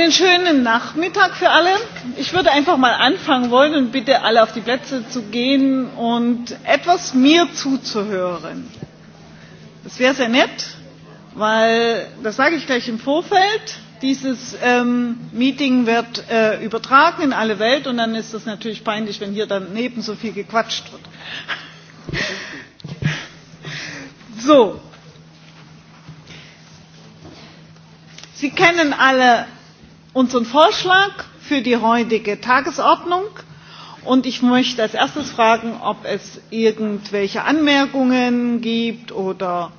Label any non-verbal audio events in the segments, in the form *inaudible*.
Einen schönen Nachmittag für alle. Ich würde einfach mal anfangen wollen und bitte alle auf die Plätze zu gehen und etwas mir zuzuhören. Das wäre sehr nett, weil, das sage ich gleich im Vorfeld, dieses ähm, Meeting wird äh, übertragen in alle Welt und dann ist es natürlich peinlich, wenn hier daneben so viel gequatscht wird. *laughs* so. Sie kennen alle unseren Vorschlag für die heutige Tagesordnung. Und ich möchte als erstes fragen, ob es irgendwelche Anmerkungen gibt oder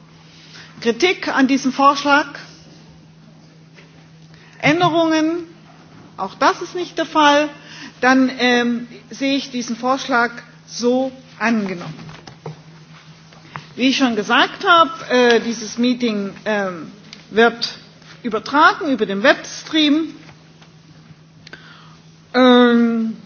Kritik an diesem Vorschlag. Änderungen? Auch das ist nicht der Fall. Dann ähm, sehe ich diesen Vorschlag so angenommen. Wie ich schon gesagt habe, äh, dieses Meeting äh, wird übertragen über den Webstream Ähm,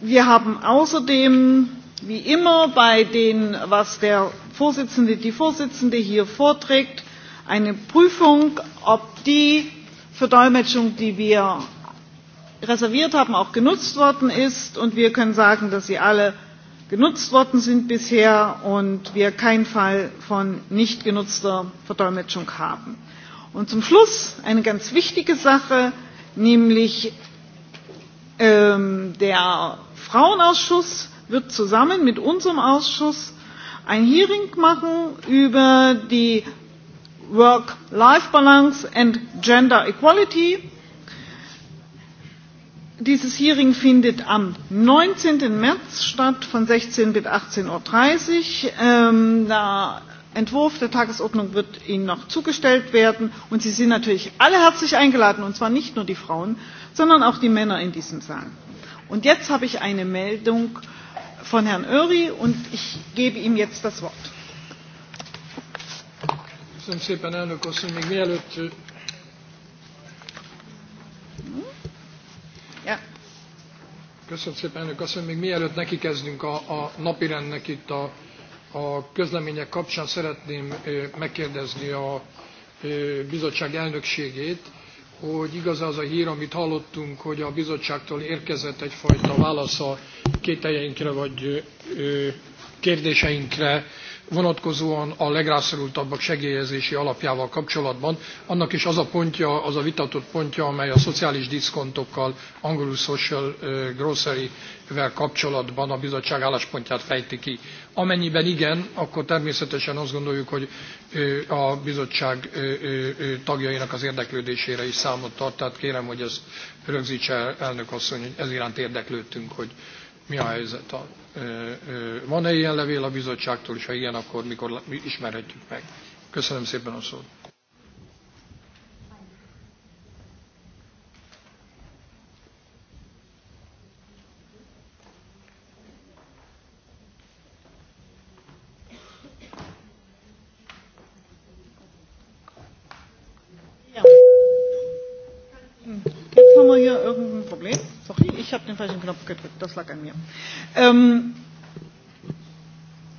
wir haben außerdem, wie immer, bei den, was der Vorsitzende, die Vorsitzende hier vorträgt, eine Prüfung, ob die Verdolmetschung, die wir reserviert haben, auch genutzt worden ist. Und wir können sagen, dass sie alle genutzt worden sind bisher und wir keinen Fall von nicht genutzter Verdolmetschung haben. Und zum Schluss eine ganz wichtige Sache, nämlich Ähm, der Frauenausschuss wird zusammen mit unserem Ausschuss ein Hearing machen über die Work-Life-Balance and Gender Equality. Dieses Hearing findet am 19. März statt von 16 bis 18.30 Uhr. Ähm, da Entwurf der Tagesordnung wird Ihnen noch zugestellt werden. Und Sie sind natürlich alle herzlich eingeladen, und zwar nicht nur die Frauen, sondern auch die Männer in diesem Saal. Und jetzt habe ich eine Meldung von Herrn Öri und ich gebe ihm jetzt das Wort. Köszönöm szépen, elnök asszony. Még mielőtt Köszönöm szépen, elnök asszony. Még mielőtt neki kezdünk a, a napirendnek itt a a közlemények kapcsán szeretném megkérdezni a bizottság elnökségét, hogy igaz az a hír, amit hallottunk, hogy a bizottságtól érkezett egyfajta válasz a kételjeinkre vagy kérdéseinkre vonatkozóan a legrászorultabbak segélyezési alapjával kapcsolatban. Annak is az a pontja, az a vitatott pontja, amely a szociális diszkontokkal, angolul social grocery-vel kapcsolatban a bizottság álláspontját fejti ki. Amennyiben igen, akkor természetesen azt gondoljuk, hogy a bizottság tagjainak az érdeklődésére is számot tart, tehát kérem, hogy ezt rögzítse elnök asszony, hogy ez iránt érdeklődtünk, hogy mi a helyzet a Van-e ilyen levél a bizottságtól, és ha ilyen, akkor mikor mi ismerhetjük meg? Köszönöm szépen a szót. Jetzt haben wir hier irgendein Problem. Ich habe den falschen Knopf gedrückt, das lag an mir. Ähm,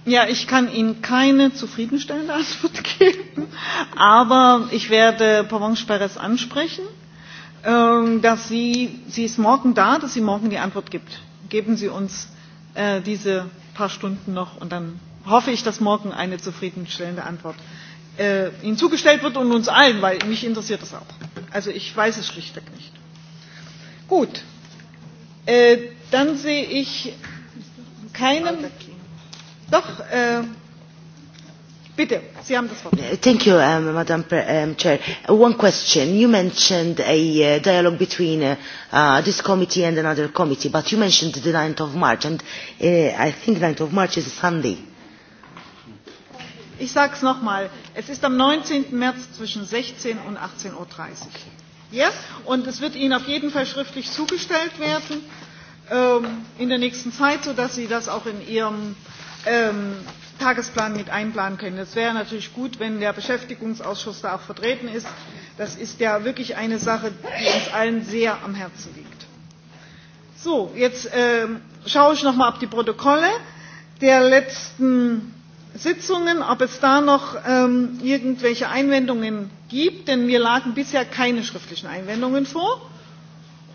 ja, ich kann Ihnen keine zufriedenstellende Antwort *laughs* geben, aber ich werde Provence Perez ansprechen, ähm, dass sie, sie ist morgen da, dass sie morgen die Antwort gibt. Geben Sie uns äh, diese paar Stunden noch und dann hoffe ich, dass morgen eine zufriedenstellende Antwort äh, Ihnen zugestellt wird und uns allen, weil mich interessiert das auch. Also ich weiß es schlichtweg nicht. Gut, Äh, dann sehe ich keinen. Doch, äh, Bitte, Sie haben das Wort. Äh, thank you, um, Madam um, Chair. Uh, one question. You mentioned a uh, dialogue between uh, uh, this committee and another committee, but you mentioned the 9th of March, and uh, I think 9th of March is a Sunday. Ich sage es nochmal. Es ist am 19. März zwischen 16 und 18.30 Uhr. Okay. Ja? Und es wird Ihnen auf jeden Fall schriftlich zugestellt werden. Okay ähm, in der nächsten Zeit, sodass Sie das auch in Ihrem ähm, Tagesplan mit einplanen können. Es wäre natürlich gut, wenn der Beschäftigungsausschuss da auch vertreten ist. Das ist ja wirklich eine Sache, die uns allen sehr am Herzen liegt. So, jetzt ähm, schaue ich nochmal auf die Protokolle der letzten Sitzungen, ob es da noch ähm, irgendwelche Einwendungen gibt, denn mir lagen bisher keine schriftlichen Einwendungen vor.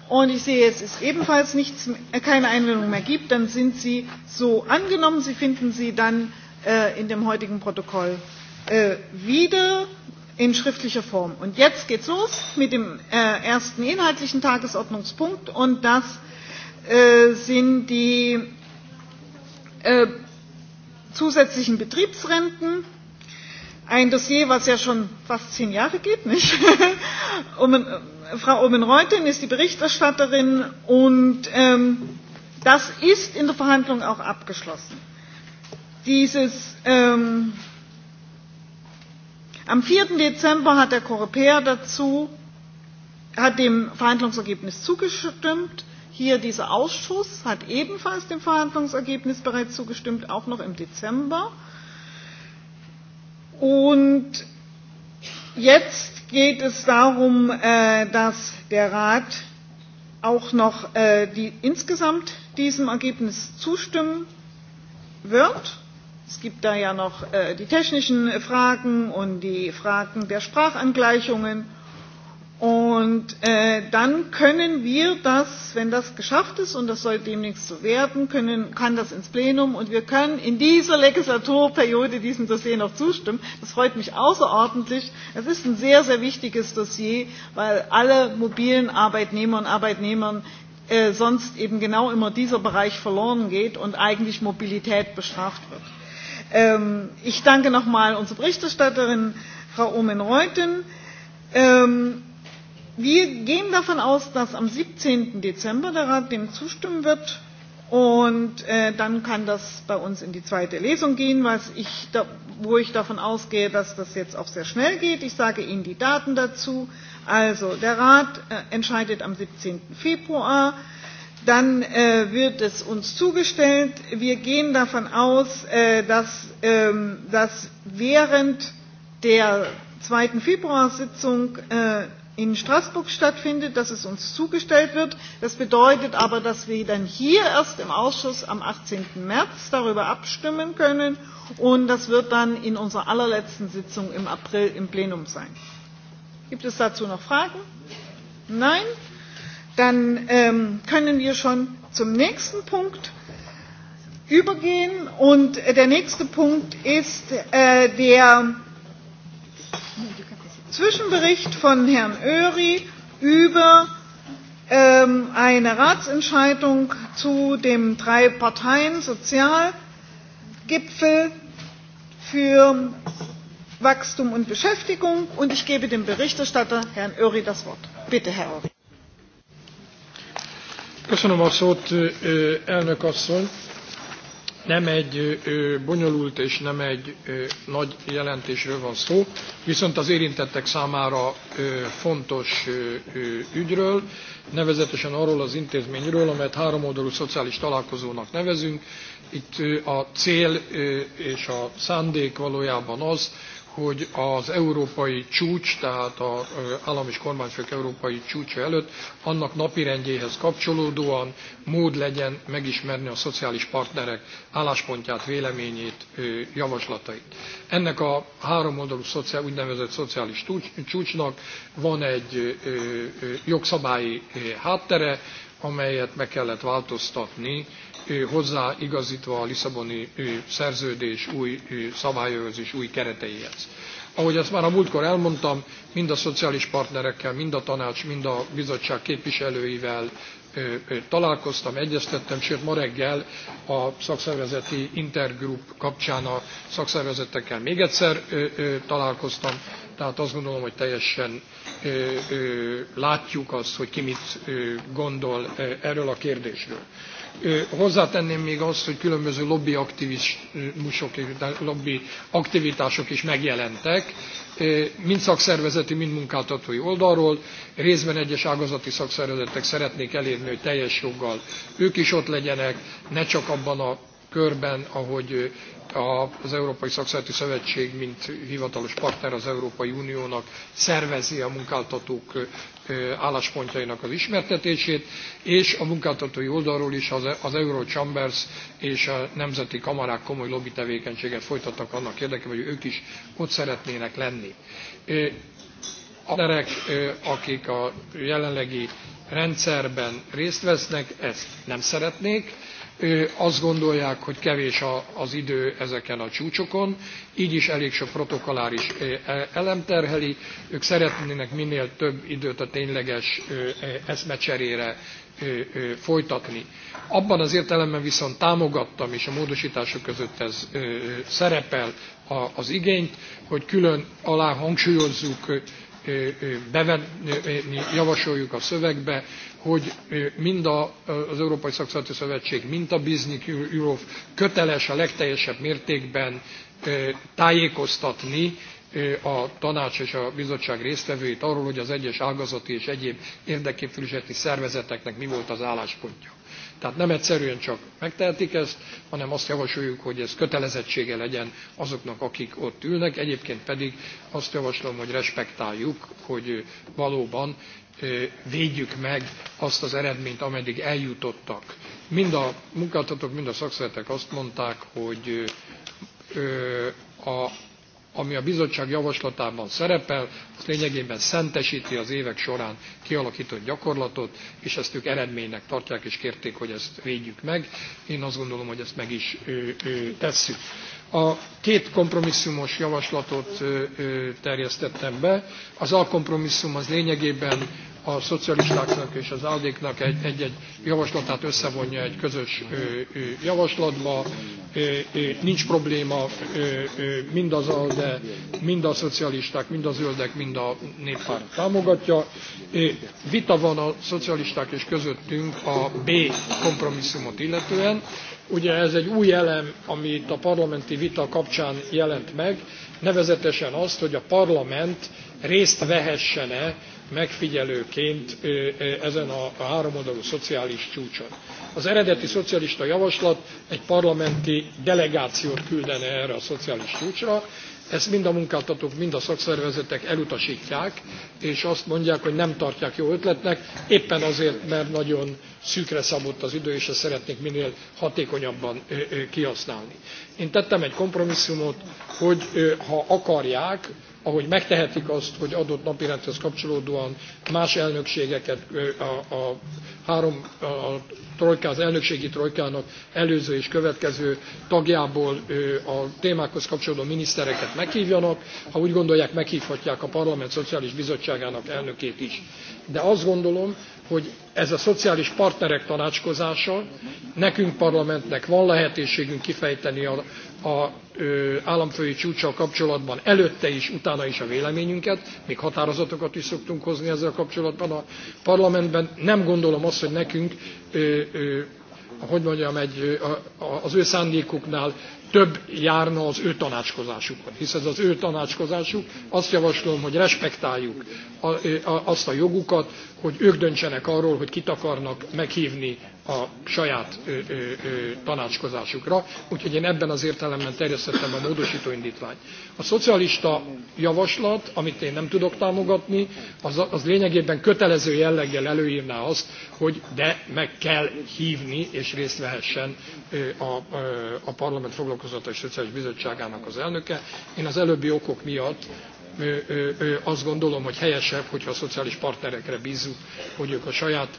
Und ich sehe jetzt, es ebenfalls nichts, äh, keine Einwendung mehr gibt. Dann sind sie so angenommen. Sie finden sie dann äh, in dem heutigen Protokoll äh, wieder in schriftlicher Form. Und jetzt geht's los mit dem äh, ersten inhaltlichen Tagesordnungspunkt und das äh, sind die äh, zusätzlichen Betriebsrenten. Ein Dossier, was ja schon fast zehn Jahre geht, nicht? *laughs* um, Frau Omen-Reuten ist die Berichterstatterin und ähm, das ist in der Verhandlung auch abgeschlossen. Dieses, ähm, am 4. Dezember hat der Coreper dazu, hat dem Verhandlungsergebnis zugestimmt. Hier dieser Ausschuss hat ebenfalls dem Verhandlungsergebnis bereits zugestimmt, auch noch im Dezember. Und jetzt geht es darum, äh, dass der Rat auch noch äh, die, insgesamt diesem Ergebnis zustimmen wird. Es gibt da ja noch äh, die technischen Fragen und die Fragen der Sprachangleichungen Und äh, dann können wir das, wenn das geschafft ist, und das soll demnächst so werden, können, kann das ins Plenum und wir können in dieser Legislaturperiode diesem Dossier noch zustimmen. Das freut mich außerordentlich. Es ist ein sehr, sehr wichtiges Dossier, weil alle mobilen Arbeitnehmer und Arbeitnehmern äh, sonst eben genau immer dieser Bereich verloren geht und eigentlich Mobilität bestraft wird. Ähm, ich danke nochmal unserer Berichterstatterin, Frau Omen-Reuten. Ähm, Wir gehen davon aus, dass am 17. Dezember der Rat dem zustimmen wird. Und äh, dann kann das bei uns in die zweite Lesung gehen, was ich da, wo ich davon ausgehe, dass das jetzt auch sehr schnell geht. Ich sage Ihnen die Daten dazu. Also der Rat äh, entscheidet am 17. Februar. Dann äh, wird es uns zugestellt. Wir gehen davon aus, äh, dass, ähm, dass während der zweiten Februarsitzung äh, in Straßburg stattfindet, dass es uns zugestellt wird. Das bedeutet aber, dass wir dann hier erst im Ausschuss am 18. März darüber abstimmen können und das wird dann in unserer allerletzten Sitzung im April im Plenum sein. Gibt es dazu noch Fragen? Nein? Dann ähm, können wir schon zum nächsten Punkt übergehen und der nächste Punkt ist äh, der Zwischenbericht von Herrn Öri über ähm, eine Ratsentscheidung zu dem Drei-Parteien-Sozialgipfel für Wachstum und Beschäftigung. Und ich gebe dem Berichterstatter, Herrn Öri, das Wort. Bitte, Herr Öri. Köszönöm a szót, elnök asszony nem egy ö, bonyolult és nem egy ö, nagy jelentésről van szó, viszont az érintettek számára ö, fontos ö, ö, ügyről, nevezetesen arról az intézményről, amelyet háromoldalú szociális találkozónak nevezünk. Itt ö, a cél ö, és a szándék valójában az, hogy az európai csúcs, tehát az állam és kormányfők európai csúcsa előtt annak napirendjéhez kapcsolódóan mód legyen megismerni a szociális partnerek álláspontját, véleményét, javaslatait. Ennek a háromoldalú szociál, úgynevezett szociális csúcsnak van egy jogszabályi háttere, amelyet meg kellett változtatni hozzáigazítva a Lisszaboni szerződés új szabályhoz és új kereteihez. Ahogy ezt már a múltkor elmondtam, mind a szociális partnerekkel, mind a tanács, mind a bizottság képviselőivel találkoztam, egyeztettem, sőt ma reggel a szakszervezeti intergroup kapcsán a szakszervezetekkel még egyszer találkoztam, tehát azt gondolom, hogy teljesen látjuk azt, hogy ki mit gondol erről a kérdésről. Hozzátenném még azt, hogy különböző lobby, aktivizmusok, lobby aktivitások is megjelentek, mind szakszervezeti, mind munkáltatói oldalról. Részben egyes ágazati szakszervezetek szeretnék elérni, hogy teljes joggal ők is ott legyenek, ne csak abban a körben, ahogy az Európai Szakszereti Szövetség, mint hivatalos partner az Európai Uniónak szervezi a munkáltatók álláspontjainak az ismertetését, és a munkáltatói oldalról is az Eurochambers és a nemzeti kamarák komoly lobby tevékenységet folytatnak annak érdekében, hogy ők is ott szeretnének lenni. A partnerek, akik a jelenlegi rendszerben részt vesznek, ezt nem szeretnék. Azt gondolják, hogy kevés az idő ezeken a csúcsokon, így is elég sok protokolláris e, elem terheli. Ők szeretnének minél több időt a tényleges e, eszmecserére folytatni. Abban az értelemben viszont támogattam, és a módosítások között ez szerepel az igényt, hogy külön alá hangsúlyozzuk bevenni, javasoljuk a szövegbe, hogy mind a, az Európai Szakszati Szövetség, mind a Business Europe köteles a legteljesebb mértékben tájékoztatni a tanács és a bizottság résztvevőit arról, hogy az egyes ágazati és egyéb érdekképviseleti szervezeteknek mi volt az álláspontja. Tehát nem egyszerűen csak megtehetik ezt, hanem azt javasoljuk, hogy ez kötelezettsége legyen azoknak, akik ott ülnek. Egyébként pedig azt javaslom, hogy respektáljuk, hogy valóban védjük meg azt az eredményt, ameddig eljutottak. Mind a munkáltatók, mind a szakszeretek azt mondták, hogy a ami a bizottság javaslatában szerepel, az lényegében szentesíti az évek során kialakított gyakorlatot, és ezt ők eredménynek tartják, és kérték, hogy ezt védjük meg. Én azt gondolom, hogy ezt meg is ö, ö, tesszük. A két kompromisszumos javaslatot ö, ö, terjesztettem be. Az alkompromisszum az lényegében a szocialistáknak és az áldéknak egy-egy javaslatát összevonja egy közös javaslatba. Nincs probléma mindaz a, de mind a szocialisták, mind a zöldek, mind a néppárt támogatja. Vita van a szocialisták és közöttünk a B kompromisszumot illetően. Ugye ez egy új elem, ami itt a parlamenti vita kapcsán jelent meg, nevezetesen azt, hogy a parlament részt vehessen-e megfigyelőként ezen a háromoldalú szociális csúcson. Az eredeti szocialista javaslat egy parlamenti delegációt küldene erre a szociális csúcsra, ezt mind a munkáltatók, mind a szakszervezetek elutasítják, és azt mondják, hogy nem tartják jó ötletnek, éppen azért, mert nagyon szűkre szabott az idő, és ezt szeretnék minél hatékonyabban kihasználni. Én tettem egy kompromisszumot, hogy ha akarják, ahogy megtehetik azt, hogy adott napirendhez kapcsolódóan más elnökségeket a, a három a, a trojka, az elnökségi trojkának előző és következő tagjából a témákhoz kapcsolódó minisztereket meghívjanak, ha úgy gondolják, meghívhatják a Parlament Szociális Bizottságának elnökét is. De azt gondolom, hogy ez a szociális partnerek tanácskozása, nekünk parlamentnek van lehetőségünk kifejteni a, a ö, államfői csúcsal kapcsolatban előtte is, utána is a véleményünket, még határozatokat is szoktunk hozni ezzel kapcsolatban a parlamentben. Nem gondolom azt, hogy nekünk, ö, ö, hogy mondjam, egy, a, a, az ő szándékuknál több járna az ő tanácskozásukon, hisz ez az ő tanácskozásuk. Azt javaslom, hogy respektáljuk a, a, azt a jogukat, hogy ők döntsenek arról, hogy kit akarnak meghívni a saját ö, ö, ö, tanácskozásukra, úgyhogy én ebben az értelemben terjesztettem a módosító indítványt. A szocialista javaslat, amit én nem tudok támogatni, az, az lényegében kötelező jelleggel előírná azt, hogy de meg kell hívni és részt vehessen a, a, a Parlament Foglalkozata és Szociális Bizottságának az elnöke. Én az előbbi okok miatt azt gondolom, hogy helyesebb, hogyha a szociális partnerekre bízzuk, hogy ők a saját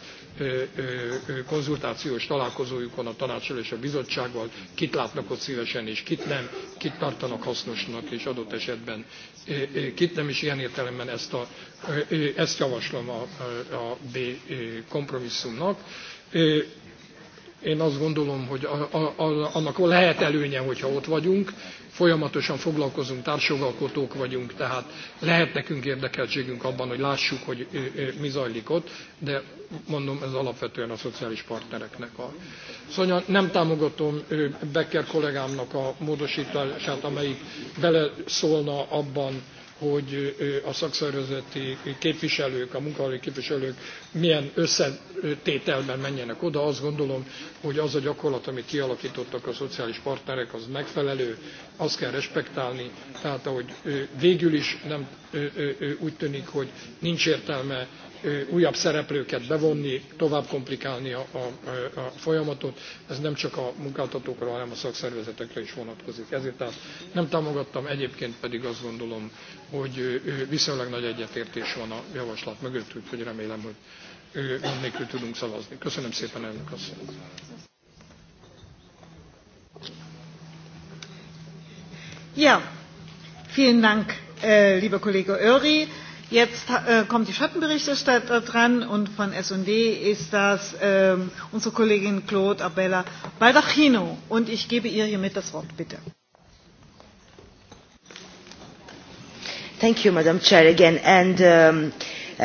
konzultációs találkozójukon a tanácsal és a bizottsággal, kit látnak ott szívesen és kit nem, kit tartanak hasznosnak és adott esetben kit nem, és ilyen értelemben ezt, a, ezt javaslom a, a B kompromisszumnak. Én azt gondolom, hogy a, a, a, annak lehet előnye, hogyha ott vagyunk, folyamatosan foglalkozunk, társjogalkotók vagyunk, tehát lehet nekünk érdekeltségünk abban, hogy lássuk, hogy mi zajlik ott, de mondom, ez alapvetően a szociális partnereknek a szonya. Nem támogatom Becker kollégámnak a módosítását, amelyik beleszólna abban, hogy a szakszervezeti képviselők, a munkahelyű képviselők milyen összetételben menjenek oda. Azt gondolom, hogy az a gyakorlat, amit kialakítottak a szociális partnerek, az megfelelő, azt kell respektálni. Tehát ahogy végül is nem, úgy tűnik, hogy nincs értelme újabb szereplőket bevonni, tovább komplikálni a, a, a folyamatot. Ez nem csak a munkáltatókra, hanem a szakszervezetekre is vonatkozik. Ezért tehát nem támogattam, egyébként pedig azt gondolom, hogy viszonylag nagy egyetértés van a javaslat mögött, úgyhogy remélem, hogy gond nélkül tudunk szavazni. Köszönöm szépen, elnök asszony! Ja, vielen Dank, äh, lieber Kollege Öri. Jetzt äh, kommt die Schattenberichterstatter dran und von S&D ist das äh, unsere Kollegin Claude Abella Baldacchino und ich gebe ihr hiermit das Wort, bitte. Thank you, Madam Chair, again. And um,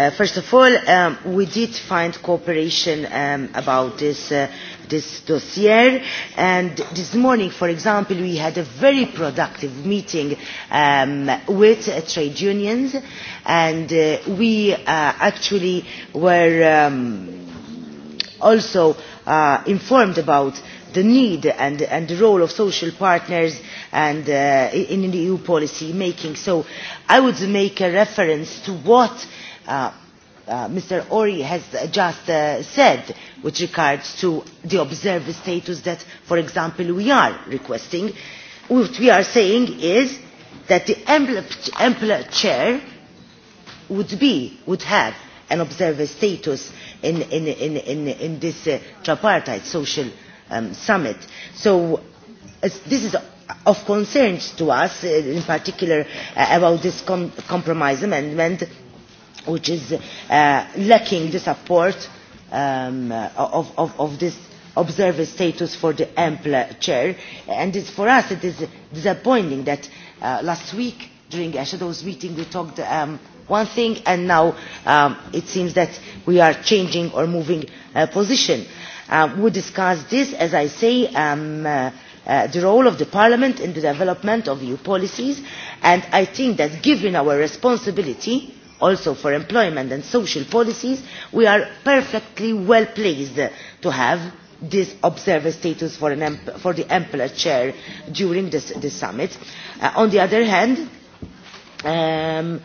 uh, first of all, um, we did find cooperation um, about this uh, this dossier. And this morning, for example, we had a very productive meeting um, with uh, trade unions, and uh, we uh, actually were um, also uh, informed about the need and, and the role of social partners and, uh, in, in EU policy making. So I would make a reference to what uh, uh, Mr. Ori has uh, just uh, said with regards to the observer status that, for example, we are requesting. What we are saying is that the EMPLA chair would be, would have an observer status in, in, in, in, in this uh, tripartite social um, summit. So as this is of concern to us, uh, in particular uh, about this com compromise amendment, which is uh, lacking the support um, of, of, of this observer status for the ample chair. And it's, for us it is disappointing that uh, last week during a shadows meeting we talked um, one thing and now um, it seems that we are changing or moving uh, position. Uh, we discussed this, as I say, um, uh, uh, the role of the Parliament in the development of EU policies and I think that given our responsibility uh, also for employment and social policies, we are perfectly well placed to have this observer status for, an, for the EMPLA chair during this, this summit. Uh, on the other hand, um,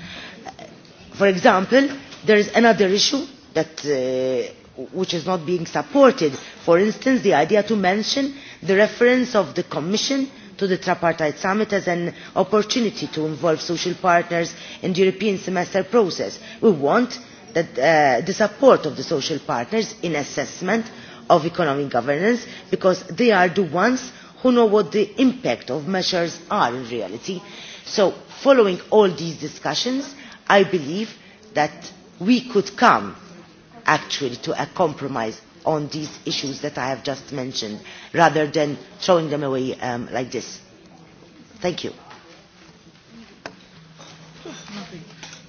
for example, there is another issue that, uh, which is not being supported. For instance, the idea to mention the reference of the Commission to the tripartite summit as an opportunity to involve social partners in the European semester process. We want that, uh, the support of the social partners in assessment of economic governance because they are the ones who know what the impact of measures are in reality. So following all these discussions, I believe that we could come actually to a compromise on these issues that I have just mentioned, rather than throwing them away um, like this. Thank you.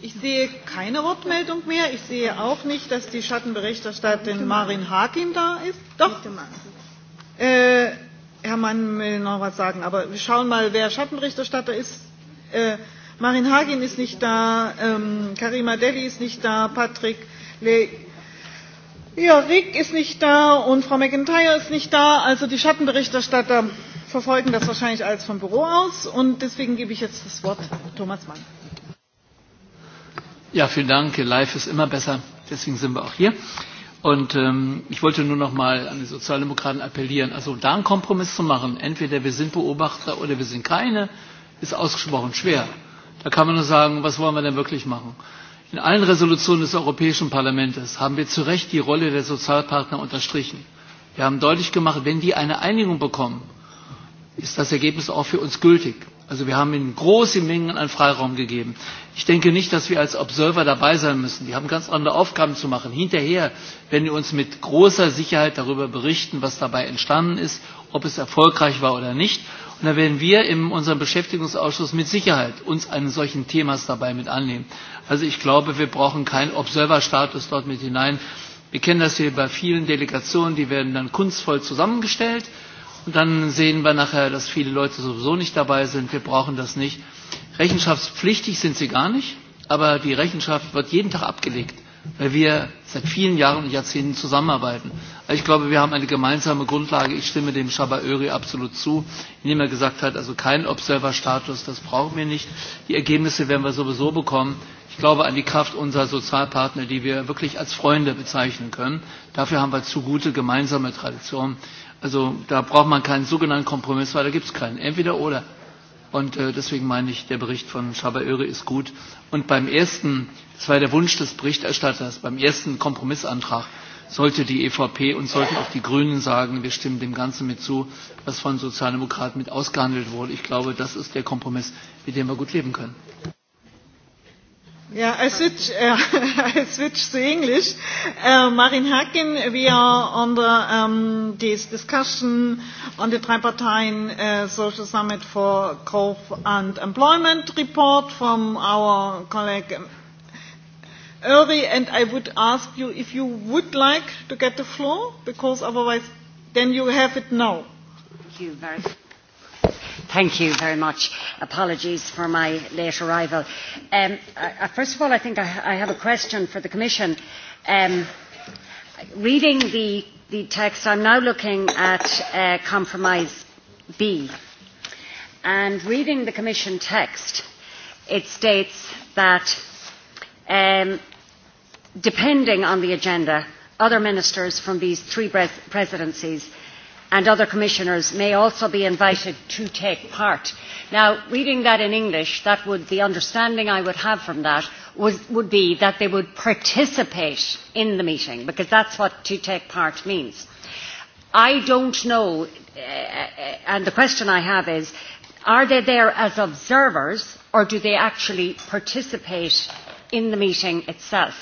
Ich sehe keine Wortmeldung mehr. Ich sehe auch nicht, dass die Schattenberichterstatterin Marin Hakim da ist. Doch. Äh, Herr Mann will noch was sagen, aber wir schauen mal, wer Schattenberichterstatter ist. Äh, Marin Hagin ist nicht da, ähm, Karima Deli ist nicht da, Patrick Le Ja, Rick ist nicht da und Frau McIntyre ist nicht da. Also die Schattenberichterstatter verfolgen das wahrscheinlich alles vom Büro aus. Und deswegen gebe ich jetzt das Wort Thomas Mann. Ja, vielen Dank. Live ist immer besser. Deswegen sind wir auch hier. Und ähm, ich wollte nur noch mal an die Sozialdemokraten appellieren, also da einen Kompromiss zu machen. Entweder wir sind Beobachter oder wir sind keine, ist ausgesprochen schwer. Da kann man nur sagen, was wollen wir denn wirklich machen? In allen Resolutionen des Europäischen Parlaments haben wir zu Recht die Rolle der Sozialpartner unterstrichen. Wir haben deutlich gemacht, wenn die eine Einigung bekommen, ist das Ergebnis auch für uns gültig. Also wir haben ihnen große Mengen an Freiraum gegeben. Ich denke nicht, dass wir als Observer dabei sein müssen. Die haben ganz andere Aufgaben zu machen. Hinterher werden wir uns mit großer Sicherheit darüber berichten, was dabei entstanden ist, ob es erfolgreich war oder nicht. Und da werden wir in unserem Beschäftigungsausschuss mit Sicherheit uns eines solchen Themas dabei mit annehmen. Also ich glaube, wir brauchen keinen Observerstatus dort mit hinein. Wir kennen das hier bei vielen Delegationen, die werden dann kunstvoll zusammengestellt und dann sehen wir nachher, dass viele Leute sowieso nicht dabei sind. Wir brauchen das nicht. Rechenschaftspflichtig sind sie gar nicht, aber die Rechenschaft wird jeden Tag abgelegt, weil wir seit vielen Jahren und Jahrzehnten zusammenarbeiten. Also ich glaube, wir haben eine gemeinsame Grundlage. Ich stimme dem Shabba Öri absolut zu, indem er gesagt hat, also kein Observer-Status, das brauchen wir nicht. Die Ergebnisse werden wir sowieso bekommen. Ich glaube an die Kraft unserer Sozialpartner, die wir wirklich als Freunde bezeichnen können. Dafür haben wir zu gute gemeinsame Traditionen. Also da braucht man keinen sogenannten Kompromiss, weil da gibt es keinen. Entweder oder. Und äh, deswegen meine ich, der Bericht von Schabaöre ist gut. Und beim ersten, das war der Wunsch des Berichterstatters, beim ersten Kompromissantrag sollte die EVP und sollten auch die Grünen sagen, wir stimmen dem Ganzen mit zu, was von Sozialdemokraten mit ausgehandelt wurde. Ich glaube, das ist der Kompromiss, mit dem wir gut leben können. Yeah, I switch, uh, *laughs* I switch to English. Uh, Marin Hakin, we are on the, um, this discussion on the Tripartite uh, Social Summit for Growth and Employment report from our colleague Uri, um, and I would ask you if you would like to get the floor, because otherwise then you have it now. Thank you very much. Thank you very much. Apologies for my late arrival. Um, I, first of all, I think I, I have a question for the Commission. Um, reading the, the text, I'm now looking at uh, Compromise B. And reading the Commission text, it states that um, depending on the agenda, other ministers from these three pres- presidencies and other commissioners may also be invited to take part. Now, reading that in English, that would, the understanding I would have from that was, would be that they would participate in the meeting, because that's what to take part means. I don't know, uh, and the question I have is, are they there as observers, or do they actually participate in the meeting itself?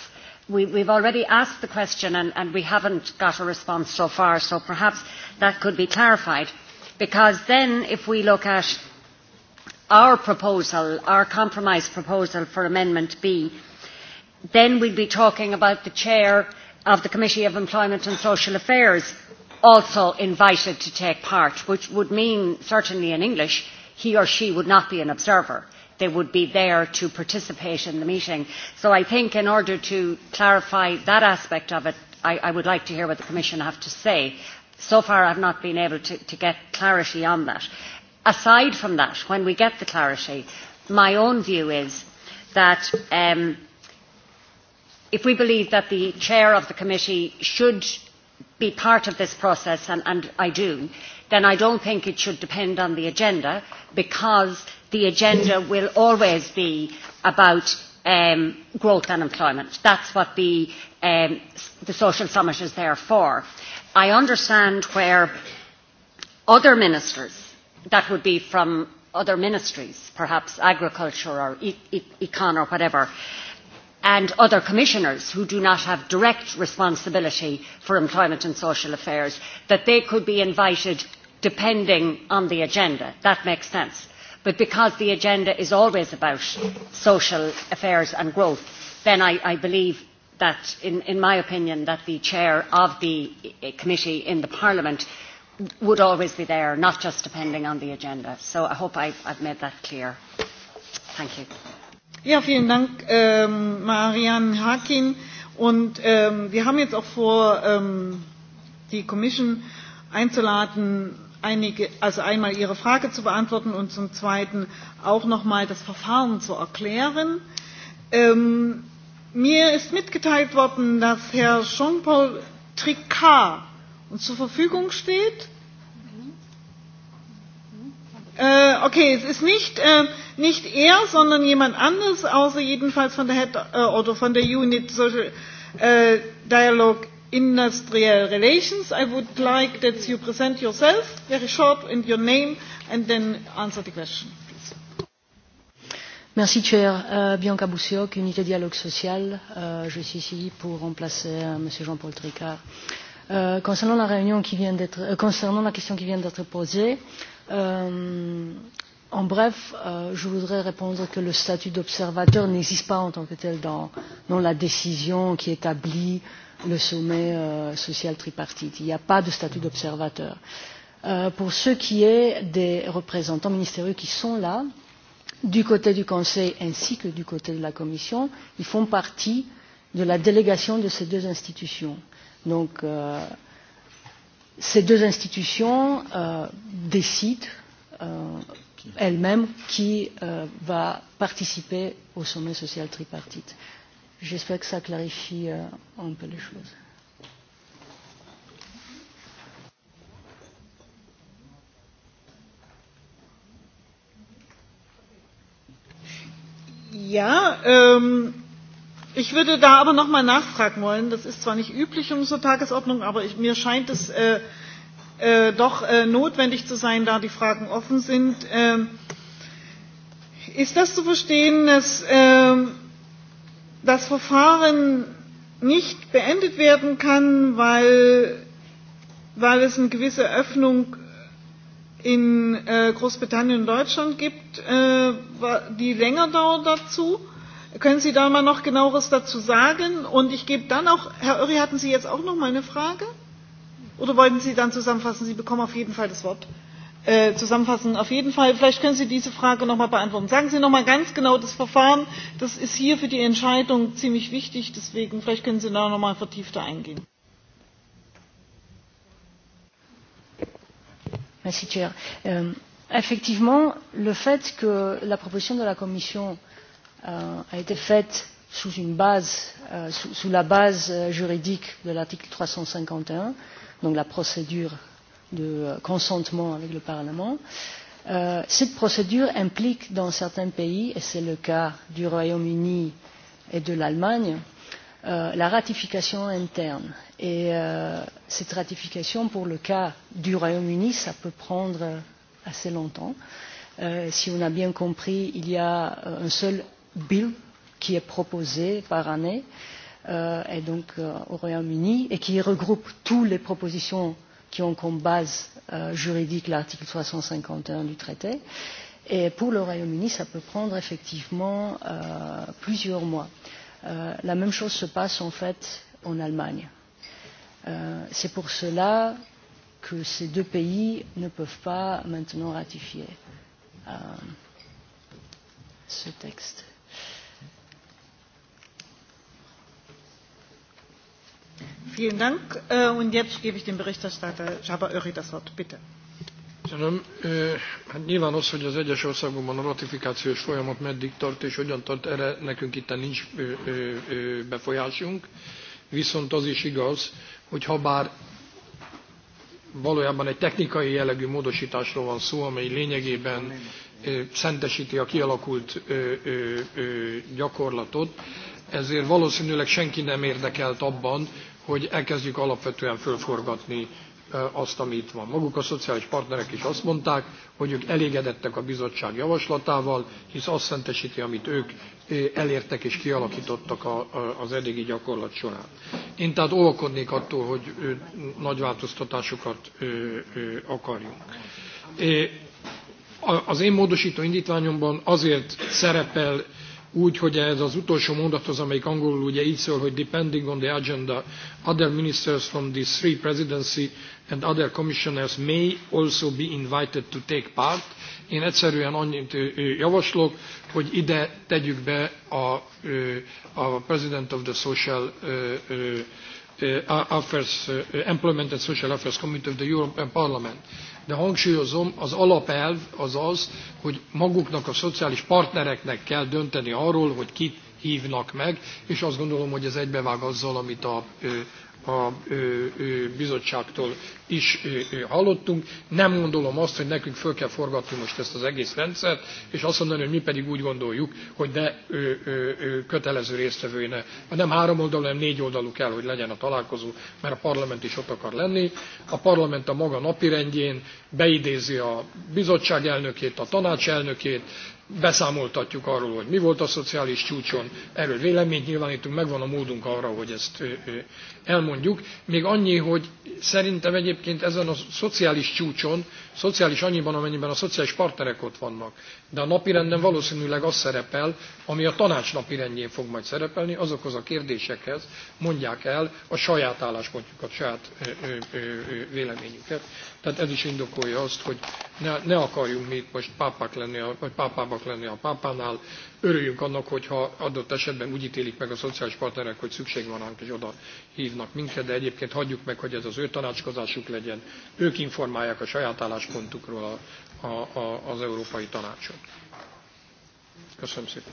we, we've already asked the question and, and we haven't got a response so far, so perhaps that could be clarified. Because then if we look at our proposal, our compromise proposal for Amendment B, then we'd be talking about the chair of the Committee of Employment and Social Affairs also invited to take part, which would mean, certainly in English, he or she would not be an observer they would be there to participate in the meeting. So I think in order to clarify that aspect of it, I, I would like to hear what the Commission have to say. So far I have not been able to, to get clarity on that. Aside from that, when we get the clarity, my own view is that um, if we believe that the chair of the committee should be part of this process, and, and I do, then I don't think it should depend on the agenda because the agenda will always be about um, growth and employment. That's what the, um, the social summit is there for. I understand where other ministers, that would be from other ministries, perhaps agriculture or e- e- econ or whatever, and other commissioners who do not have direct responsibility for employment and social affairs, that they could be invited depending on the agenda. That makes sense. But because the agenda is always about social affairs and growth, then I, I believe that, in, in my opinion, that the chair of the eh, committee in the Parliament would always be there, not just depending on the agenda. So I hope I've, I've made that clear. Thank you. Ja, vielen Dank, ähm, Marianne Harkin. Und ähm, wir haben jetzt auch vor, ähm, die Commission einzuladen, einige, also einmal Ihre Frage zu beantworten und zum Zweiten auch nochmal das Verfahren zu erklären. Ähm, mir ist mitgeteilt worden, dass Herr Jean-Paul Tricard uns zur Verfügung steht. Äh, okay, es ist nicht, äh, nicht er, sondern jemand anderes, außer jedenfalls von der Head äh, oder von der Unit Social äh, Dialogue industrial relations. I would like that you present yourself very short and your name and then answer the question. Merci, Chair. Euh, Bianca Boussioc, Unité Dialogue Social. Euh, je suis ici pour remplacer euh, M. Jean-Paul Tricard. Euh, concernant, la réunion qui vient d'être, euh, concernant la question qui vient d'être posée, euh, en bref, euh, je voudrais répondre que le statut d'observateur n'existe pas en tant que tel dans, dans la décision qui établit euh, le sommet euh, social tripartite. Il n'y a pas de statut d'observateur. Euh, pour ce qui est des représentants ministériels qui sont là, du côté du Conseil ainsi que du côté de la Commission, ils font partie de la délégation de ces deux institutions. Donc, euh, ces deux institutions euh, décident euh, elles-mêmes qui euh, va participer au sommet social tripartite. Euh, J'espère que ça clarifie euh, un peu les choses. Ja, ähm, ich würde da aber noch mal nachfragen wollen. Das ist zwar nicht üblich in unserer Tagesordnung, aber ich, mir scheint es äh, äh, doch äh, notwendig zu sein, da die Fragen offen sind. Ähm, ist das zu verstehen, dass ähm, das Verfahren nicht beendet werden kann, weil, weil es eine gewisse Öffnung in äh, Großbritannien und Deutschland gibt, äh, die länger dauert dazu. Können Sie da mal noch genaueres dazu sagen? Und ich gebe dann auch, Herr Öri, hatten Sie jetzt auch noch mal eine Frage? Oder wollten Sie dann zusammenfassen? Sie bekommen auf jeden Fall das Wort äh, zusammenfassen. Auf jeden Fall, vielleicht können Sie diese Frage nochmal beantworten. Sagen Sie nochmal ganz genau das Verfahren. Das ist hier für die Entscheidung ziemlich wichtig. Deswegen, vielleicht können Sie da nochmal vertiefter eingehen. Merci, Chair. Euh, effectivement, le fait que la proposition de la Commission euh, a été faite sous, une base, euh, sous, sous la base euh, juridique de l'article 351, donc la procédure euh, de consentement avec le Parlement. Euh, cette procédure implique dans certains pays, et c'est le cas du Royaume-Uni et de l'Allemagne, euh, la ratification interne. Et euh, cette ratification, pour le cas du Royaume-Uni, ça peut prendre assez longtemps. Euh, si on a bien compris, il y a euh, un seul bill qui est proposé par année euh, et donc euh, au Royaume-Uni et qui regroupe toutes les propositions qui ont comme base euh, juridique l'article 351 du traité. Et pour le Royaume-Uni, ça peut prendre effectivement euh, plusieurs mois. Euh, la même chose se passe en fait en Allemagne. Euh, C'est pour cela que ces deux pays ne peuvent pas maintenant ratifier euh, ce texte. Vielen Dank. Äh, und jetzt gebe ich dem Berichterstatter Csaba Öri das Wort. Bitte. Köszönöm. Hát nyilván az, hogy az egyes országokban a ratifikációs folyamat meddig tart és hogyan tart, erre nekünk itt nincs befolyásunk. Viszont az is igaz, hogy ha bár valójában egy technikai jellegű módosításról van szó, amely lényegében szentesíti a kialakult gyakorlatot, ezért valószínűleg senki nem érdekelt abban, hogy elkezdjük alapvetően fölforgatni azt, ami itt van. Maguk a szociális partnerek is azt mondták, hogy ők elégedettek a bizottság javaslatával, hisz azt szentesíti, amit ők elértek és kialakítottak a, a, az eddigi gyakorlat során. Én tehát óvakodnék attól, hogy nagy változtatásokat akarjunk. Az én módosító indítványomban azért szerepel úgy, hogy ez az utolsó mondat az, amelyik angolul ugye így szól, hogy depending on the agenda, other ministers from the three presidency and other commissioners may also be invited to take part. Én egyszerűen annyit javaslok, hogy ide tegyük be a, a President of the Social Affairs, Employment and Social Affairs Committee of the European Parliament de hangsúlyozom, az alapelv az az, hogy maguknak a szociális partnereknek kell dönteni arról, hogy kit hívnak meg, és azt gondolom, hogy ez egybevág azzal, amit a a bizottságtól is hallottunk. Nem gondolom azt, hogy nekünk föl kell forgatni most ezt az egész rendszert, és azt mondani, hogy mi pedig úgy gondoljuk, hogy ne kötelező résztvevői ne. Nem három oldalú, hanem négy oldalú kell, hogy legyen a találkozó, mert a parlament is ott akar lenni. A parlament a maga napirendjén beidézi a bizottság elnökét, a tanács elnökét, beszámoltatjuk arról, hogy mi volt a szociális csúcson, erről véleményt nyilvánítunk, megvan a módunk arra, hogy ezt elmondjuk. Még annyi, hogy szerintem egyébként ezen a szociális csúcson, szociális annyiban, amennyiben a szociális partnerek ott vannak, de a napirenden valószínűleg az szerepel, ami a tanács napirendjén fog majd szerepelni, azokhoz a kérdésekhez mondják el a saját álláspontjukat, saját ö, ö, ö, véleményüket. Tehát ez is indokolja azt, hogy ne, ne akarjunk mi most pápák lenni, a, vagy pápábbak lenni a pápánál, örüljünk annak, hogyha adott esetben úgy ítélik meg a szociális partnerek, hogy szükség van ránk, és oda hívnak minket, de egyébként hagyjuk meg, hogy ez az ő tanácskozásuk legyen, ők informálják a saját álláspontukról a a, a, az Európai Tanácsot. Köszönöm szépen.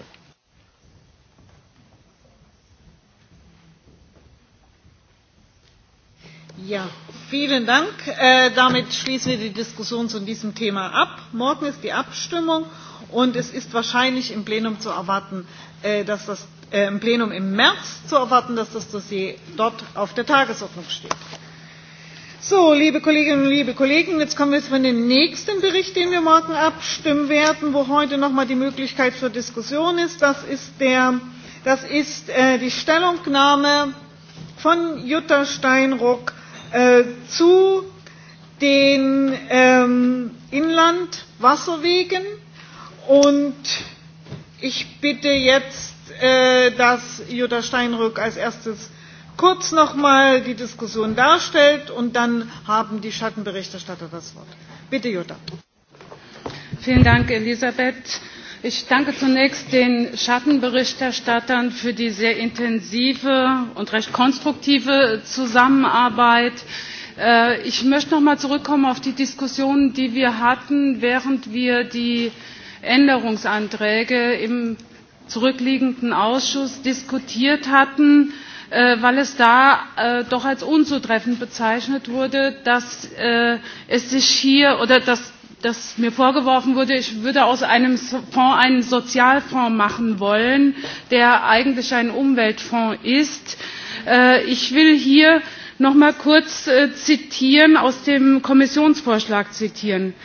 Ja, vielen Dank. Äh, damit schließen wir die Diskussion zu diesem Thema ab. Morgen ist die Abstimmung und es ist wahrscheinlich im Plenum zu erwarten, äh, dass das äh, im Plenum im März zu erwarten, dass das Dossier dort auf der Tagesordnung steht. So, liebe Kolleginnen und liebe Kollegen, jetzt kommen wir zu dem nächsten Bericht, den wir morgen abstimmen werden, wo heute nochmal die Möglichkeit für Diskussion ist. Das ist, der, das ist äh, die Stellungnahme von Jutta Steinruck äh, zu den ähm, Inlandwasserwegen. Und ich bitte jetzt, äh, dass Jutta Steinruck als erstes kurz noch mal die Diskussion darstellt und dann haben die Schattenberichterstatter das Wort. Bitte, Jutta. Vielen Dank, Elisabeth. Ich danke zunächst den Schattenberichterstattern für die sehr intensive und recht konstruktive Zusammenarbeit. Äh, ich möchte noch mal zurückkommen auf die Diskussion, die wir hatten, während wir die Änderungsanträge im zurückliegenden Ausschuss diskutiert hatten. Äh, Äh, weil es da äh, doch als unzutreffend bezeichnet wurde, dass äh, es sich hier oder dass, dass mir vorgeworfen wurde, ich würde aus einem Fonds einen Sozialfonds machen wollen, der eigentlich ein Umweltfonds ist. Ich will hier noch mal kurz zitieren, aus dem Kommissionsvorschlag zitieren.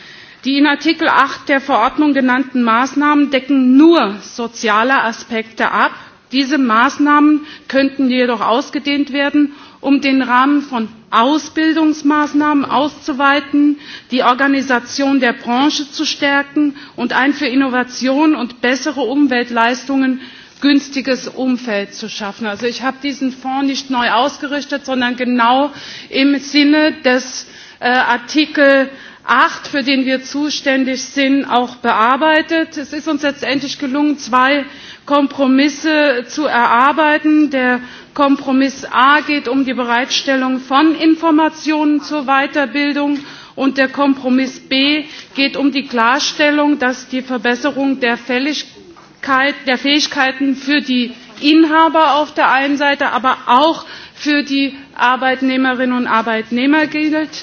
Die in Artikel 8 der Verordnung genannten Maßnahmen decken nur soziale Aspekte ab diese maßnahmen könnten jedoch ausgedehnt werden um den rahmen von ausbildungsmaßnahmen auszuweiten die organisation der branche zu stärken und ein für innovation und bessere umweltleistungen günstiges umfeld zu schaffen. also ich habe diesen fonds nicht neu ausgerichtet sondern genau im sinne des äh, Artikel 8, für den wir zuständig sind, auch bearbeitet. Es ist uns letztendlich gelungen, zwei Kompromisse zu erarbeiten. Der Kompromiss A geht um die Bereitstellung von Informationen zur Weiterbildung und der Kompromiss B geht um die Klarstellung, dass die Verbesserung der, Fälligkeit, der Fähigkeiten für die Inhaber auf der einen Seite, aber auch für die Arbeitnehmerinnen und Arbeitnehmer gilt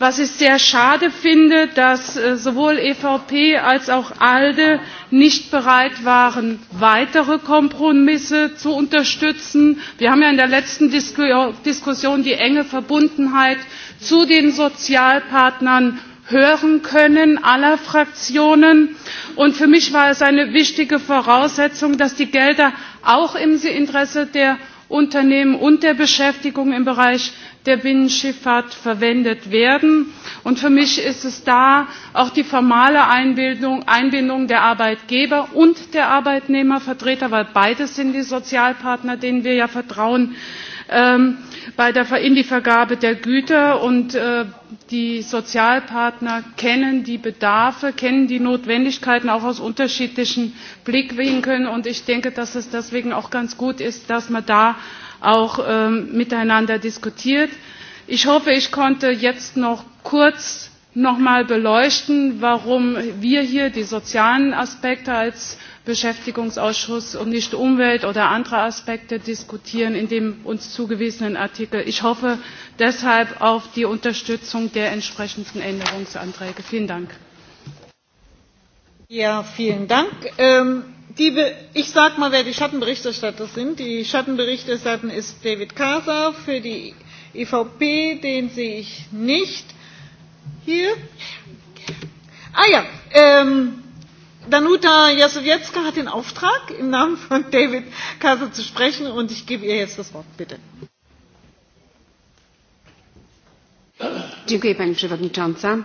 was ich sehr schade finde dass äh, sowohl evp als auch alde nicht bereit waren weitere kompromisse zu unterstützen. wir haben ja in der letzten äh, diskussion die enge verbundenheit zu den sozialpartnern hören können aller fraktionen und für mich war es eine wichtige voraussetzung dass die gelder auch im interesse der unternehmen und der beschäftigung im bereich der binnenschifffahrt verwendet werden. und für mich ist es da auch die formale einbindung, einbindung der arbeitgeber und der arbeitnehmervertreter weil beides sind die sozialpartner denen wir ja vertrauen ähm, bei der, in die vergabe der güter und äh, die sozialpartner kennen die bedarfe kennen die notwendigkeiten auch aus unterschiedlichen blickwinkeln und ich denke dass es deswegen auch ganz gut ist dass man da auch ähm, miteinander diskutiert. Ich hoffe, ich konnte jetzt noch kurz noch mal beleuchten, warum wir hier die sozialen Aspekte als Beschäftigungsausschuss und nicht Umwelt oder andere Aspekte diskutieren in dem uns zugewiesenen Artikel. Ich hoffe deshalb auf die Unterstützung der entsprechenden Änderungsanträge. Vielen Dank. Ja, vielen Dank. Ähm Die, ich sage mal, wer die Schattenberichterstatter sind. Die Schattenberichterstatterin ist David Casa für die EVP, den sehe ich nicht hier. Ah ja, ähm, Danuta Jasowiecka hat den Auftrag, im Namen von David Casa zu sprechen und ich gebe ihr jetzt das Wort, bitte. Dziękuję Pani Przewodnicząca.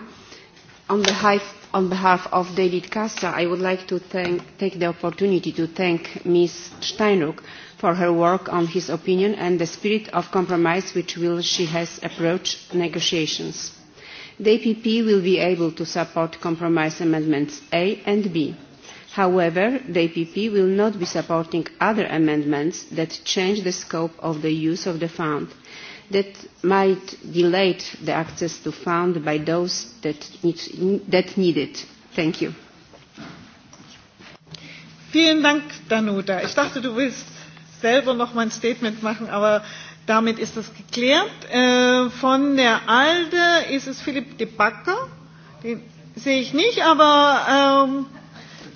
On behalf On behalf of David Casa, I would like to thank, take the opportunity to thank Ms. Steinruck for her work on his opinion and the spirit of compromise which will she has approached negotiations. The EPP will be able to support compromise amendments A and B. However, the EPP will not be supporting other amendments that change the scope of the use of the fund that might delay the access to funds by those that need, that need it. Thank you. Vielen Dank, Danuta. Ich dachte, du willst selber noch mal ein Statement machen, aber damit ist das geklärt. Äh, von der ALDE ist es Philipp de Backer. Den sehe ich nicht, aber ähm,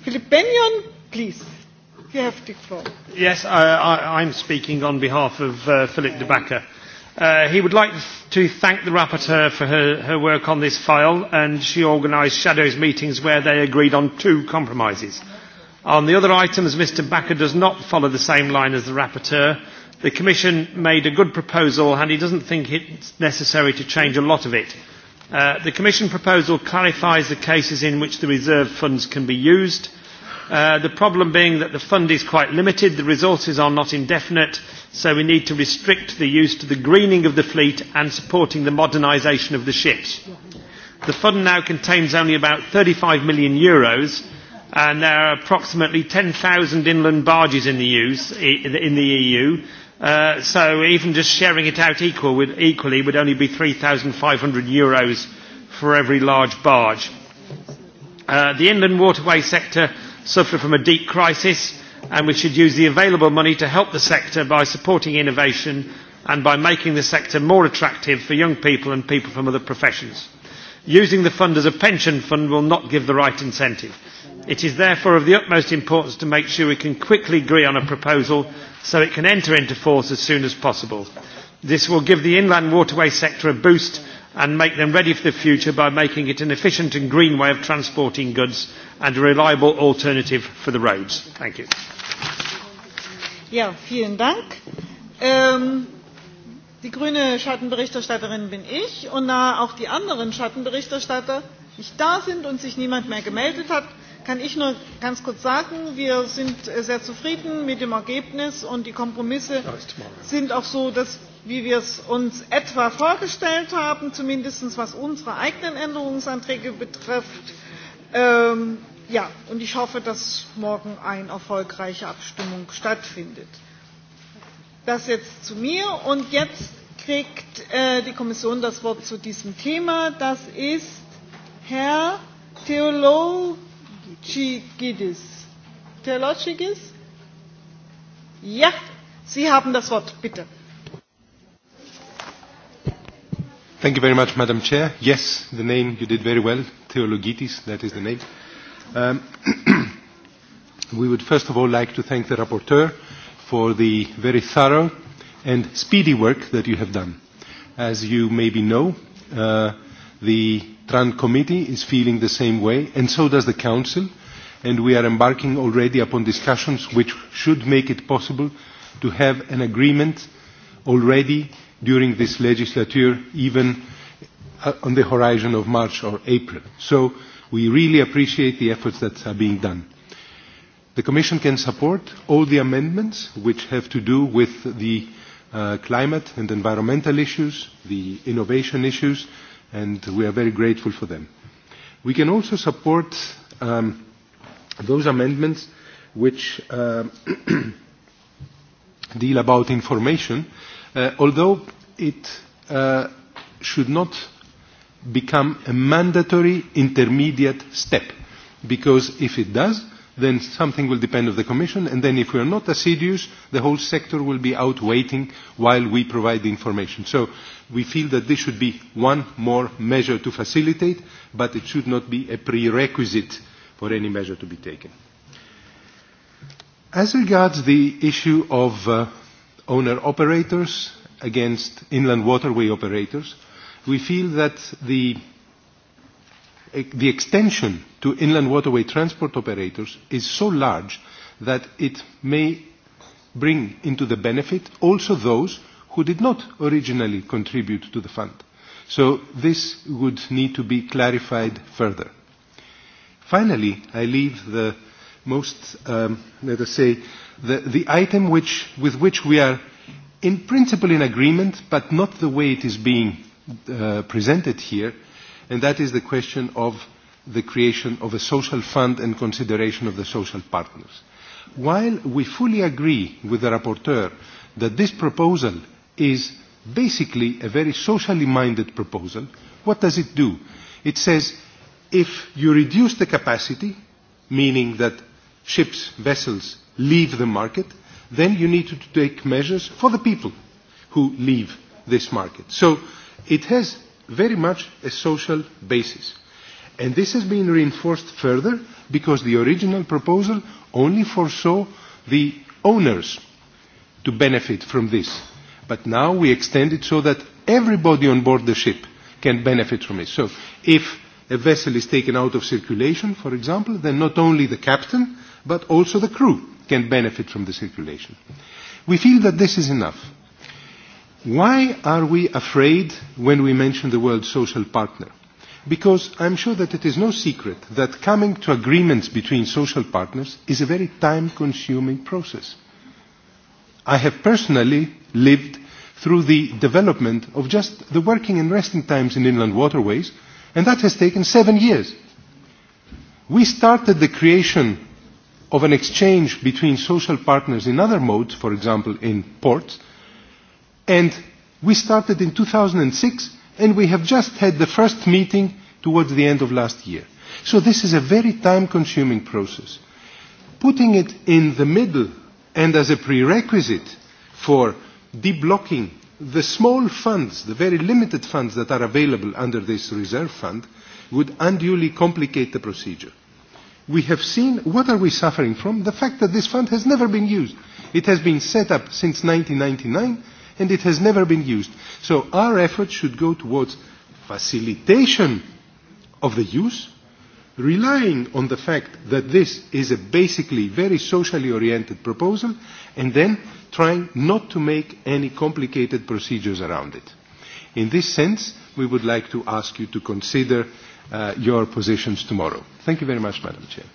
Philipp Benyon, please. You have the floor. Yes, I, I, I'm speaking on behalf of uh, Philip de Backer. Uh, Uh, he would like to thank the rapporteur for her, her work on this file, and she organised shadows meetings where they agreed on two compromises. On the other items, Mr Bakker does not follow the same line as the rapporteur. The Commission made a good proposal, and he doesn't think it's necessary to change a lot of it. Uh, the Commission proposal clarifies the cases in which the reserve funds can be used Uh, the problem being that the fund is quite limited, the resources are not indefinite, so we need to restrict the use to the greening of the fleet and supporting the modernisation of the ships. The fund now contains only about 35 million euros, and there are approximately 10,000 inland barges in the, use, in the EU, uh, so even just sharing it out equal with, equally would only be 3,500 euros for every large barge. Uh, the inland waterway sector suffer from a deep crisis and we should use the available money to help the sector by supporting innovation and by making the sector more attractive for young people and people from other professions. Using the fund as a pension fund will not give the right incentive. It is therefore of the utmost importance to make sure we can quickly agree on a proposal so it can enter into force as soon as possible. This will give the inland waterway sector a boost and make them ready for the future by making it an efficient and green way of transporting goods and a reliable alternative for the roads. Thank you. Ja, vielen Dank. Ähm, die grüne Schattenberichterstatterin bin ich und da auch die anderen Schattenberichterstatter nicht da sind und sich niemand mehr gemeldet hat, kann ich nur ganz kurz sagen, wir sind äh, sehr zufrieden mit dem Ergebnis und die Kompromisse sind auch so, dass wie wir es uns etwa vorgestellt haben, zumindest was unsere eigenen Änderungsanträge betrifft. Ähm, ja, und ich hoffe, dass morgen eine erfolgreiche Abstimmung stattfindet. Das jetzt zu mir und jetzt kriegt äh, die Kommission das Wort zu diesem Thema. Das ist Herr Theologidis. Theologidis? Ja, Sie haben das Wort, bitte. Thank you very much, Madam Chair. Yes, the name you did very well, Theologitis, that is the name. Um, *clears throat* we would first of all like to thank the rapporteur for the very thorough and speedy work that you have done. As you maybe know, uh, the Tran Committee is feeling the same way, and so does the Council, and we are embarking already upon discussions which should make it possible to have an agreement already during this legislature, even uh, on the horizon of March or April. So we really appreciate the efforts that are being done. The Commission can support all the amendments which have to do with the uh, climate and environmental issues, the innovation issues, and we are very grateful for them. We can also support um, those amendments which uh, *clears throat* deal about information uh, uh, although it uh, should not become a mandatory intermediate step, because if it does, then something will depend on the Commission, and then if we are not assiduous, the whole sector will be out waiting while we provide the information. So we feel that this should be one more measure to facilitate, but it should not be a prerequisite for any measure to be taken. As regards the issue of uh, owner-operators against inland waterway operators, we feel that the, the extension to inland waterway transport operators is so large that it may bring into the benefit also those who did not originally contribute to the fund. So this would need to be clarified further. Finally, I leave the most, um, let us say, the, the item which, with which we are in principle in agreement, but not the way it is being uh, presented here, and that is the question of the creation of a social fund and consideration of the social partners. While we fully agree with the rapporteur that this proposal is basically a very socially minded proposal, what does it do? It says if you reduce the capacity, meaning that ships, vessels leave the market, then you need to take measures for the people who leave this market. So it has very much a social basis. And this has been reinforced further because the original proposal only foresaw the owners to benefit from this. But now we extend it so that everybody on board the ship can benefit from it. So if a vessel is taken out of circulation, for example, then not only the captain, but also the crew can benefit from the circulation. We feel that this is enough. Why are we afraid when we mention the word social partner? Because I'm sure that it is no secret that coming to agreements between social partners is a very time-consuming process. I have personally lived through the development of just the working and resting times in inland waterways, and that has taken seven years. We started the creation of an exchange between social partners in other modes, for example in port, and we started in 2006 and we have just had the first meeting towards the end of last year. So this is a very time-consuming process. Putting it in the middle and as a prerequisite for deblocking the small funds, the very limited funds that are available under this reserve fund, would unduly complicate the procedure we have seen what are we suffering from? The fact that this fund has never been used. It has been set up since 1999 and it has never been used. So our efforts should go towards facilitation of the use, relying on the fact that this is a basically very socially oriented proposal, and then trying not to make any complicated procedures around it. In this sense, we would like to ask you to consider uh, your positions tomorrow. Thank you very much, Madam Chair.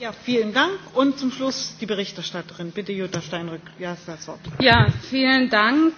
Ja, vielen Dank. Und zum Schluss die Berichterstatterin. Bitte, Jutta Steinrück. Ja, ist das Wort. Ja, vielen Dank.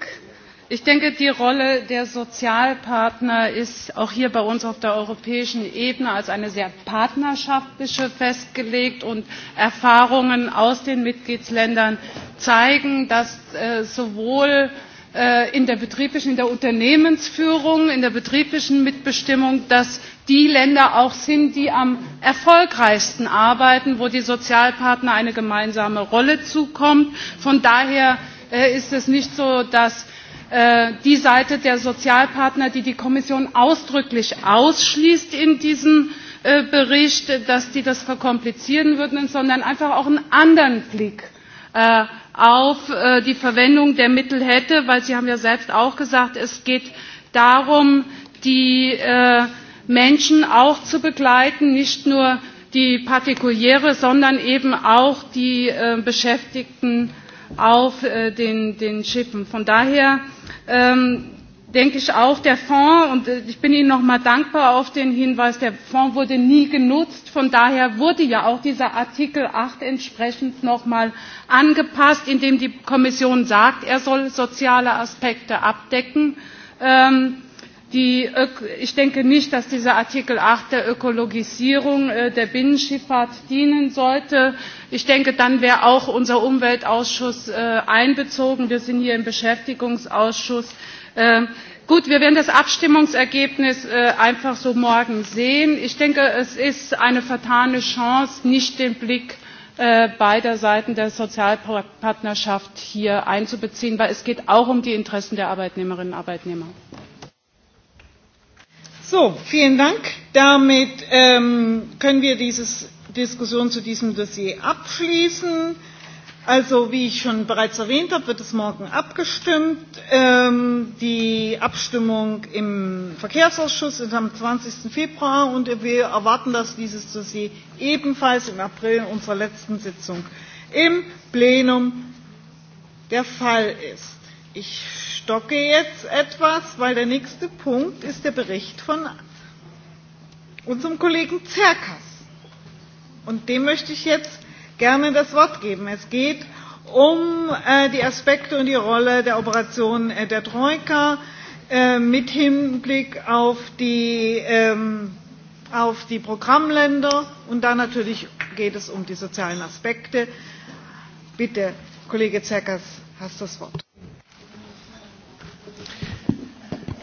Ich denke, die Rolle der Sozialpartner ist auch hier bei uns auf der europäischen Ebene als eine sehr partnerschaftliche festgelegt und Erfahrungen aus den Mitgliedsländern zeigen, dass äh, sowohl äh, Äh, in der betrieblichen, in der Unternehmensführung, in der betrieblichen Mitbestimmung, dass die Länder auch sind, die am erfolgreichsten arbeiten, wo die Sozialpartner eine gemeinsame Rolle zukommt. Von daher äh, ist es nicht so, dass äh, die Seite der Sozialpartner, die die Kommission ausdrücklich ausschließt in diesem Bericht, dass die das verkomplizieren würden, sondern einfach auch einen anderen Blick äh, auf äh, die Verwendung der Mittel hätte, weil Sie haben ja selbst auch gesagt, es geht darum, die äh, Menschen auch zu begleiten, nicht nur die Partikuliere, sondern eben auch die äh, Beschäftigten auf äh, den, den Schiffen. Von daher ähm, denke ich auch der Fonds, und äh, ich bin Ihnen nochmal dankbar auf den Hinweis, der Fonds wurde nie genutzt. Von daher wurde ja auch dieser Artikel 8 entsprechend nochmal angepasst, indem die Kommission sagt, er soll soziale Aspekte abdecken. Ähm, die, ich denke nicht, dass dieser Artikel 8 der Ökologisierung äh, der Binnenschifffahrt dienen sollte. Ich denke, dann wäre auch unser Umweltausschuss äh, einbezogen. Wir sind hier im Beschäftigungsausschuss Ähm, gut, wir werden das Abstimmungsergebnis äh, einfach so morgen sehen. Ich denke, es ist eine vertane Chance, nicht den Blick äh, beider Seiten der Sozialpartnerschaft hier einzubeziehen, weil es geht auch um die Interessen der Arbeitnehmerinnen und Arbeitnehmer. So, vielen Dank. Damit ähm, können wir diese Diskussion zu diesem Dossier abschließen. Also, wie ich schon bereits erwähnt habe, wird es morgen abgestimmt. Ähm, die Abstimmung im Verkehrsausschuss ist am 20. Februar und wir erwarten, dass dieses Dossier ebenfalls im April in unserer letzten Sitzung im Plenum der Fall ist. Ich stocke jetzt etwas, weil der nächste Punkt ist der Bericht von unserem Kollegen Zerkas. Und dem möchte ich jetzt gerne das Wort geben. Es geht um äh, die Aspekte und die Rolle der Operation äh, der Troika äh, mit Hinblick auf die, ähm, auf die Programmländer. Und dann natürlich geht es um die sozialen Aspekte. Bitte, Kollege Zerkas, hast das Wort.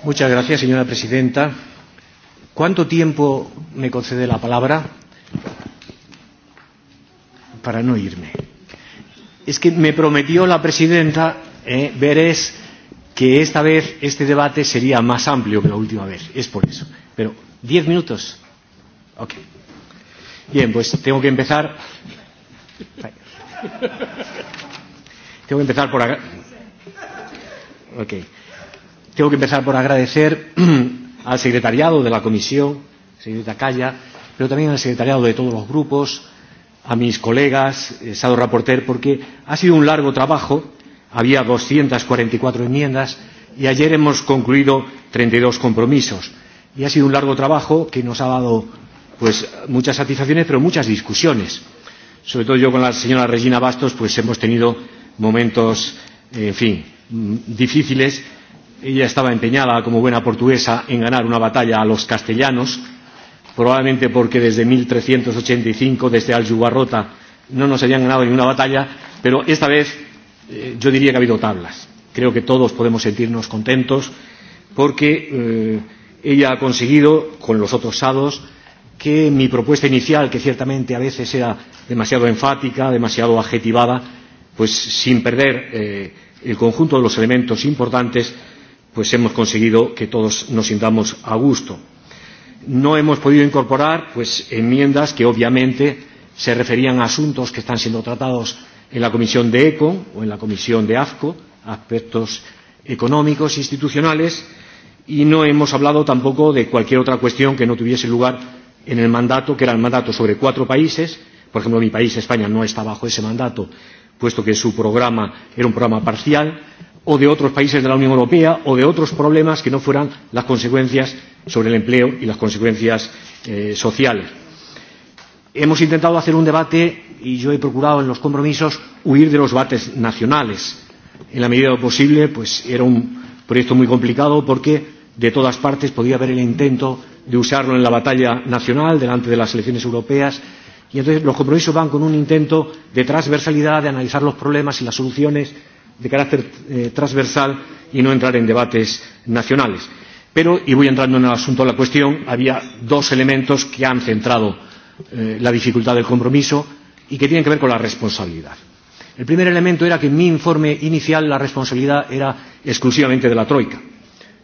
Muchas gracias, señora presidenta. ¿Cuánto tiempo me concede la palabra? para no irme. Es que me prometió la presidenta eh, Beres que esta vez este debate sería más amplio que la última vez. Es por eso. Pero, ¿diez minutos? Ok. Bien, pues tengo que empezar. tengo que empezar por. Agra... Ok. Tengo que empezar por agradecer al secretariado de la comisión, señorita Calla, pero también al secretariado de todos los grupos, a mis colegas, eh, Sado Raporter, porque ha sido un largo trabajo. Había 244 enmiendas y ayer hemos concluido 32 compromisos. Y ha sido un largo trabajo que nos ha dado pues, muchas satisfacciones, pero muchas discusiones. Sobre todo yo con la señora Regina Bastos pues, hemos tenido momentos, en fin, mm, difíciles. Ella estaba empeñada, como buena portuguesa, en ganar una batalla a los castellanos probablemente porque desde 1385, desde Al-Jubarrota, no nos habían ganado ninguna batalla, pero esta vez eh, yo diría que ha habido tablas. Creo que todos podemos sentirnos contentos porque eh, ella ha conseguido, con los otros sados, que mi propuesta inicial, que ciertamente a veces era demasiado enfática, demasiado adjetivada, pues sin perder eh, el conjunto de los elementos importantes, pues hemos conseguido que todos nos sintamos a gusto no hemos podido incorporar pues, enmiendas que obviamente se referían a asuntos que están siendo tratados en la comisión de ECON o en la comisión de AFCO, aspectos económicos e institucionales, y no hemos hablado tampoco de cualquier otra cuestión que no tuviese lugar en el mandato, que era el mandato sobre cuatro países. Por ejemplo, mi país, España, no está bajo ese mandato, puesto que su programa era un programa parcial o de otros países de la Unión Europea o de otros problemas que no fueran las consecuencias sobre el empleo y las consecuencias eh, sociales. Hemos intentado hacer un debate y yo he procurado en los compromisos huir de los debates nacionales. En la medida de lo posible, pues era un proyecto muy complicado porque de todas partes podía haber el intento de usarlo en la batalla nacional delante de las elecciones europeas y entonces los compromisos van con un intento de transversalidad, de analizar los problemas y las soluciones de carácter eh, transversal y no entrar en debates nacionales. Pero, y voy entrando en el asunto de la cuestión, había dos elementos que han centrado eh, la dificultad del compromiso y que tienen que ver con la responsabilidad. El primer elemento era que en mi informe inicial la responsabilidad era exclusivamente de la Troika.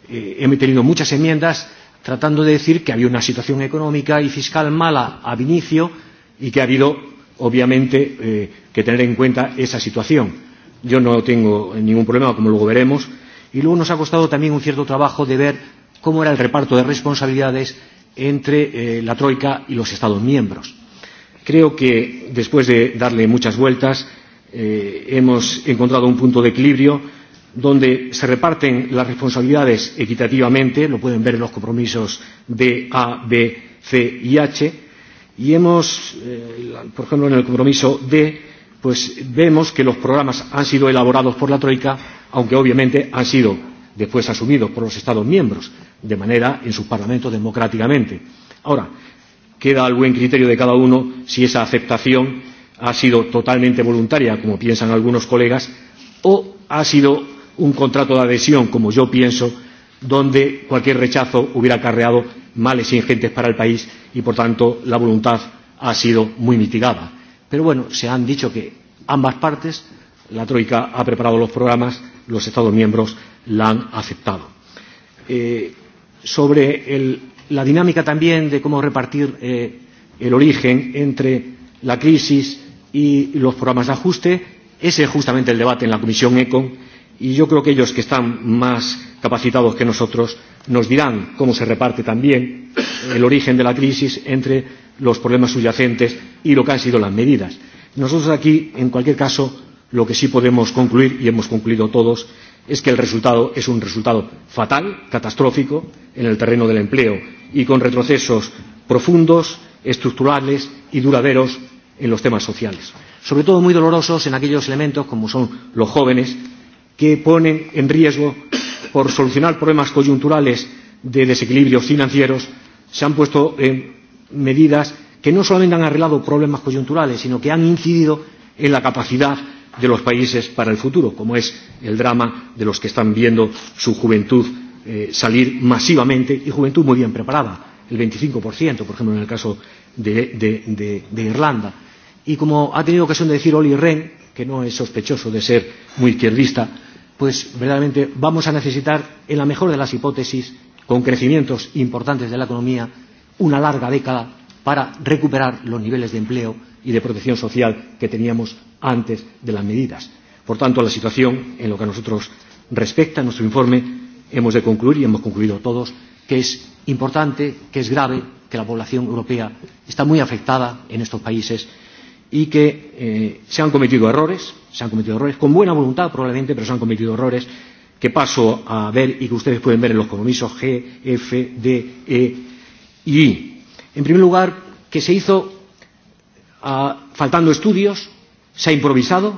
Eh, he tenido muchas enmiendas tratando de decir que había una situación económica y fiscal mala a inicio y que ha habido, obviamente, eh, que tener en cuenta esa situación yo no tengo ningún problema, como luego veremos. Y luego nos ha costado también un cierto trabajo de ver cómo era el reparto de responsabilidades entre eh, la Troika y los Estados miembros. Creo que, después de darle muchas vueltas, eh, hemos encontrado un punto de equilibrio donde se reparten las responsabilidades equitativamente, lo pueden ver en los compromisos D, A, B, C y H, y hemos, eh, por ejemplo, en el compromiso D, pues vemos que los programas han sido elaborados por la Troika, aunque obviamente han sido después asumidos por los Estados miembros, de manera en sus parlamentos democráticamente. Ahora, queda al buen criterio de cada uno si esa aceptación ha sido totalmente voluntaria, como piensan algunos colegas, o ha sido un contrato de adhesión, como yo pienso, donde cualquier rechazo hubiera acarreado males ingentes para el país y, por tanto, la voluntad ha sido muy mitigada Pero bueno, se han dicho que ambas partes, la Troika ha preparado los programas, los Estados miembros la han aceptado. Eh, sobre el, la dinámica también de cómo repartir eh, el origen entre la crisis y los programas de ajuste, ese es justamente el debate en la Comisión ECON y yo creo que ellos que están más capacitados que nosotros nos dirán cómo se reparte también el origen de la crisis entre los problemas subyacentes y lo que han sido las medidas. Nosotros aquí, en cualquier caso, lo que sí podemos concluir, y hemos concluido todos, es que el resultado es un resultado fatal, catastrófico, en el terreno del empleo y con retrocesos profundos, estructurales y duraderos en los temas sociales. Sobre todo muy dolorosos en aquellos elementos como son los jóvenes, que ponen en riesgo, por solucionar problemas coyunturales de desequilibrios financieros, se han puesto en medidas que no solamente han arreglado problemas coyunturales, sino que han incidido en la capacidad de los países para el futuro, como es el drama de los que están viendo su juventud eh, salir masivamente y juventud muy bien preparada, el 25%, por ejemplo, en el caso de, de, de, de Irlanda. Y como ha tenido ocasión de decir Oli Rehn, que no es sospechoso de ser muy izquierdista, pues verdaderamente vamos a necesitar, en la mejor de las hipótesis, con crecimientos importantes de la economía, una larga década para recuperar los niveles de empleo y de protección social que teníamos antes de las medidas. Por tanto, la situación, en lo que a nosotros respecta, en nuestro informe, hemos de concluir, y hemos concluido todos, que es importante, que es grave, que la población europea está muy afectada en estos países y que eh, se han cometido errores, se han cometido errores con buena voluntad probablemente, pero se han cometido errores que paso a ver y que ustedes pueden ver en los compromisos G, F, D, E, Y, en primer lugar, que se hizo uh, faltando estudios, se ha improvisado,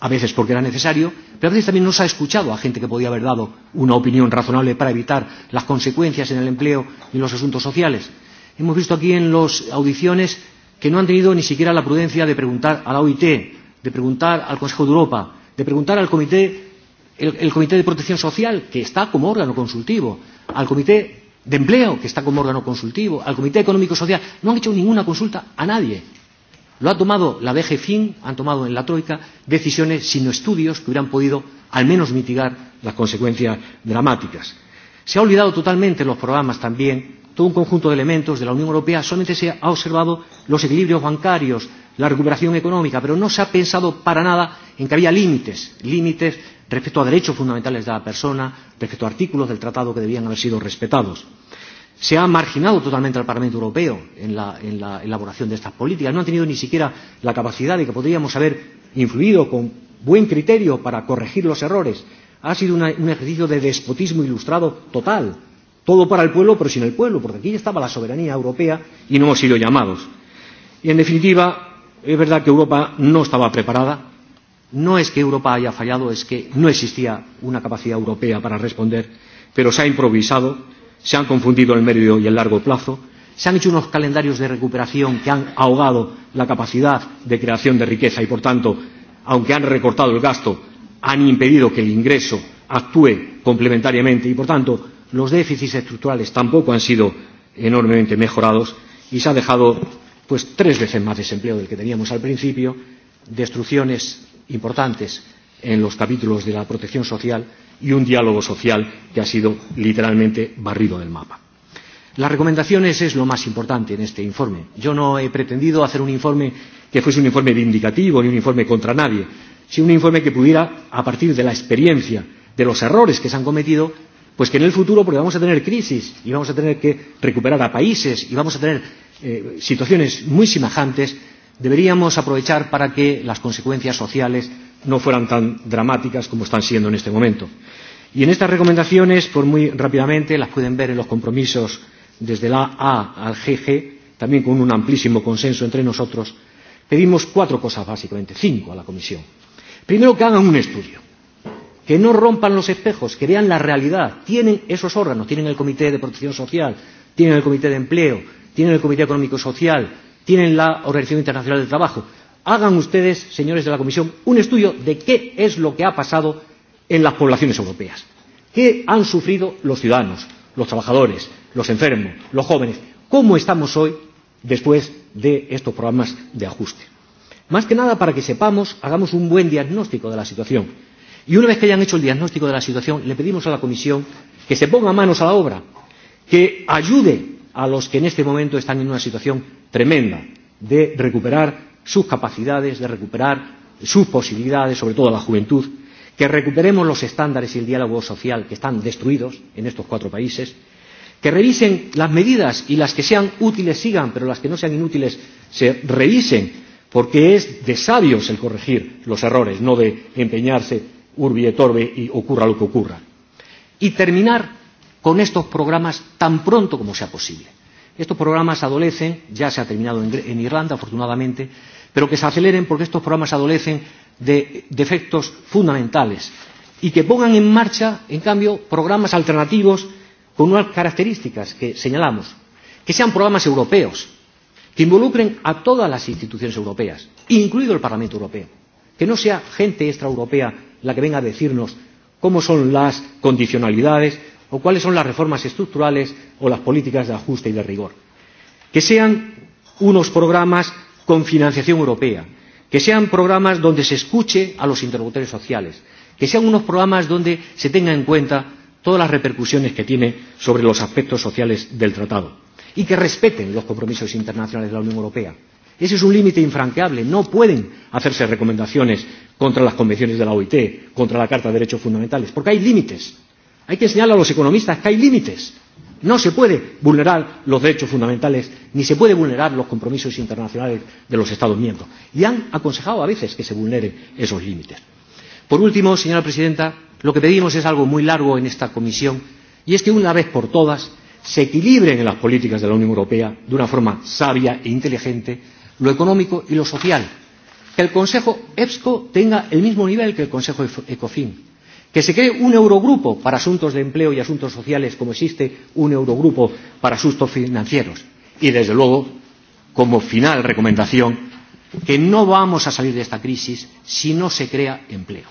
a veces porque era necesario, pero a veces también no se ha escuchado a gente que podía haber dado una opinión razonable para evitar las consecuencias en el empleo y en los asuntos sociales. Hemos visto aquí en las audiciones que no han tenido ni siquiera la prudencia de preguntar a la OIT, de preguntar al Consejo de Europa, de preguntar al Comité, el, el Comité de Protección Social, que está como órgano consultivo, al Comité de Empleo, que está como órgano consultivo, al Comité Económico Social, no han hecho ninguna consulta a nadie. Lo ha tomado la DGFIN, han tomado en la Troika decisiones sino estudios que hubieran podido al menos mitigar las consecuencias dramáticas. Se ha olvidado totalmente en los programas también todo un conjunto de elementos de la Unión Europea, solamente se ha observado los equilibrios bancarios, la recuperación económica, pero no se ha pensado para nada en que había límites, límites respecto a derechos fundamentales de la persona, respecto a artículos del tratado que debían haber sido respetados. Se ha marginado totalmente al Parlamento Europeo en la, en la elaboración de estas políticas. No han tenido ni siquiera la capacidad de que podríamos haber influido con buen criterio para corregir los errores. Ha sido una, un ejercicio de despotismo ilustrado total. Todo para el pueblo, pero sin el pueblo, porque aquí estaba la soberanía europea y no hemos sido llamados. Y, en definitiva, es verdad que Europa no estaba preparada no es que Europa haya fallado, es que no existía una capacidad europea para responder, pero se ha improvisado, se han confundido el medio y el largo plazo, se han hecho unos calendarios de recuperación que han ahogado la capacidad de creación de riqueza y, por tanto, aunque han recortado el gasto, han impedido que el ingreso actúe complementariamente y, por tanto, los déficits estructurales tampoco han sido enormemente mejorados y se ha dejado pues tres veces más desempleo del que teníamos al principio, destrucciones importantes en los capítulos de la protección social y un diálogo social que ha sido literalmente barrido del mapa. Las recomendaciones es lo más importante en este informe. Yo no he pretendido hacer un informe que fuese un informe vindicativo ni un informe contra nadie, sino un informe que pudiera, a partir de la experiencia, de los errores que se han cometido, pues que en el futuro, porque vamos a tener crisis y vamos a tener que recuperar a países y vamos a tener eh, situaciones muy semejantes, deberíamos aprovechar para que las consecuencias sociales no fueran tan dramáticas como están siendo en este momento. Y en estas recomendaciones, por muy rápidamente, las pueden ver en los compromisos desde la A al GG, también con un amplísimo consenso entre nosotros, pedimos cuatro cosas básicamente, cinco a la Comisión. Primero, que hagan un estudio, que no rompan los espejos, que vean la realidad. Tienen esos órganos, tienen el Comité de Protección Social, tienen el Comité de Empleo, tienen el Comité Económico y Social, tienen la Organización Internacional del Trabajo. Hagan ustedes, señores de la Comisión, un estudio de qué es lo que ha pasado en las poblaciones europeas. ¿Qué han sufrido los ciudadanos, los trabajadores, los enfermos, los jóvenes? ¿Cómo estamos hoy después de estos programas de ajuste? Más que nada para que sepamos, hagamos un buen diagnóstico de la situación. Y una vez que hayan hecho el diagnóstico de la situación, le pedimos a la Comisión que se ponga manos a la obra, que ayude a los que en este momento están en una situación tremenda de recuperar sus capacidades, de recuperar sus posibilidades, sobre todo a la juventud, que recuperemos los estándares y el diálogo social que están destruidos en estos cuatro países, que revisen las medidas y las que sean útiles sigan, pero las que no sean inútiles se revisen, porque es de sabios el corregir los errores, no de empeñarse urbi et orbe y ocurra lo que ocurra. Y terminar con estos programas tan pronto como sea posible. Estos programas adolecen, ya se ha terminado en, en Irlanda, afortunadamente, pero que se aceleren porque estos programas adolecen de defectos fundamentales y que pongan en marcha, en cambio, programas alternativos con unas características que señalamos, que sean programas europeos, que involucren a todas las instituciones europeas, incluido el Parlamento Europeo, que no sea gente extraeuropea la que venga a decirnos cómo son las condicionalidades, o cuáles son las reformas estructurales o las políticas de ajuste y de rigor. Que sean unos programas con financiación europea, que sean programas donde se escuche a los interlocutores sociales, que sean unos programas donde se tenga en cuenta todas las repercusiones que tiene sobre los aspectos sociales del tratado y que respeten los compromisos internacionales de la Unión Europea. Ese es un límite infranqueable. No pueden hacerse recomendaciones contra las convenciones de la OIT, contra la Carta de Derechos Fundamentales, porque hay límites Hay que enseñar a los economistas que hay límites. No se puede vulnerar los derechos fundamentales ni se puede vulnerar los compromisos internacionales de los Estados miembros. Y han aconsejado a veces que se vulneren esos límites. Por último, señora presidenta, lo que pedimos es algo muy largo en esta comisión y es que una vez por todas se equilibren en las políticas de la Unión Europea de una forma sabia e inteligente lo económico y lo social. Que el Consejo EPSCO tenga el mismo nivel que el Consejo ECOFIN que se cree un Eurogrupo para asuntos de empleo y asuntos sociales como existe un Eurogrupo para asuntos financieros. Y, desde luego, como final recomendación, que no vamos a salir de esta crisis si no se crea empleo.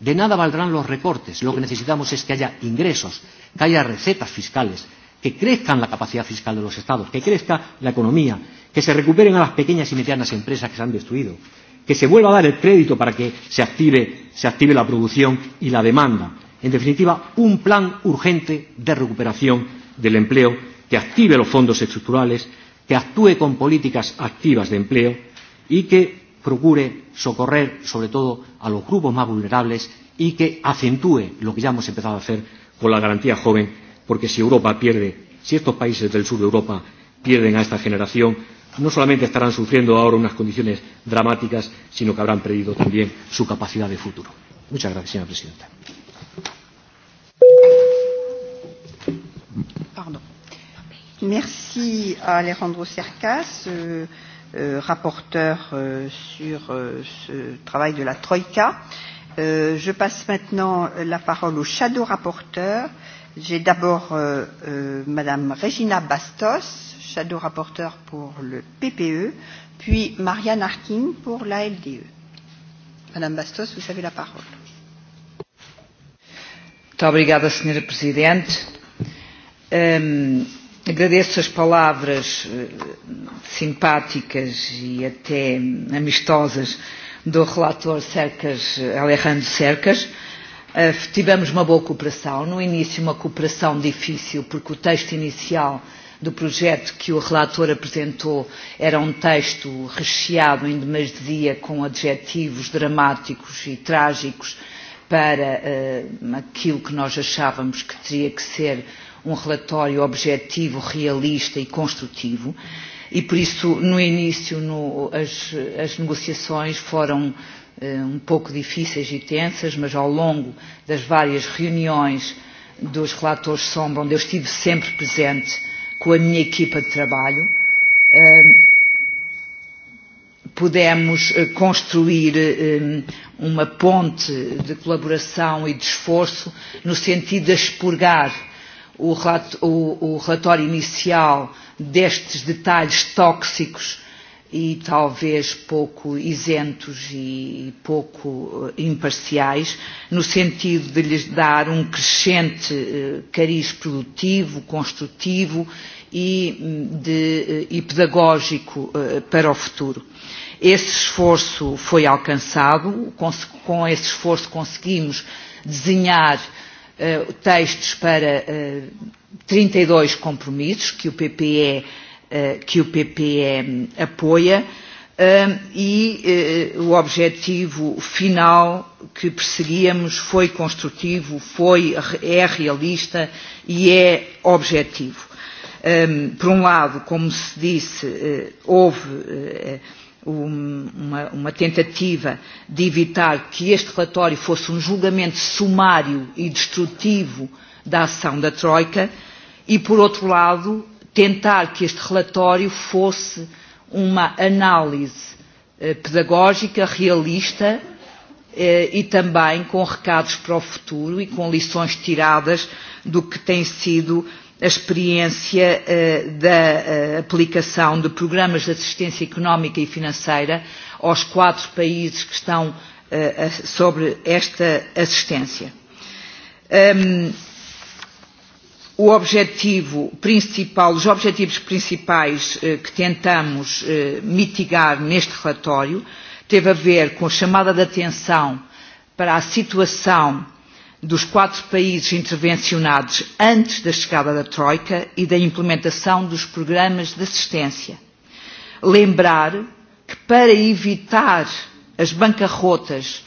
De nada valdrán los recortes. Lo que necesitamos es que haya ingresos, que haya recetas fiscales, que crezcan la capacidad fiscal de los Estados, que crezca la economía, que se recuperen a las pequeñas y medianas empresas que se han destruido, que se vuelva a dar el crédito para que se active, se active la producción y la demanda. En definitiva, un plan urgente de recuperación del empleo que active los fondos estructurales, que actúe con políticas activas de empleo y que procure socorrer sobre todo a los grupos más vulnerables y que acentúe lo que ya hemos empezado a hacer con la garantía joven, porque si Europa pierde, si estos países del sur de Europa pierden a esta generación, no solamente estarán sufriendo ahora unas condiciones dramáticas, sino que habrán perdido también su capacidad de futuro. Muchas gracias, señora presidenta. Pardon. Merci à Alejandro Cercas, euh, euh, rapporteur euh, sur euh, ce travail de la Troïka. Euh, je passe maintenant la parole au shadow rapporteur, euh, J'ai d'abord euh, euh, Madame Regina Bastos, shadow rapporteur pour le PPE, puis Marianne Harkin pour la LDE. Madame Bastos, vous avez la parole. Muito obrigada, Senhora Presidente. Um, agradeço as palavras eh, simpáticas e até amistosas do relator Cercas, Alejandro Cercas. Uh, Eh, tivemos uma boa cooperação, no início uma cooperação difícil, porque o texto inicial do projeto que o relator apresentou era um texto recheado em demasia com adjetivos dramáticos e trágicos para uh, aquilo que nós achávamos que teria que ser um relatório objetivo, realista e construtivo. E por isso, no início, no, as, as negociações foram uh, Eh, um pouco difíceis e tensas, mas ao longo das várias reuniões dos relatores sombra, onde eu estive sempre presente com a minha equipa de trabalho, eh, pudemos eh, construir uma ponte de colaboração e de esforço no sentido de expurgar o relatório inicial destes detalhes tóxicos e talvez pouco isentos e, e pouco eh, imparciais, no sentido de lhes dar um crescente eh, cariz produtivo, construtivo e, de, eh, e pedagógico para o futuro. Esse esforço foi alcançado, com esse esforço conseguimos desenhar textos para 32 e compromissos que o PPE Eh, que o PPE apoia ehm, e eh, o objetivo final que perseguíamos foi construtivo, foi, é realista e é objetivo. Ehm, por um lado, como se disse, eh, houve um, uma, uma tentativa de evitar que este relatório fosse um julgamento sumário e destrutivo da ação da Troika e, por outro lado, tentar que este relatório fosse uma análise eh, pedagógica, realista eh, e também com recados para o futuro e com lições tiradas do que tem sido a experiência eh, da aplicação de programas de assistência económica e financeira aos quatro países que estão sobre esta assistência. Um, o objetivo principal, os objetivos principais eh, que tentamos eh, mitigar neste relatório teve a ver com a chamada de atenção para a situação dos quatro países intervencionados antes da chegada da Troika e da implementação dos programas de assistência. Lembrar que para evitar as bancarrotas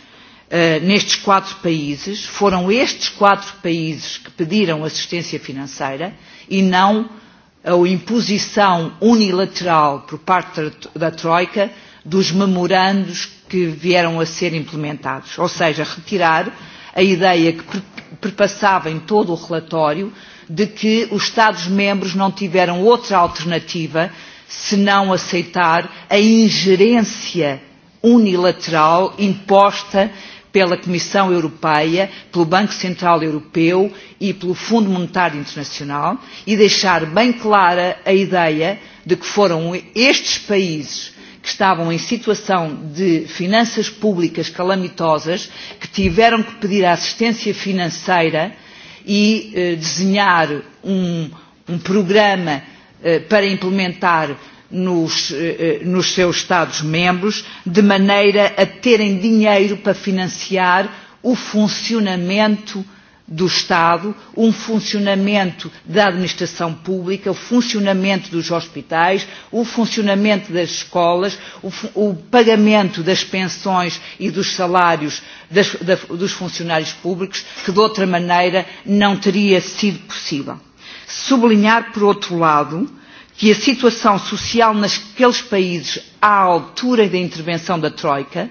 Uh, nestes quatro países, foram estes quatro países que pediram assistência financeira e não a imposição unilateral por parte da Troika dos memorandos que vieram a ser implementados, ou seja, retirar a ideia que perpassava em todo o relatório de que os Estados-membros não tiveram outra alternativa senão aceitar a ingerência unilateral imposta pela Comissão Europeia, pelo Banco Central Europeu e pelo Fundo Monetário Internacional e deixar bem clara a ideia de que foram estes países que estavam em situação de finanças públicas calamitosas que tiveram que pedir a assistência financeira e eh, desenhar um, um programa eh, para implementar nos, eh, eh, nos seus Estados-membros, de maneira a terem dinheiro para financiar o funcionamento do Estado, um funcionamento da administração pública, o funcionamento dos hospitais, o funcionamento das escolas, o, o pagamento das pensões e dos salários das, da, dos funcionários públicos, que de outra maneira não teria sido possível. Sublinhar, por outro lado, que a situação social naqueles países à altura da intervenção da Troika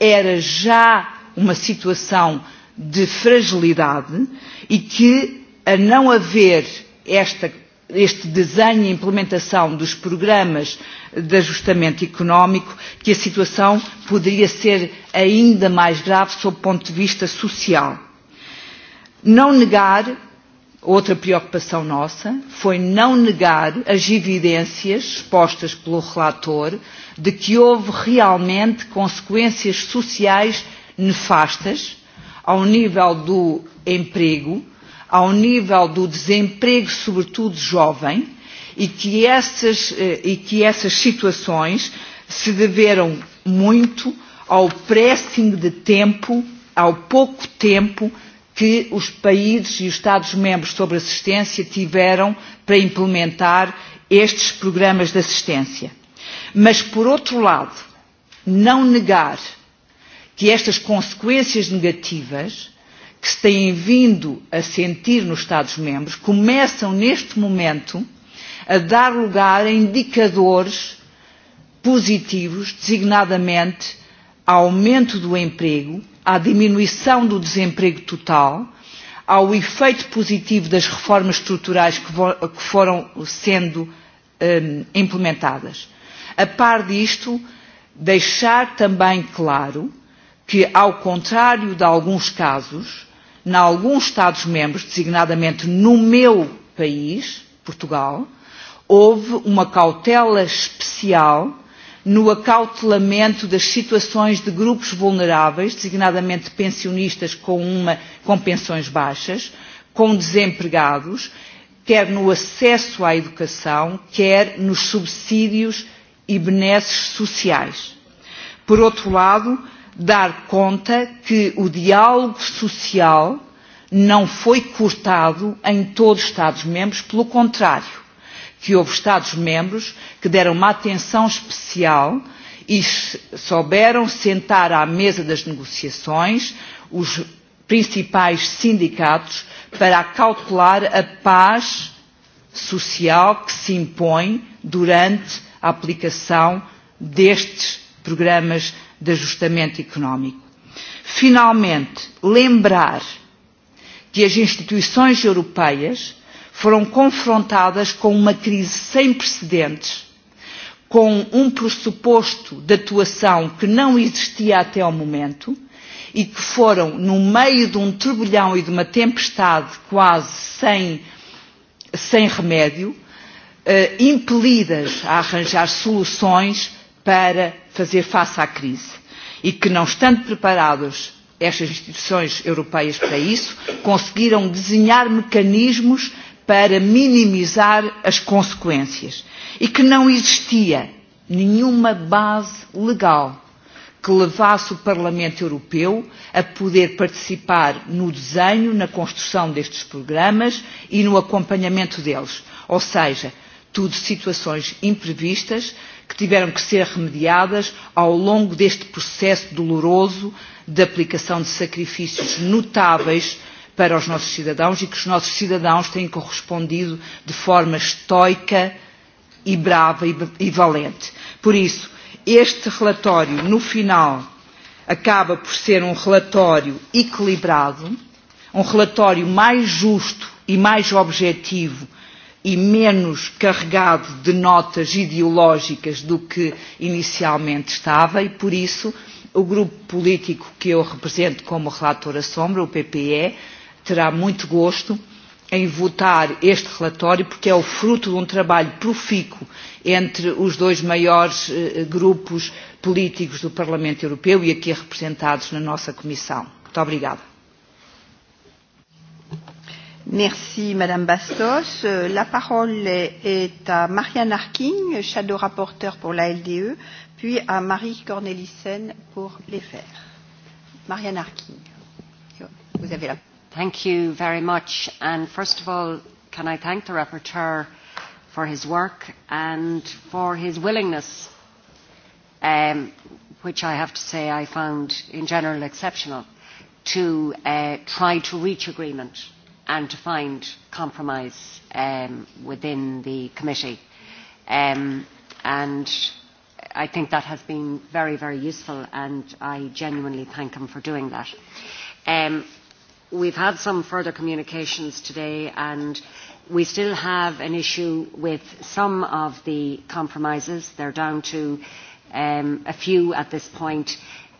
era já uma situação de fragilidade e que, a não haver esta, este desenho e implementação dos programas de ajustamento económico, que a situação poderia ser ainda mais grave sob o ponto de vista social. Não negar Outra preocupação nossa foi não negar as evidências expostas pelo relator de que houve realmente consequências sociais nefastas ao nível do emprego, ao nível do desemprego, sobretudo jovem, e que essas, eh, e que essas situações se deveram muito ao pressing de tempo, ao pouco tempo que os países e os Estados-membros sobre assistência tiveram para implementar estes programas de assistência. Mas, por outro lado, não negar que estas consequências negativas que se têm vindo a sentir nos Estados-membros começam, neste momento, a dar lugar a indicadores positivos, designadamente aumento do emprego à diminuição do desemprego total, ao efeito positivo das reformas estruturais que, vo, que foram sendo um, implementadas. A par disto, deixar também claro que, ao contrário de alguns casos, em alguns Estados-membros, designadamente no meu país, Portugal, houve uma cautela especial no acautelamento das situações de grupos vulneráveis, designadamente pensionistas com, uma, com pensões baixas, com desempregados, quer no acesso à educação, quer nos subsídios e benesses sociais. Por outro lado, dar conta que o diálogo social não foi cortado em todos os Estados-membros, pelo contrário que houve Estados-membros que deram uma atenção especial e souberam sentar à mesa das negociações os principais sindicatos para calcular a paz social que se impõe durante a aplicação destes programas de ajustamento económico. Finalmente, lembrar que as instituições europeias foram confrontadas com uma crise sem precedentes, com um pressuposto de atuação que não existia até ao momento e que foram, no meio de um turbilhão e de uma tempestade quase sem, sem remédio, eh, impelidas a arranjar soluções para fazer face à crise e que, não estando preparados estas instituições europeias para isso, conseguiram desenhar mecanismos para minimizar as consequências e que não existia nenhuma base legal que levasse o Parlamento Europeu a poder participar no desenho, na construção destes programas e no acompanhamento deles. Ou seja, tudo situações imprevistas que tiveram que ser remediadas ao longo deste processo doloroso de aplicação de sacrifícios notáveis para os nossos cidadãos e que os nossos cidadãos têm correspondido de forma estoica e brava e, e valente. Por isso, este relatório, no final, acaba por ser um relatório equilibrado, um relatório mais justo e mais objetivo e menos carregado de notas ideológicas do que inicialmente estava e, por isso, o grupo político que eu represento como relatora sombra, o PPE, terá muito gosto em votar este relatório, porque é o fruto de um trabalho profícuo entre os dois maiores eh, grupos políticos do Parlamento Europeu e aqui representados na nossa Comissão. Muito obrigada. Merci, Madame Bastos. Euh, la parole est à Marianne Harking, shadow rapporteur pour la LDE, puis à Marie Cornelissen pour les Verts. Marianne Harking, vous avez la parole. Thank you very much. And first of all, can I thank the rapporteur for his work and for his willingness, um, which I have to say I found in general exceptional, to uh, try to reach agreement and to find compromise um, within the committee. Um, and I think that has been very, very useful, and I genuinely thank him for doing that. Um, we've had some further communications today and we still have an issue with some of the compromises. They're down to um, a few at this point.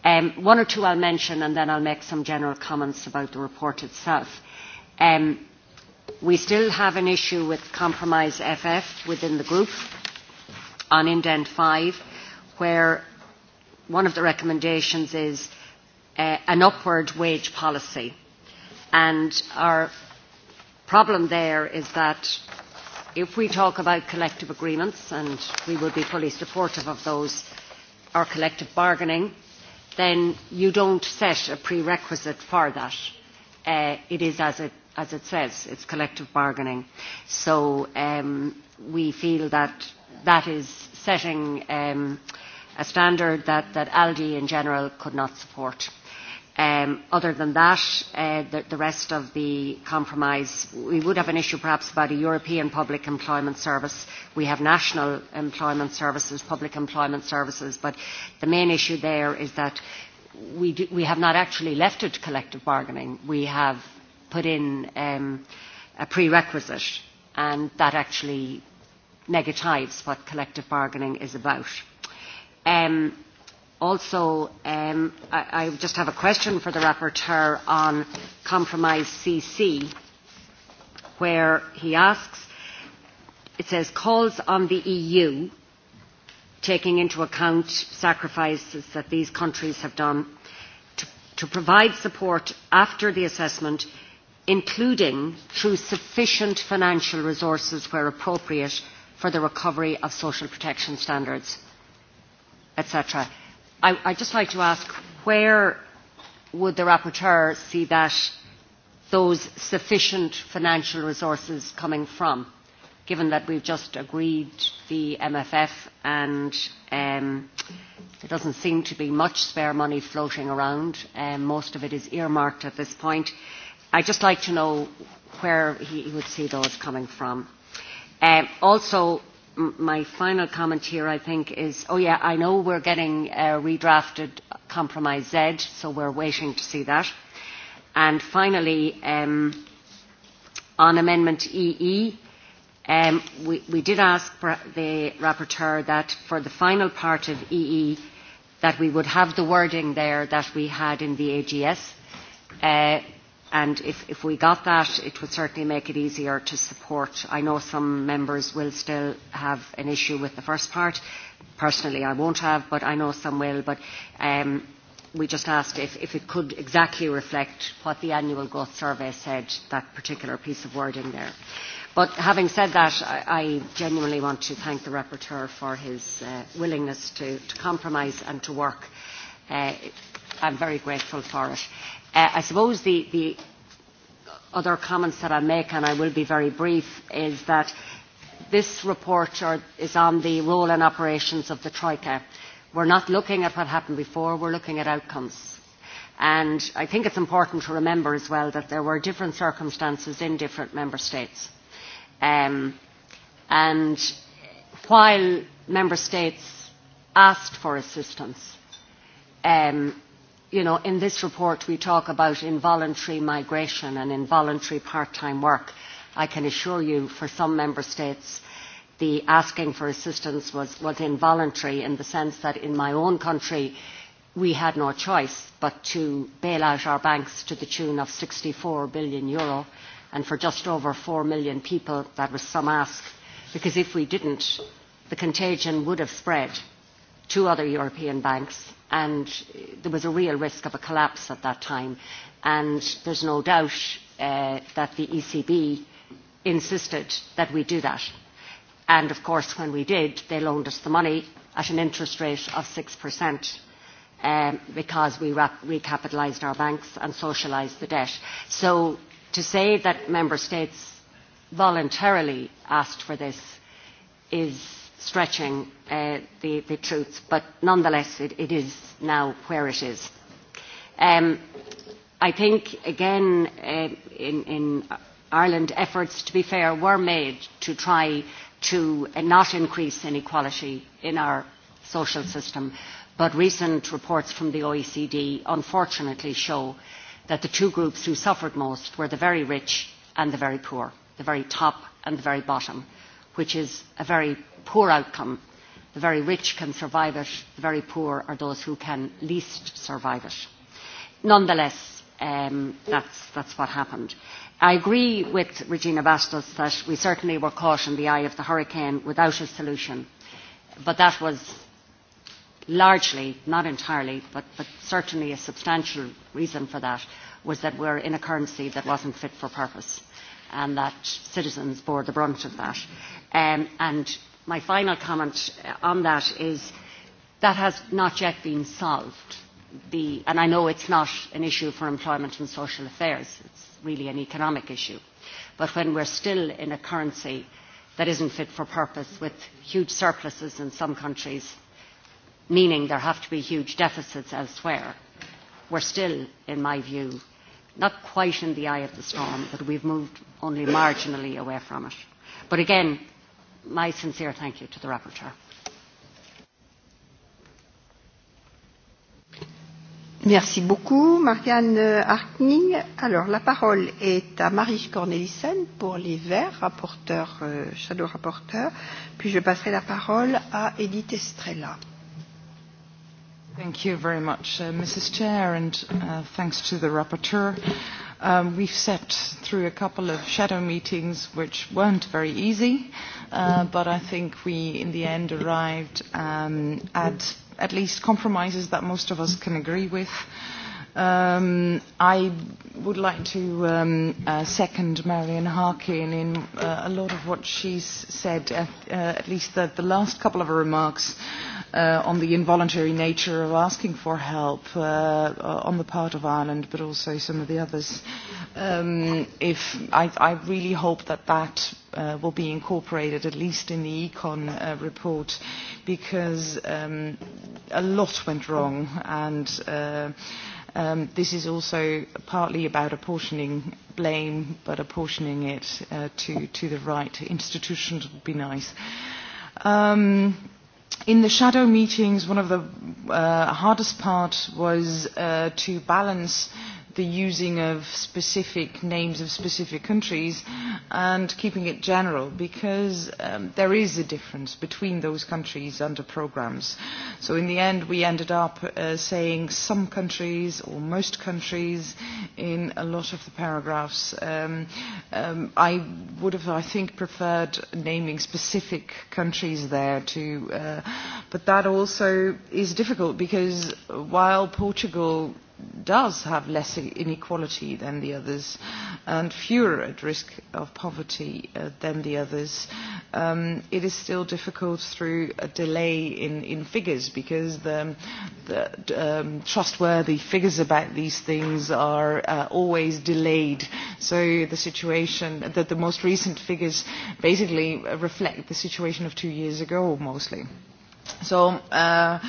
Um, one or two I'll mention and then I'll make some general comments about the report itself. Um, we still have an issue with compromise FF within the group on indent 5 where one of the recommendations is uh, an upward wage policy And our problem there is that if we talk about collective agreements, and we will be fully supportive of those, or collective bargaining, then you don't set a prerequisite for that. Uh, it is as it, as it says, it's collective bargaining. So um, we feel that that is setting um, a standard that, that ALDI in general could not support. Um, other than that, uh, the, the rest of the compromise, we would have an issue perhaps about a European public employment service. We have national employment services, public employment services, but the main issue there is that we, do, we have not actually left it to collective bargaining. We have put in um, a prerequisite, and that actually negatives what collective bargaining is about. Um, Also, um, I, I just have a question for the rapporteur on compromise CC, where he asks, it says, calls on the EU, taking into account sacrifices that these countries have done, to, to provide support after the assessment, including through sufficient financial resources where appropriate for the recovery of social protection standards, etc I, I'd just like to ask where would the rapporteur see that those sufficient financial resources coming from, given that we've just agreed the MFF and um, there doesn't seem to be much spare money floating around. Um, most of it is earmarked at this point. I'd just like to know where he, he would see those coming from. Um, also, my final comment here, I think, is, oh yeah, I know we're getting uh, redrafted Compromise Z, so we're waiting to see that. And finally, um, on Amendment EE, e, um, we, we did ask the rapporteur that for the final part of EE, e, that we would have the wording there that we had in the AGS. Uh, and if, if we got that, it would certainly make it easier to support. I know some members will still have an issue with the first part. Personally, I won't have, but I know some will. But um, we just asked if, if it could exactly reflect what the annual growth survey said, that particular piece of wording there. But having said that, I, I genuinely want to thank the rapporteur for his uh, willingness to, to compromise and to work. Uh, I'm very grateful for it. Uh, I suppose the, the other comments that I make, and I will be very brief, is that this report are, is on the role and operations of the Troika. We're not looking at what happened before, we're looking at outcomes. And I think it's important to remember as well that there were different circumstances in different member states. Um, and while member states asked for assistance, um, you know, in this report we talk about involuntary migration and involuntary part-time work. I can assure you for some member states the asking for assistance was, was involuntary in the sense that in my own country we had no choice but to bail out our banks to the tune of 64 billion euro and for just over 4 million people that was some ask because if we didn't the contagion would have spread to other European banks and there was a real risk of a collapse at that time. And there's no doubt uh, that the ECB insisted that we do that. And of course, when we did, they loaned us the money at an interest rate of 6% um, because we rap- recapitalised our banks and socialised the debt. So to say that member states voluntarily asked for this is stretching uh, the, the truth, but nonetheless it, it is now where it is. Um, I think, again, uh, in, in Ireland, efforts, to be fair, were made to try to uh, not increase inequality in our social system, but recent reports from the OECD unfortunately show that the two groups who suffered most were the very rich and the very poor, the very top and the very bottom, which is a very poor outcome. The very rich can survive it, the very poor are those who can least survive it. Nonetheless, um, that's, that's what happened. I agree with Regina Bastos that we certainly were caught in the eye of the hurricane without a solution, but that was largely, not entirely, but, but certainly a substantial reason for that was that we're in a currency that wasn't fit for purpose and that citizens bore the brunt of that. Um, and my final comment uh, on that is that has not yet been solved. The, and I know it's not an issue for employment and social affairs, it's really an economic issue. But when we're still in a currency that isn't fit for purpose with huge surpluses in some countries, meaning there have to be huge deficits elsewhere, we're still, in my view, not quite in the eye of the storm, but we've moved only marginally away from it. But again, my sincere thank you to the rapporteur. Merci beaucoup, Marianne Harkning. Alors, la parole est à Marie Cornelissen pour les Verts, rapporteur, euh, shadow rapporteur. Puis je passerai la parole à Edith Estrella. Euh, Thank you very much, uh, Mrs. Chair, and uh, thanks to the rapporteur. Um, we've sat through a couple of shadow meetings which weren't very easy, uh, but I think we, in the end, arrived um, at at least compromises that most of us can agree with. Um, I would like to um, uh, second Marion Harkin in uh, a lot of what she's said, at, uh, at least the, the last couple of her remarks. Uh, uh, on the involuntary nature of asking for help uh, uh, on the part of Ireland, but also some of the others. Um, if I, I really hope that that uh, will be incorporated, at least in the Econ uh, report, because um, a lot went wrong, and uh, um, this is also partly about apportioning blame, but apportioning it uh, to, to the right institutions would be nice. Um, in the shadow meetings, one of the uh, hardest part was uh, to balance the using of specific names of specific countries and keeping it general because um, there is a difference between those countries under programs. So in the end we ended up uh, saying some countries or most countries in a lot of the paragraphs. Um, um, I would have, I think, preferred naming specific countries there to, uh, but that also is difficult because while Portugal does have less inequality than the others and fewer at risk of poverty uh, than the others, um, it is still difficult through a delay in, in figures because the, the um, trustworthy figures about these things are uh, always delayed. So the situation that the most recent figures basically reflect the situation of two years ago mostly. So, uh,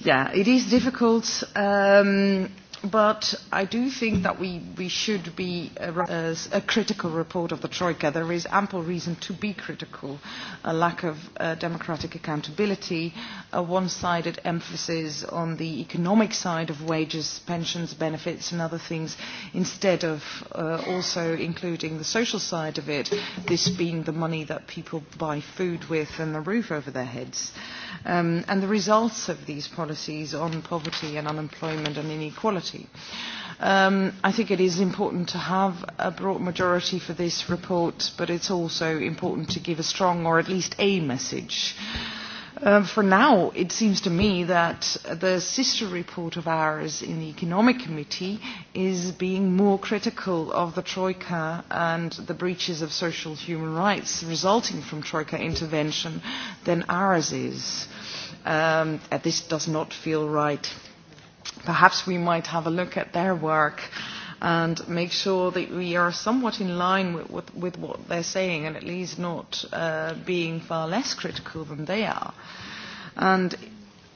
yeah, it is difficult. Um, But I do think that we, we should be uh, a, a, a critical report of the Troika. There is ample reason to be critical. A lack of uh, democratic accountability, a one-sided emphasis on the economic side of wages, pensions, benefits and other things, instead of uh, also including the social side of it, this being the money that people buy food with and the roof over their heads. Um, and the results of these policies on poverty and unemployment and inequality majority. Um, I think it is important to have a broad majority for this report, but it's also important to give a strong or at least a message. Um, for now, it seems to me that the sister report of ours in the Economic Committee is being more critical of the Troika and the breaches of social human rights resulting from Troika intervention than ours is. Um, and this does not feel right perhaps we might have a look at their work and make sure that we are somewhat in line with, with, with what they're saying and at least not uh, being far less critical than they are. And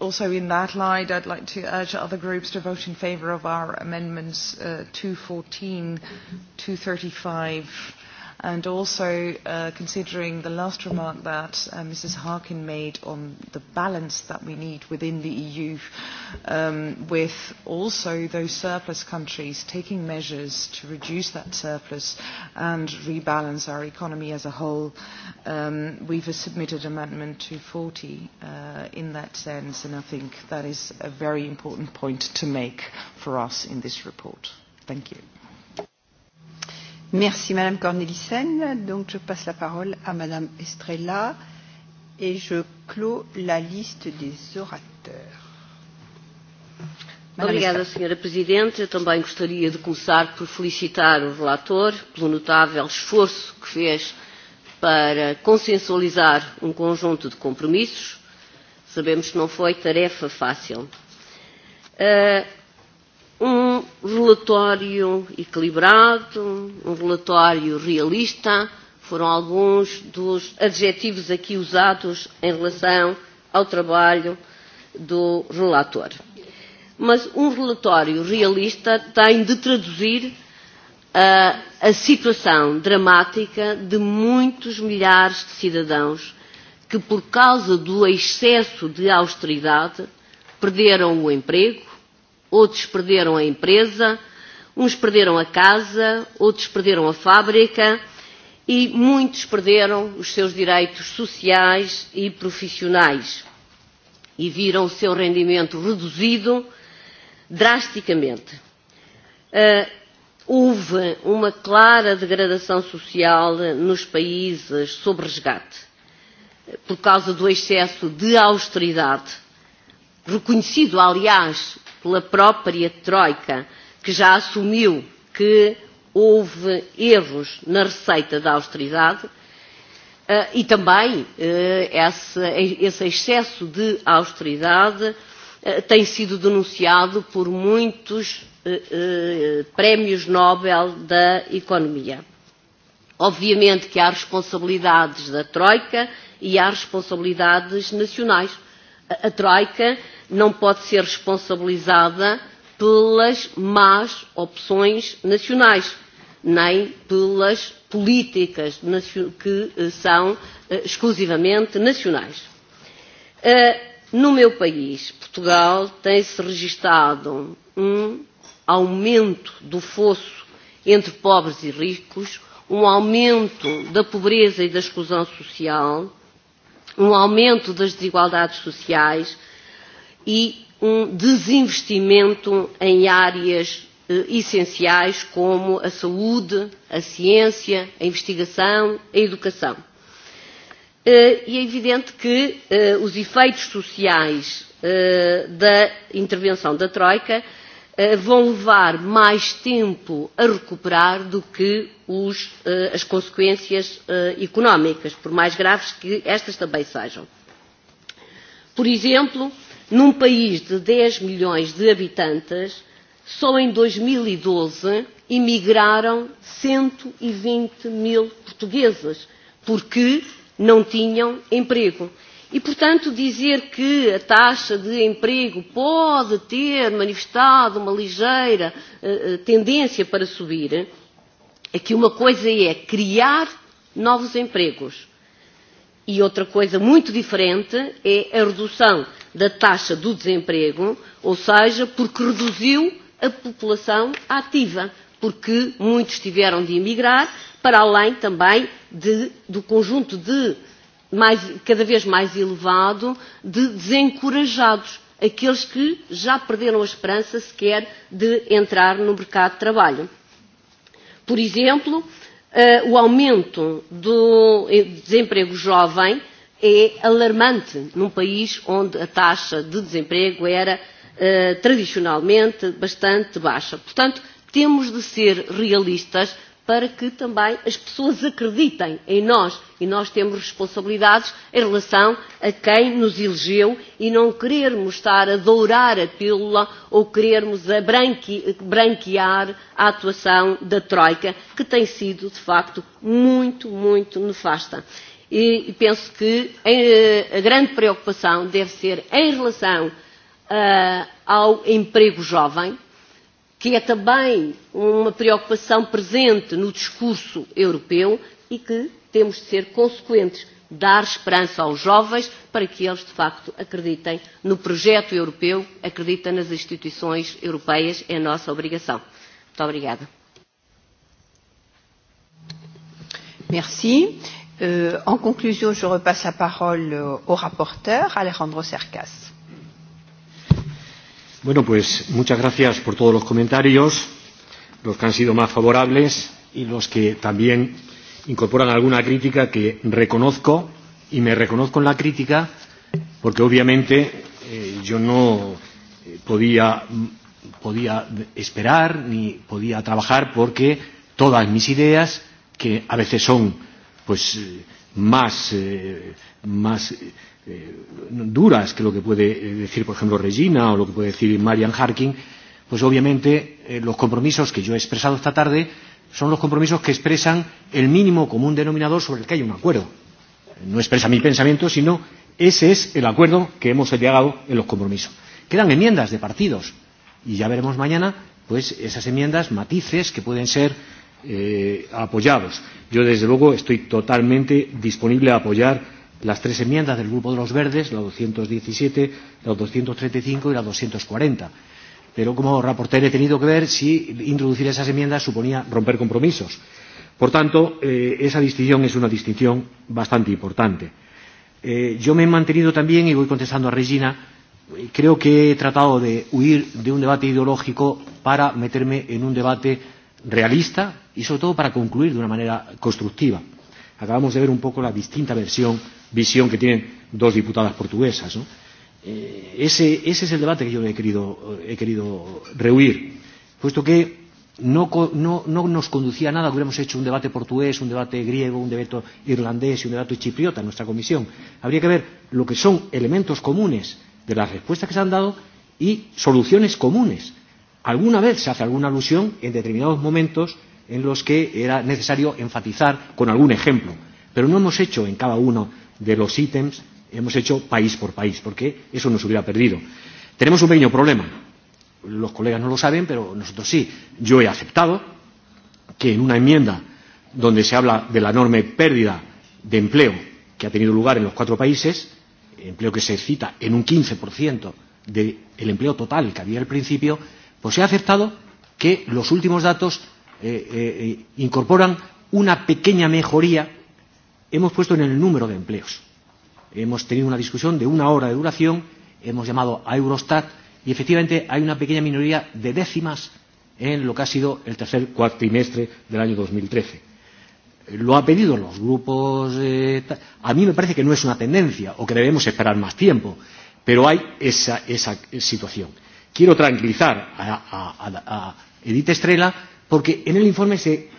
also in that light, I'd like to urge other groups to vote in favour of our amendments uh, 214, 235, and also uh, considering the last remark that uh, Mrs. Harkin made on the balance that we need within the EU, um, with also those surplus countries taking measures to reduce that surplus and rebalance our economy as a whole. Um, we've submitted Amendment 240 uh, in that sense, and I think that is a very important point to make for us in this report. Thank you. Merci Madame Cornelissen. Donc je passe la parole à Madame Estrella et je clos la liste des orateurs. Obrigada, Sra. Presidente. Eu também gostaria de começar por felicitar o relator pelo notável esforço que fez para consensualizar um conjunto de compromissos. Sabemos que não foi tarefa fácil. Uh, um relatório equilibrado, um relatório realista, foram alguns dos adjetivos aqui usados em relação ao trabalho do relator. Mas um relatório realista tem de traduzir a, a situação dramática de muitos milhares de cidadãos que, por causa do excesso de austeridade, perderam o emprego, outros perderam a empresa, uns perderam a casa, outros perderam a fábrica e muitos perderam os seus direitos sociais e profissionais e viram o seu rendimento reduzido drasticamente. Uh, houve uma clara degradação social nos países sob resgate, por causa do excesso de austeridade, reconhecido, aliás, pela própria Troika, que já assumiu que houve erros na receita da austeridade eh, e também eh, esse excesso de austeridade eh, tem sido denunciado por muitos prémios Nobel da economia. Obviamente que há responsabilidades da Troika e há responsabilidades nacionais. A Troika não pode ser responsabilizada pelas más opções nacionais, nem pelas políticas que eh, são eh, exclusivamente nacionais. Eh, no meu país, Portugal, tem-se registado um aumento do fosso entre pobres e ricos, um aumento da pobreza e da exclusão social, um aumento das desigualdades sociais, e um desinvestimento em áreas eh, essenciais como a saúde, a ciência, a investigação, a educação. Eh, e é evidente que eh, os efeitos sociais eh, da intervenção da Troika eh, vão levar mais tempo a recuperar do que os, eh, as consequências eh, económicas, por mais graves que estas também sejam. Por exemplo, num país de 10 milhões de habitantes, só em 2012 e emigraram 120 e mil portugueses, porque não tinham emprego. E, portanto, dizer que a taxa de emprego pode ter manifestado uma ligeira uh, tendência para subir, é que uma coisa é criar novos empregos e outra coisa muito diferente é a redução da taxa do desemprego, ou seja, porque reduziu a população ativa, porque muitos tiveram de emigrar, para além também de, do conjunto de mais, cada vez mais elevado de desencorajados, aqueles que já perderam a esperança sequer de entrar no mercado de trabalho. Por exemplo, uh, o aumento do eh, desemprego jovem é alarmante num país onde a taxa de desemprego era eh, tradicionalmente bastante baixa. Portanto, temos de ser realistas para que também as pessoas acreditem em nós e nós temos responsabilidades em relação a quem nos elegeu e não querermos estar a dourar a pílula ou querermos a branque, branquear a atuação da Troika, que tem sido, de facto, muito, muito nefasta. E penso que eh, a grande preocupação deve ser em relação uh, ao emprego jovem, que é também uma preocupação presente no discurso europeu e que temos de ser consequentes, dar esperança aos jovens para que eles, de facto, acreditem no projeto europeu, acreditem nas instituições europeias, é a nossa obrigação. Muito obrigada. Merci. Euh, en conclusion, je repasse la parole euh, au rapporteur, Alejandro Cercas. Bueno, pues muchas gracias por todos los comentarios, los que han sido más favorables y los que también incorporan alguna crítica que reconozco y me reconozco en la crítica porque obviamente eh, yo no eh, podía, podía esperar ni podía trabajar porque todas mis ideas, que a veces son pues eh, más, eh, más eh, duras que lo que puede eh, decir, por ejemplo, Regina o lo que puede decir Marian Harkin, pues obviamente eh, los compromisos que yo he expresado esta tarde son los compromisos que expresan el mínimo común denominador sobre el que hay un acuerdo. No expresa mi pensamiento, sino ese es el acuerdo que hemos llegado en los compromisos. Quedan enmiendas de partidos y ya veremos mañana pues esas enmiendas, matices que pueden ser eh, apoyados. Yo, desde luego, estoy totalmente disponible a apoyar las tres enmiendas del Grupo de los Verdes, la 217, la 235 y la 240. Pero como reporter he tenido que ver si introducir esas enmiendas suponía romper compromisos. Por tanto, eh, esa distinción es una distinción bastante importante. Eh, yo me he mantenido también, y voy contestando a Regina, eh, creo que he tratado de huir de un debate ideológico para meterme en un debate realista, y sobre todo para concluir de una manera constructiva. Acabamos de ver un poco la distinta versión, visión que tienen dos diputadas portuguesas. ¿no? Eh, ese, ese es el debate que yo he querido, he querido rehuir, puesto que no, no, no nos conducía a nada que hubiéramos hecho un debate portugués, un debate griego, un debate irlandés y un debate chipriota en nuestra comisión. Habría que ver lo que son elementos comunes de las respuestas que se han dado y soluciones comunes. Alguna vez se hace alguna alusión en determinados momentos en los que era necesario enfatizar con algún ejemplo. Pero no hemos hecho en cada uno de los ítems, hemos hecho país por país, porque eso nos hubiera perdido. Tenemos un pequeño problema. Los colegas no lo saben, pero nosotros sí. Yo he aceptado que en una enmienda donde se habla de la enorme pérdida de empleo que ha tenido lugar en los cuatro países, empleo que se cita en un 15% del de empleo total que había al principio, pues he aceptado que los últimos datos Eh, eh, eh, incorporan una pequeña mejoría, hemos puesto en el número de empleos. Hemos tenido una discusión de una hora de duración, hemos llamado a Eurostat y efectivamente hay una pequeña minoría de décimas en lo que ha sido el tercer cuatrimestre del año 2013. Lo ha pedido los grupos. Eh, a mí me parece que no es una tendencia o que debemos esperar más tiempo, pero hay esa, esa situación. Quiero tranquilizar a, a, a, a Edith Estrella porque en el informe se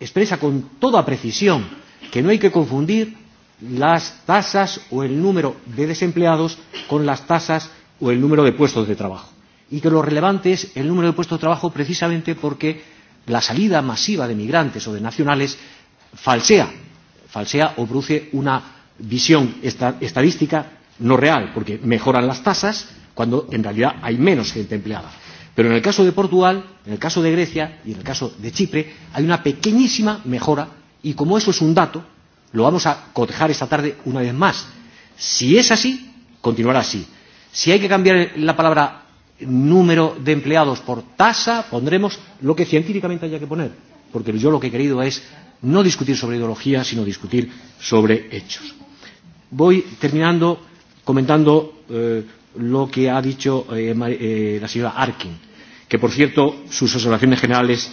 expresa con toda precisión que no hay que confundir las tasas o el número de desempleados con las tasas o el número de puestos de trabajo y que lo relevante es el número de puestos de trabajo precisamente porque la salida masiva de migrantes o de nacionales falsea, falsea o produce una visión esta, estadística no real, porque mejoran las tasas cuando en realidad hay menos gente empleada. Pero en el caso de Portugal, en el caso de Grecia y en el caso de Chipre hay una pequeñísima mejora y como eso es un dato, lo vamos a cotejar esta tarde una vez más. Si es así, continuará así. Si hay que cambiar la palabra número de empleados por tasa, pondremos lo que científicamente haya que poner, porque yo lo que he querido es no discutir sobre ideología, sino discutir sobre hechos. Voy terminando comentando eh, lo que ha dicho eh, eh, la señora Arkin, que por cierto sus observaciones generales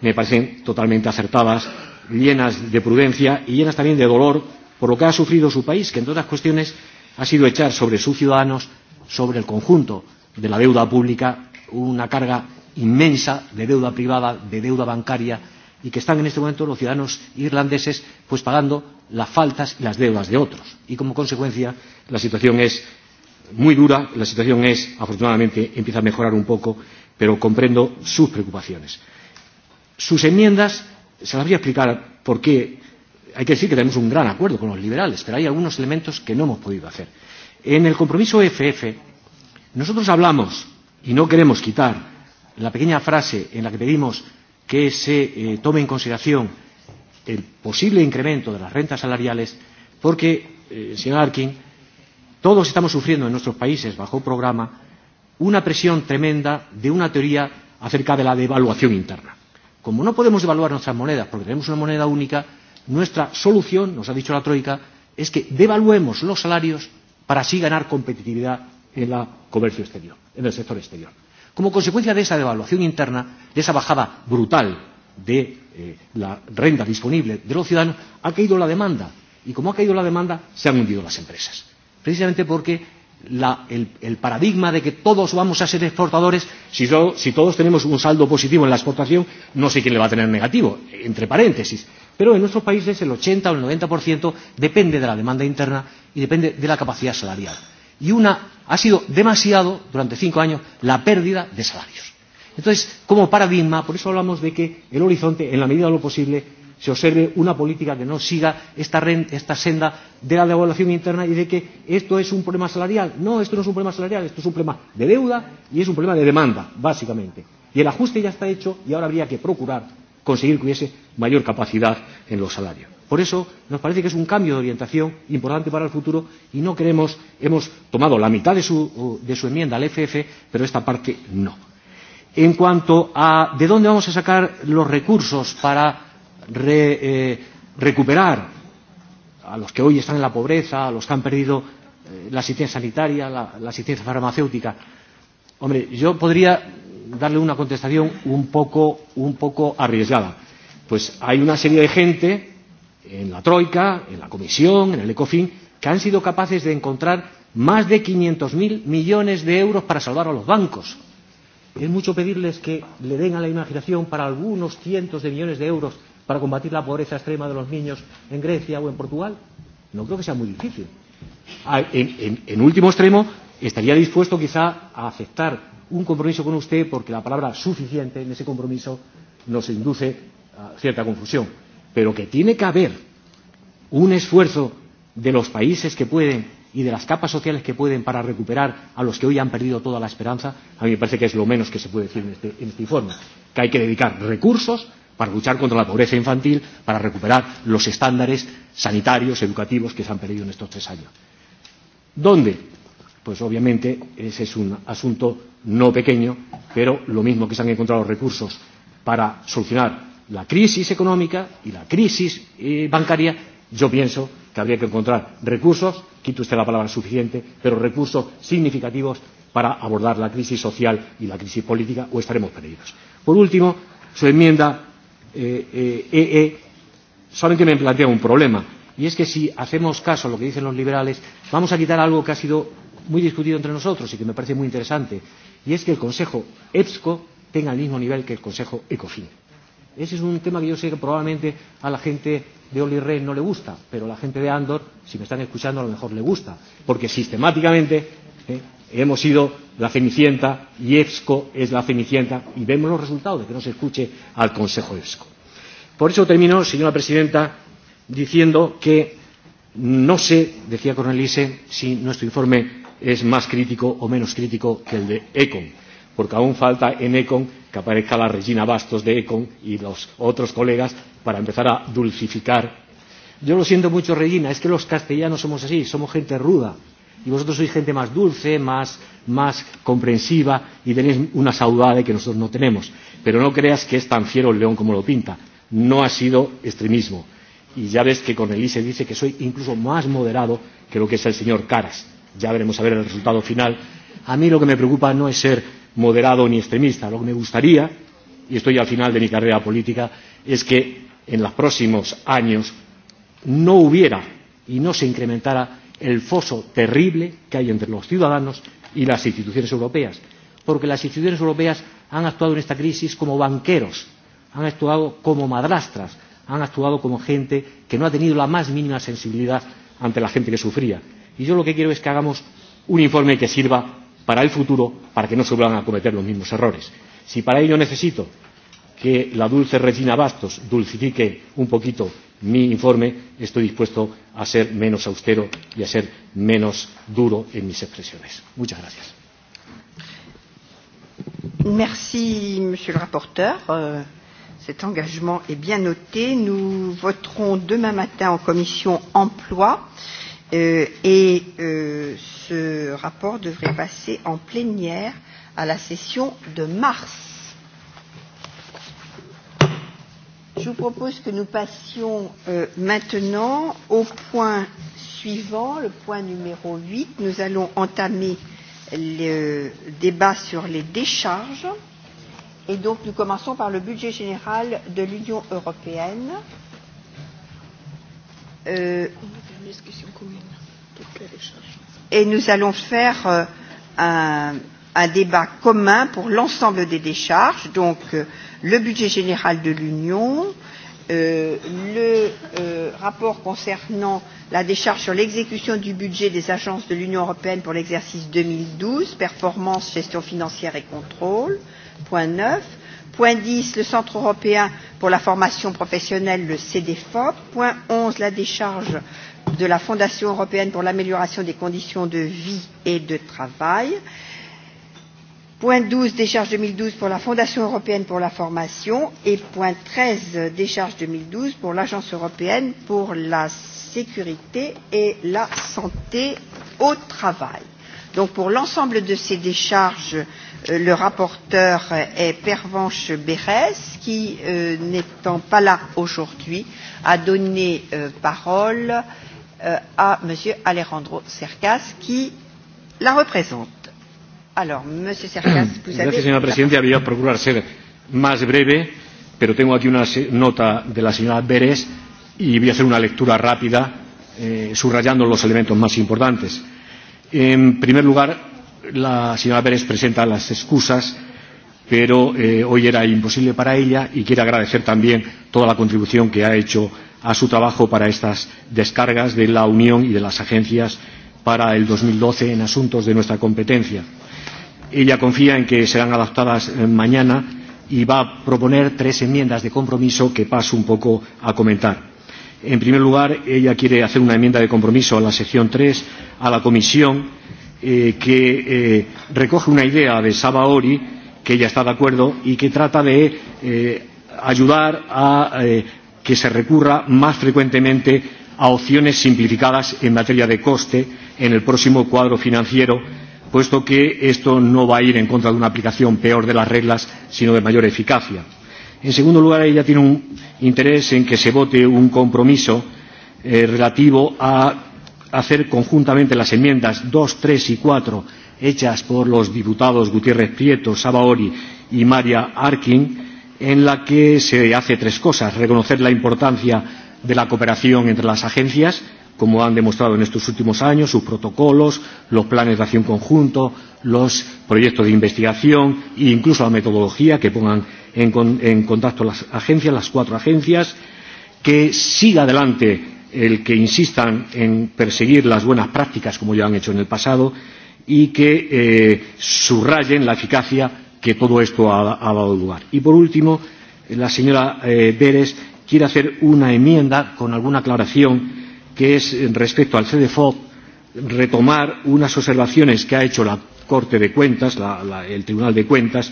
me parecen totalmente acertadas, llenas de prudencia y llenas también de dolor por lo que ha sufrido su país, que entre otras cuestiones ha sido echar sobre sus ciudadanos, sobre el conjunto de la deuda pública, una carga inmensa de deuda privada, de deuda bancaria, y que están en este momento los ciudadanos irlandeses pues pagando las faltas y las deudas de otros. Y como consecuencia la situación es muy dura. La situación es, afortunadamente, empieza a mejorar un poco, pero comprendo sus preocupaciones. Sus enmiendas, se las voy a explicar por qué. Hay que decir que tenemos un gran acuerdo con los liberales, pero hay algunos elementos que no hemos podido hacer. En el compromiso FF, nosotros hablamos, y no queremos quitar, la pequeña frase en la que pedimos que se eh, tome en consideración el posible incremento de las rentas salariales, porque, eh, señor Arkin, Todos estamos sufriendo en nuestros países, bajo un programa, una presión tremenda de una teoría acerca de la devaluación interna. Como no podemos devaluar nuestras monedas porque tenemos una moneda única, nuestra solución, nos ha dicho la Troika, es que devaluemos los salarios para así ganar competitividad en el comercio exterior, en el sector exterior. Como consecuencia de esa devaluación interna, de esa bajada brutal de eh, la renta disponible de los ciudadanos, ha caído la demanda. Y como ha caído la demanda, se han hundido las empresas precisamente porque la, el, el paradigma de que todos vamos a ser exportadores, si, to, si todos tenemos un saldo positivo en la exportación, no sé quién le va a tener negativo, entre paréntesis. Pero en nuestros países el 80 o el 90% depende de la demanda interna y depende de la capacidad salarial. Y una ha sido demasiado, durante cinco años, la pérdida de salarios. Entonces, como paradigma, por eso hablamos de que el horizonte, en la medida de lo posible, se observe una política que no siga esta, renta, esta senda de la devaluación interna y de que esto es un problema salarial. No, esto no es un problema salarial, esto es un problema de deuda y es un problema de demanda, básicamente. Y el ajuste ya está hecho y ahora habría que procurar conseguir que hubiese mayor capacidad en los salarios. Por eso nos parece que es un cambio de orientación importante para el futuro y no queremos, hemos tomado la mitad de su, uh, de su enmienda al FF, pero esta parte no. En cuanto a de dónde vamos a sacar los recursos para re, eh, recuperar a los que hoy están en la pobreza, a los que han perdido eh, la asistencia sanitaria, la, la asistencia farmacéutica. Hombre, yo podría darle una contestación un poco, un poco arriesgada. Pues hay una serie de gente en la Troika, en la Comisión, en el ECOFIN, que han sido capaces de encontrar más de 500.000 millones de euros para salvar a los bancos. Es mucho pedirles que le den a la imaginación para algunos cientos de millones de euros para combatir la pobreza extrema de los niños en Grecia o en Portugal? No creo que sea muy difícil. Ah, en, en, en último extremo, estaría dispuesto quizá a aceptar un compromiso con usted porque la palabra suficiente en ese compromiso nos induce a cierta confusión. Pero que tiene que haber un esfuerzo de los países que pueden y de las capas sociales que pueden para recuperar a los que hoy han perdido toda la esperanza, a mí me parece que es lo menos que se puede decir en este, en este informe, que hay que dedicar recursos para luchar contra la pobreza infantil, para recuperar los estándares sanitarios, educativos que se han perdido en estos tres años. ¿Dónde? Pues obviamente ese es un asunto no pequeño, pero lo mismo que se han encontrado recursos para solucionar la crisis económica y la crisis eh, bancaria, yo pienso que habría que encontrar recursos, quite usted la palabra suficiente, pero recursos significativos para abordar la crisis social y la crisis política o estaremos perdidos. Por último, su enmienda eh, EE, eh, eh, eh, saben que me plantea un problema. Y es que si hacemos caso a lo que dicen los liberales, vamos a quitar algo que ha sido muy discutido entre nosotros y que me parece muy interesante, y es que el Consejo EPSCO tenga el mismo nivel que el Consejo ECOFIN. Ese es un tema que yo sé que probablemente a la gente de Oli Rehn no le gusta, pero a la gente de Andor, si me están escuchando, a lo mejor le gusta, porque sistemáticamente eh, hemos sido la cenicienta y EFSCO es la cenicienta y vemos los resultados de que no se escuche al Consejo EFSCO. Por eso termino, señora presidenta, diciendo que no sé, decía Cornelise, si nuestro informe es más crítico o menos crítico que el de ECON, porque aún falta en ECON que aparezca la Regina Bastos de ECON y los otros colegas para empezar a dulcificar. Yo lo siento mucho, Regina, es que los castellanos somos así, somos gente ruda, Y vosotros sois gente más dulce, más, más comprensiva y tenéis una saudade que nosotros no tenemos. Pero no creas que es tan fiero el león como lo pinta. No ha sido extremismo. Y ya ves que con Elise dice que soy incluso más moderado que lo que es el señor Caras. Ya veremos a ver el resultado final. A mí lo que me preocupa no es ser moderado ni extremista. Lo que me gustaría, y estoy al final de mi carrera política, es que en los próximos años no hubiera y no se incrementara el foso terrible que hay entre los ciudadanos y las instituciones europeas, porque las instituciones europeas han actuado en esta crisis como banqueros, han actuado como madrastras, han actuado como gente que no ha tenido la más mínima sensibilidad ante la gente que sufría. Y yo lo que quiero es que hagamos un informe que sirva para el futuro, para que no se vuelvan a cometer los mismos errores. Si para ello necesito que la dulce Regina Bastos dulcifique un poquito mi informe estoy dispuesto a ser menos austero y a ser menos duro en mis expresiones. muchas gracias. merci monsieur le rapporteur. Euh, cet engagement est bien noté. Nous voterons demain matin en commission emploi euh, et euh, ce rapport devrait passer en plénière à la session de mars. Je vous propose que nous passions euh, maintenant au point suivant, le point numéro 8. Nous allons entamer le débat sur les décharges. Et donc, nous commençons par le budget général de l'Union européenne. Euh, et nous allons faire euh, un un débat commun pour l'ensemble des décharges, donc euh, le budget général de l'Union, euh, le euh, rapport concernant la décharge sur l'exécution du budget des agences de l'Union européenne pour l'exercice 2012, performance, gestion financière et contrôle, point 9, point 10, le Centre européen pour la formation professionnelle, le CDFOP, point 11, la décharge de la Fondation européenne pour l'amélioration des conditions de vie et de travail, euh, point douze décharge deux mille douze pour la fondation européenne pour la formation et point treize décharge deux mille douze pour l'agence européenne pour la sécurité et la santé au travail. Donc pour l'ensemble de ces décharges, euh, le rapporteur est Pervenche Berès, qui, euh, n'étant pas là aujourd'hui, a donné euh, parole euh, à M. Alejandro Cercas, qui la représente. Alors, Monsieur Cercas, vous avez... Gracias, señora presidenta. Voy a procurar ser más breve, pero tengo aquí una nota de la señora Beres y voy a hacer una lectura rápida, eh, subrayando los elementos más importantes. En primer lugar, la señora Beres presenta las excusas, pero eh, hoy era imposible para ella y quiere agradecer también toda la contribución que ha hecho a su trabajo para estas descargas de la Unión y de las agencias para el 2012 en asuntos de nuestra competencia. Eh, Ella confía en que serán adaptadas eh, mañana y va a proponer tres enmiendas de compromiso que paso un poco a comentar. En primer lugar, ella quiere hacer una enmienda de compromiso a la sección 3, a la comisión, eh, que eh, recoge una idea de Sabaori, que ella está de acuerdo, y que trata de eh, ayudar a eh, que se recurra más frecuentemente a opciones simplificadas en materia de coste en el próximo cuadro financiero puesto que esto no va a ir en contra de una aplicación peor de las reglas, sino de mayor eficacia. En segundo lugar, ella tiene un interés en que se vote un compromiso eh, relativo a hacer conjuntamente las enmiendas 2, 3 y 4 hechas por los diputados Gutiérrez Prieto, Sabaori y María Arkin, en la que se hace tres cosas. Reconocer la importancia de la cooperación entre las agencias, como han demostrado en estos últimos años sus protocolos, los planes de acción conjunto, los proyectos de investigación e incluso la metodología que pongan en, con, en contacto las agencias, las cuatro agencias, que siga adelante el que insistan en perseguir las buenas prácticas como ya han hecho en el pasado y que eh, subrayen la eficacia que todo esto ha, ha dado lugar. Y por último, la señora eh, Beres quiere hacer una enmienda con alguna aclaración que es respecto al CDFOP retomar unas observaciones que ha hecho la Corte de Cuentas, la, la, el Tribunal de Cuentas,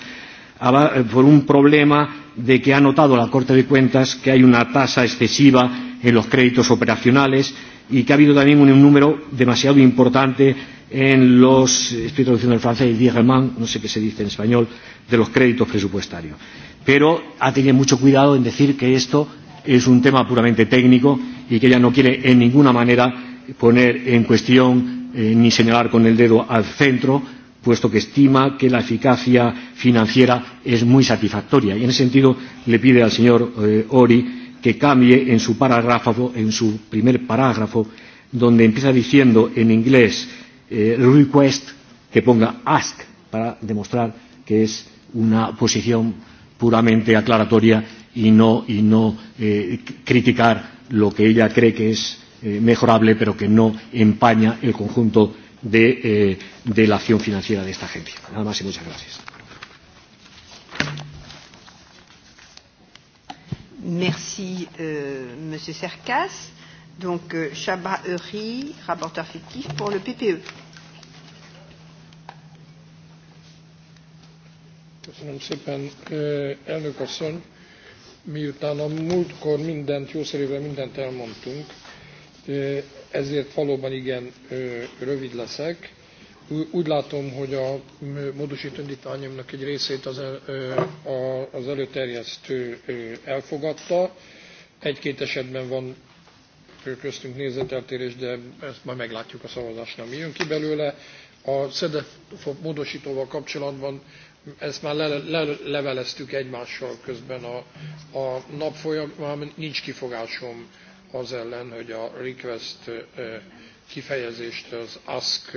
eh, por un problema de que ha notado la Corte de Cuentas que hay una tasa excesiva en los créditos operacionales y que ha habido también un número demasiado importante en los, estoy traduciendo en francés, diegemán, no sé qué se dice en español, de los créditos presupuestarios. Pero ha tenido mucho cuidado en decir que esto es un tema puramente técnico y que ella no quiere en ninguna manera poner en cuestión eh, ni señalar con el dedo al centro, puesto que estima que la eficacia financiera es muy satisfactoria. Y en ese sentido le pide al señor eh, Ori que cambie en su parágrafo, en su primer parágrafo, donde empieza diciendo en inglés eh, request, que ponga ask para demostrar que es una posición puramente aclaratoria y no, y no eh, criticar lo que ella cree que es eh, mejorable, pero que no empaña el conjunto de, eh, de la acción financiera de esta agencia. Nada más y muchas gracias. Merci, euh, Monsieur Cercas. Donc, euh, Chaba Eury, rapporteur fictif pour le PPE. Köszönöm szépen, euh, elnök asszony! miután a múltkor mindent, jószerével mindent elmondtunk, ezért valóban igen rövid leszek. Úgy látom, hogy a módosító indítványomnak egy részét az, el, az előterjesztő elfogadta. Egy-két esetben van köztünk nézeteltérés, de ezt majd meglátjuk a szavazásnál, mi jön ki belőle. A SZEDEF módosítóval kapcsolatban ezt már le, le, leveleztük egymással közben a, a nap folyamán, nincs kifogásom az ellen, hogy a request kifejezést az ask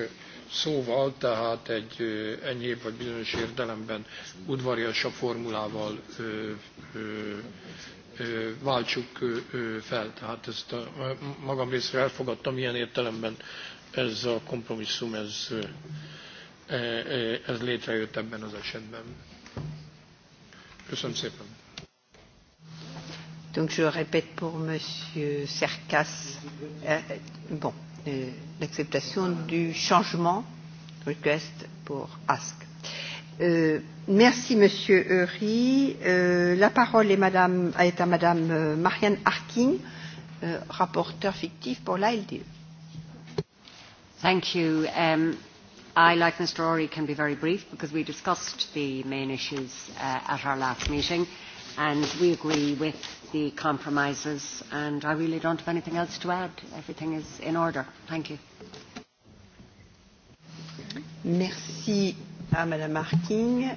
szóval, tehát egy enyhébb vagy bizonyos értelemben udvariasabb formulával ö, ö, ö, váltsuk fel. Tehát ezt a magam részre elfogadtam ilyen értelemben, ez a kompromisszum, ez E, e, ez létrejött ebben az esetben. Köszönöm szépen. Donc je répète pour Monsieur Cercas, euh, euh, bon, euh, l'acceptation du changement request pour ask. Euh, merci Monsieur Eury. Euh, la parole est, madame, est à Madame euh, Marianne Harkin, euh, rapporteure fictive pour l'ALDE. Thank you. Um, I, like Mr Ory, can be very brief because we discussed the main issues uh, at our last meeting and we agree with the compromises and I really don't have anything else to add. Everything is in order. Thank you. Merci à uh, Madame Harking.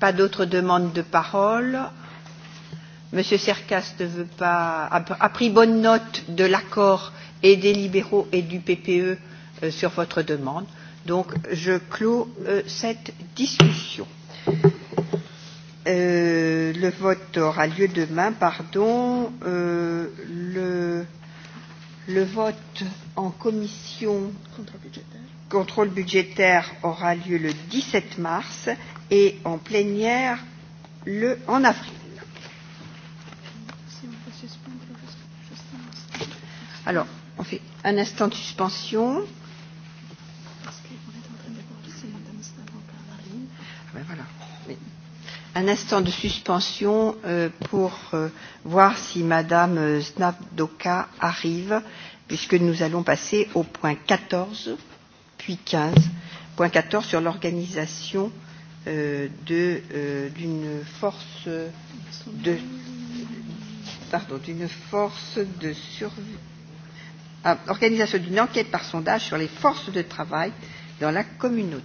Pas d'autres demandes de parole. Monsieur Cercas ne veut pas a, a pris bonne note de l'accord et des libéraux et du PPE euh, sur votre demande. Donc, je clôt euh, cette discussion. Euh, le vote aura lieu demain, pardon. Euh, le, le vote en commission contrôle budgétaire. contrôle budgétaire aura lieu le 17 mars et en plénière le, en avril. Alors, on fait un instant de suspension. un instant de suspension euh, pour euh, voir si Madame euh, Snavdoka arrive, puisque nous allons passer au point 14, puis 15. Point 14 sur l'organisation euh, euh d'une euh, force de pardon d'une force de survie ah, organisation d'une enquête par sondage sur les forces de travail dans la communauté.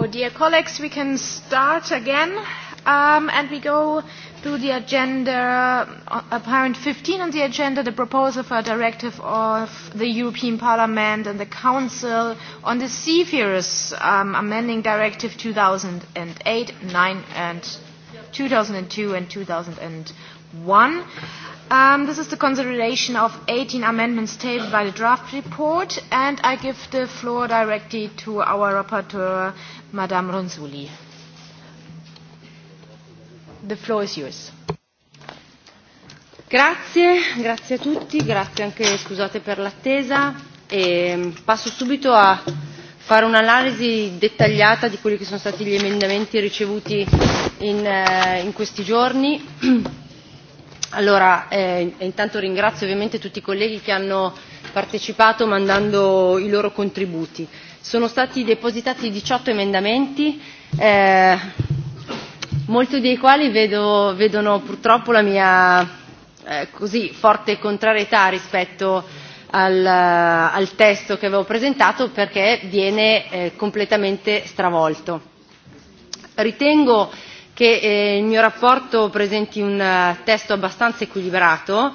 So, dear colleagues, we can start again, um, and we go to the agenda, uh, point 15 on the agenda, the proposal for a directive of the European Parliament and the Council on the seafarers, um, amending Directive 2008, 9, and 2002 and 2001. Um, this is the consideration of 18 amendments tabled by the draft report, and I give the floor directly to our rapporteur, Madame Ronzulli. The floor is yours. Grazie, grazie a tutti, grazie anche, scusate per l'attesa e passo subito a fare un'analisi dettagliata di quelli che sono stati gli emendamenti ricevuti in, eh, in questi giorni. *clears throat* Allora, eh, intanto ringrazio ovviamente tutti i colleghi che hanno partecipato mandando i loro contributi. Eh, Sono stati depositati 18 emendamenti, eh, molti dei quali vedo, vedono purtroppo la mia eh, così forte contrarietà rispetto al, al testo che avevo presentato perché viene eh, completamente stravolto. Ritengo che eh, il mio rapporto presenti un uh, testo abbastanza equilibrato,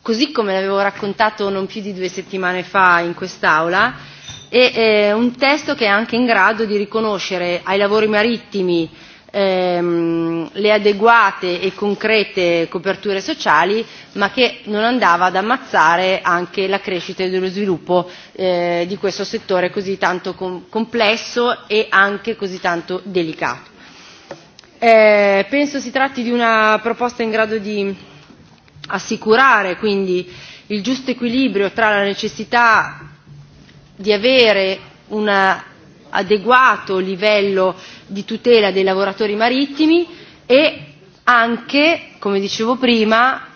così come l'avevo raccontato non più di due settimane fa in quest'Aula, e eh, un testo che è anche in grado di riconoscere ai lavori marittimi ehm, le adeguate e concrete coperture sociali, ma che non andava ad ammazzare anche la crescita e lo sviluppo eh, di questo settore così tanto com- complesso e anche così tanto delicato. Eh, penso si tratti di una proposta in grado di assicurare quindi il giusto equilibrio tra la necessità di avere un adeguato livello di tutela dei lavoratori marittimi e anche, come dicevo prima,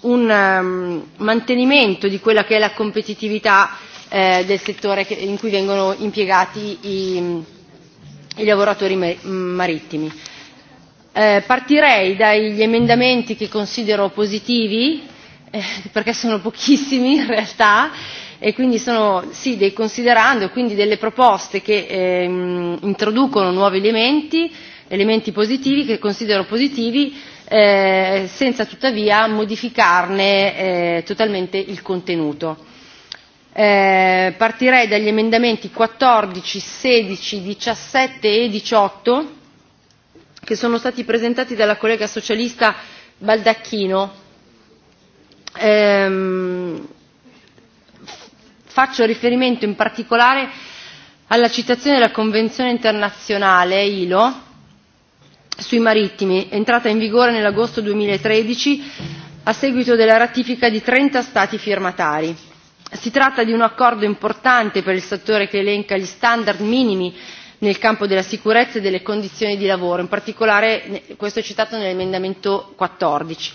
un um, mantenimento di quella che è la competitività eh, del settore che, in cui vengono impiegati i, i lavoratori marittimi. Eh, partirei dagli emendamenti che considero positivi, eh, perché sono pochissimi in realtà, e quindi sono sì dei considerando e quindi delle proposte che ehm, introducono nuovi elementi, elementi positivi che considero positivi eh, senza tuttavia modificarne eh, totalmente il contenuto. Eh, partirei dagli emendamenti 14, 16, 17 e 18 che sono stati presentati dalla collega socialista Baldacchino. Ehm, Faccio riferimento in particolare alla citazione della Convenzione internazionale ILO sui marittimi, entrata in vigore nell'agosto 2013 a seguito della ratifica di 30 Stati firmatari. Si tratta di un accordo importante per il settore che elenca gli standard minimi nel campo della sicurezza e delle condizioni di lavoro, in particolare questo è citato nell'emendamento 14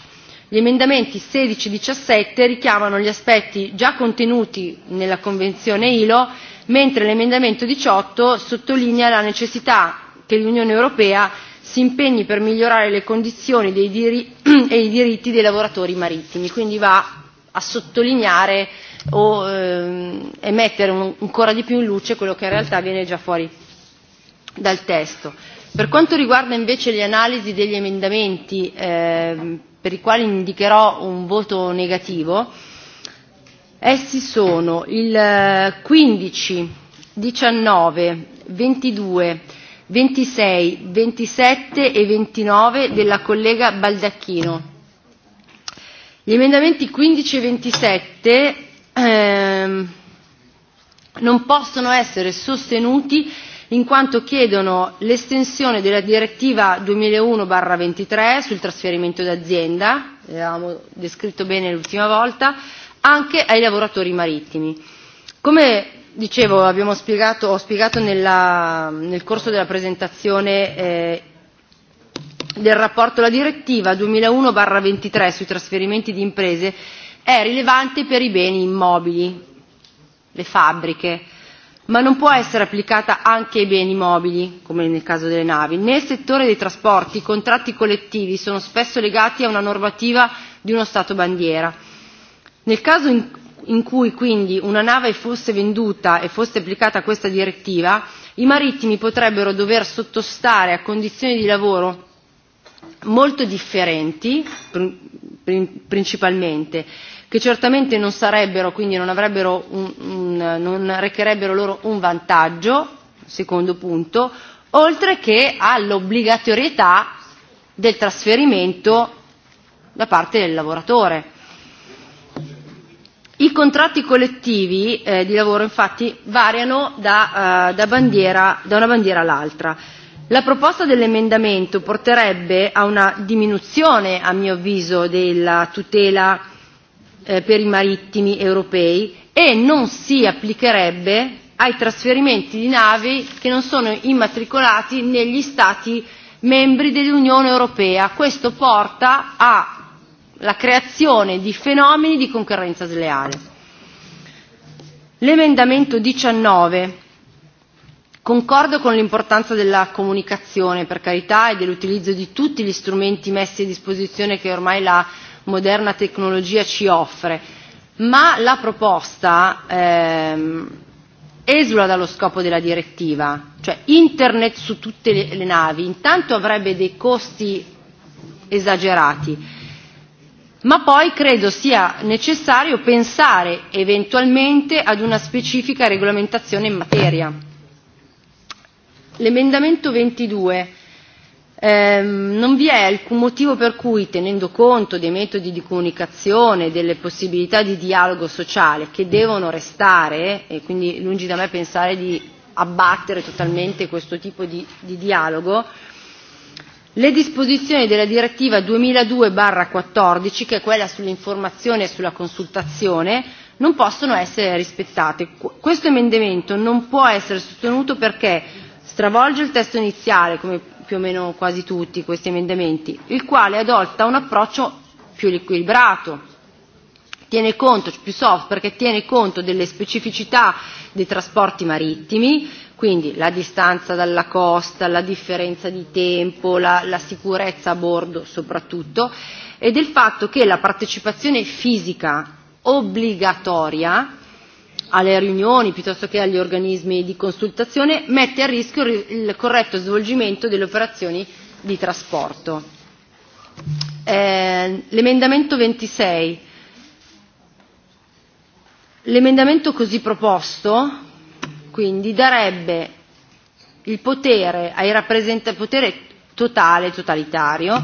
Gli emendamenti 16 e 17 richiamano gli aspetti già contenuti nella Convenzione ILO, mentre l'emendamento 18 sottolinea la necessità che l'Unione Europea si impegni per migliorare le condizioni dei diri- *clears throat* e i diritti dei lavoratori marittimi, quindi va a sottolineare o ehm, e mettere un, ancora di più in luce quello che in realtà viene già fuori dal testo. Per quanto riguarda invece le analisi degli emendamenti, eh, per i quali indicherò un voto negativo, essi sono il 15, 19, 22, 26, 27 e 29 della collega Baldacchino. Gli emendamenti 15 e 27 ehm, non possono essere sostenuti in quanto chiedono l'estensione della direttiva 2001-23 sul trasferimento d'azienda, l'avevamo descritto bene l'ultima volta, anche ai lavoratori marittimi. Come dicevo, abbiamo spiegato, ho spiegato nella, nel corso della presentazione eh, del rapporto la direttiva 2001-23 sui trasferimenti di imprese è rilevante per i beni immobili, le fabbriche, ma non può essere applicata anche ai beni mobili come nel caso delle navi. nel settore dei trasporti i contratti collettivi sono spesso legati a una normativa di uno stato bandiera. nel caso in, in cui quindi una nave fosse venduta e fosse applicata questa direttiva i marittimi potrebbero dover sottostare a condizioni di lavoro molto differenti principalmente che certamente non sarebbero, quindi non, avrebbero un, un, non recherebbero loro un vantaggio, secondo punto, oltre che all'obbligatorietà del trasferimento da parte del lavoratore. I contratti collettivi eh, di lavoro infatti variano da, eh, da, bandiera, da una bandiera all'altra. La proposta dell'emendamento porterebbe a una diminuzione, a mio avviso, della tutela eh, per i marittimi europei e non si applicherebbe ai trasferimenti di navi che non sono immatricolati negli Stati membri dell'Unione Europea. Questo porta alla creazione di fenomeni di concorrenza sleale. L'emendamento 19 Concordo con l'importanza della comunicazione, per carità, e dell'utilizzo di tutti gli strumenti messi a disposizione che ormai la moderna tecnologia ci offre, ma la proposta ehm, esula dallo scopo della direttiva, cioè internet su tutte le, le navi, intanto avrebbe dei costi esagerati, ma poi credo sia necessario pensare eventualmente ad una specifica regolamentazione in materia. L'emendamento 22 Ehm, non vi è alcun motivo per cui, tenendo conto dei metodi di comunicazione, delle possibilità di dialogo sociale che devono restare, e quindi lungi da me pensare di abbattere totalmente questo tipo di, di dialogo, le disposizioni della direttiva 2002-14, che è quella sull'informazione e sulla consultazione, non possono essere rispettate. Questo emendamento non può essere sostenuto perché stravolge il testo iniziale, come più o meno quasi tutti questi emendamenti, il quale adotta un approccio più equilibrato, tiene conto, più soft, perché tiene conto delle specificità dei trasporti marittimi, quindi la distanza dalla costa, la differenza di tempo, la, la sicurezza a bordo soprattutto, e del fatto che la partecipazione fisica obbligatoria alle riunioni piuttosto che agli organismi di consultazione mette a rischio il corretto svolgimento delle operazioni di trasporto. Eh, l'emendamento 26. L'emendamento così proposto quindi darebbe il potere, ai rappresenta- potere totale, totalitario,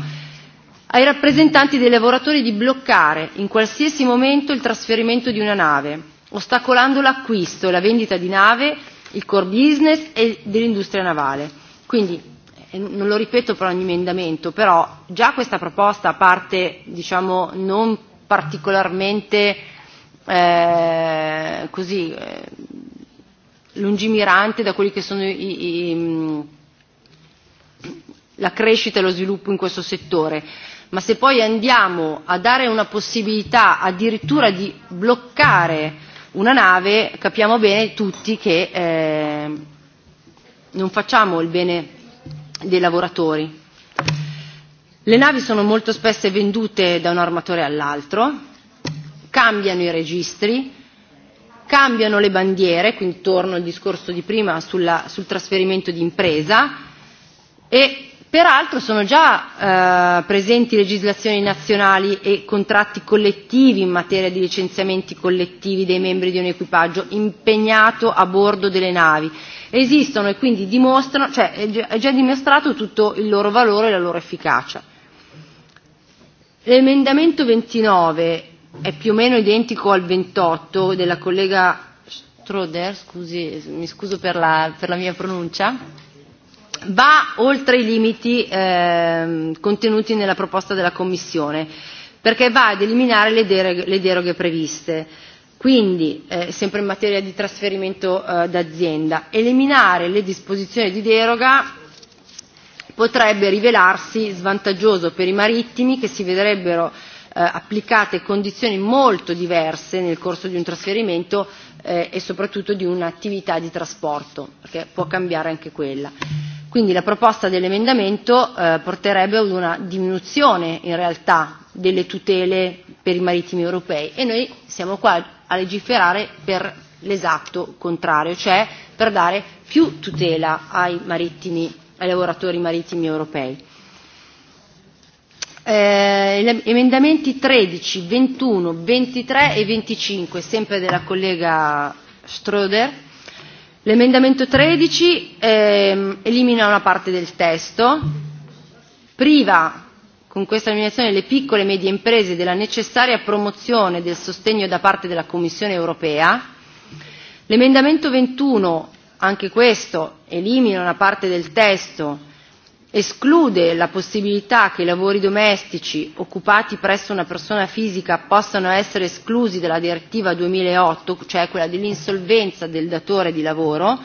ai rappresentanti dei lavoratori di bloccare in qualsiasi momento il trasferimento di una nave ostacolando l'acquisto e la vendita di nave, il core business e dell'industria navale. Quindi eh, non lo ripeto per ogni emendamento, però già questa proposta parte diciamo, non particolarmente eh, così, eh, lungimirante da quelli che sono i, i, mm, la crescita e lo sviluppo in questo settore, ma se poi andiamo a dare una possibilità addirittura di bloccare una nave, capiamo bene tutti che eh, non facciamo il bene dei lavoratori. Le navi sono molto spesso vendute da un armatore all'altro, cambiano i registri, cambiano le bandiere, quindi torno al discorso di prima sulla, sul trasferimento di impresa e Peraltro sono già eh, presenti legislazioni nazionali e contratti collettivi in materia di licenziamenti collettivi dei membri di un equipaggio impegnato a bordo delle navi. Esistono e quindi dimostrano, cioè è già dimostrato tutto il loro valore e la loro efficacia. L'emendamento 29 è più o meno identico al 28 della collega Stroder, scusi, mi scuso per la, per la mia pronuncia va oltre i limiti eh, contenuti nella proposta della Commissione, perché va ad eliminare le deroghe, le deroghe previste. Quindi, eh, sempre in materia di trasferimento eh, d'azienda, eliminare le disposizioni di deroga potrebbe rivelarsi svantaggioso per i marittimi che si vedrebbero eh, applicate condizioni molto diverse nel corso di un trasferimento eh, e soprattutto di un'attività di trasporto, perché può cambiare anche quella Quindi la proposta dell'emendamento eh, porterebbe ad una diminuzione in realtà delle tutele per i marittimi europei e noi siamo qua a legiferare per l'esatto contrario, cioè per dare più tutela ai, marittimi, ai lavoratori marittimi europei. Eh, emendamenti 13, 21, 23 e 25, sempre della collega Schröder, L'emendamento 13 eh, elimina una parte del testo, priva con questa eliminazione le piccole e medie imprese della necessaria promozione del sostegno da parte della Commissione europea. L'emendamento 21, anche questo, elimina una parte del testo esclude la possibilità che i lavori domestici occupati presso una persona fisica possano essere esclusi dalla direttiva 2008, cioè quella dell'insolvenza del datore di lavoro,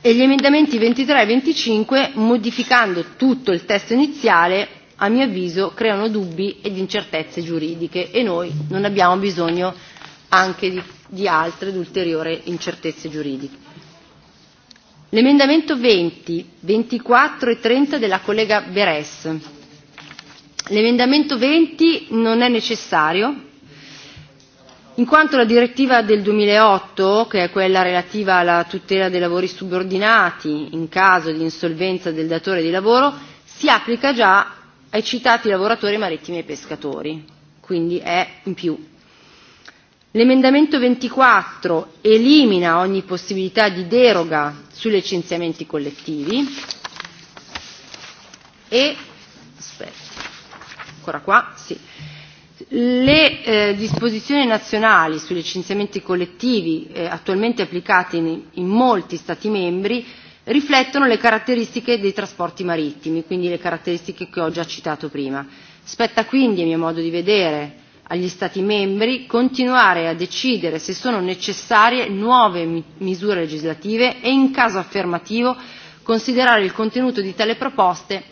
e gli emendamenti 23 e 25, modificando tutto il testo iniziale, a mio avviso creano dubbi ed incertezze giuridiche e noi non abbiamo bisogno anche di, di altre ed ulteriori incertezze giuridiche. L'emendamento 20, 24 e 30 della collega Beres. L'emendamento 20 non è necessario in quanto la direttiva del 2008, che è quella relativa alla tutela dei lavori subordinati in caso di insolvenza del datore di lavoro, si applica già ai citati lavoratori marittimi e pescatori, quindi è in più. L'emendamento 24 elimina ogni possibilità di deroga sui licenziamenti collettivi e aspetta, ancora qua, sì. Le eh, disposizioni nazionali sui licenziamenti collettivi eh, attualmente applicate in, in molti Stati membri riflettono le caratteristiche dei trasporti marittimi, quindi le caratteristiche che ho già citato prima. Spetta quindi, a mio modo di vedere, agli Stati membri continuare a decidere se sono necessarie nuove mi- misure legislative e, in caso affermativo, considerare il contenuto di tale proposte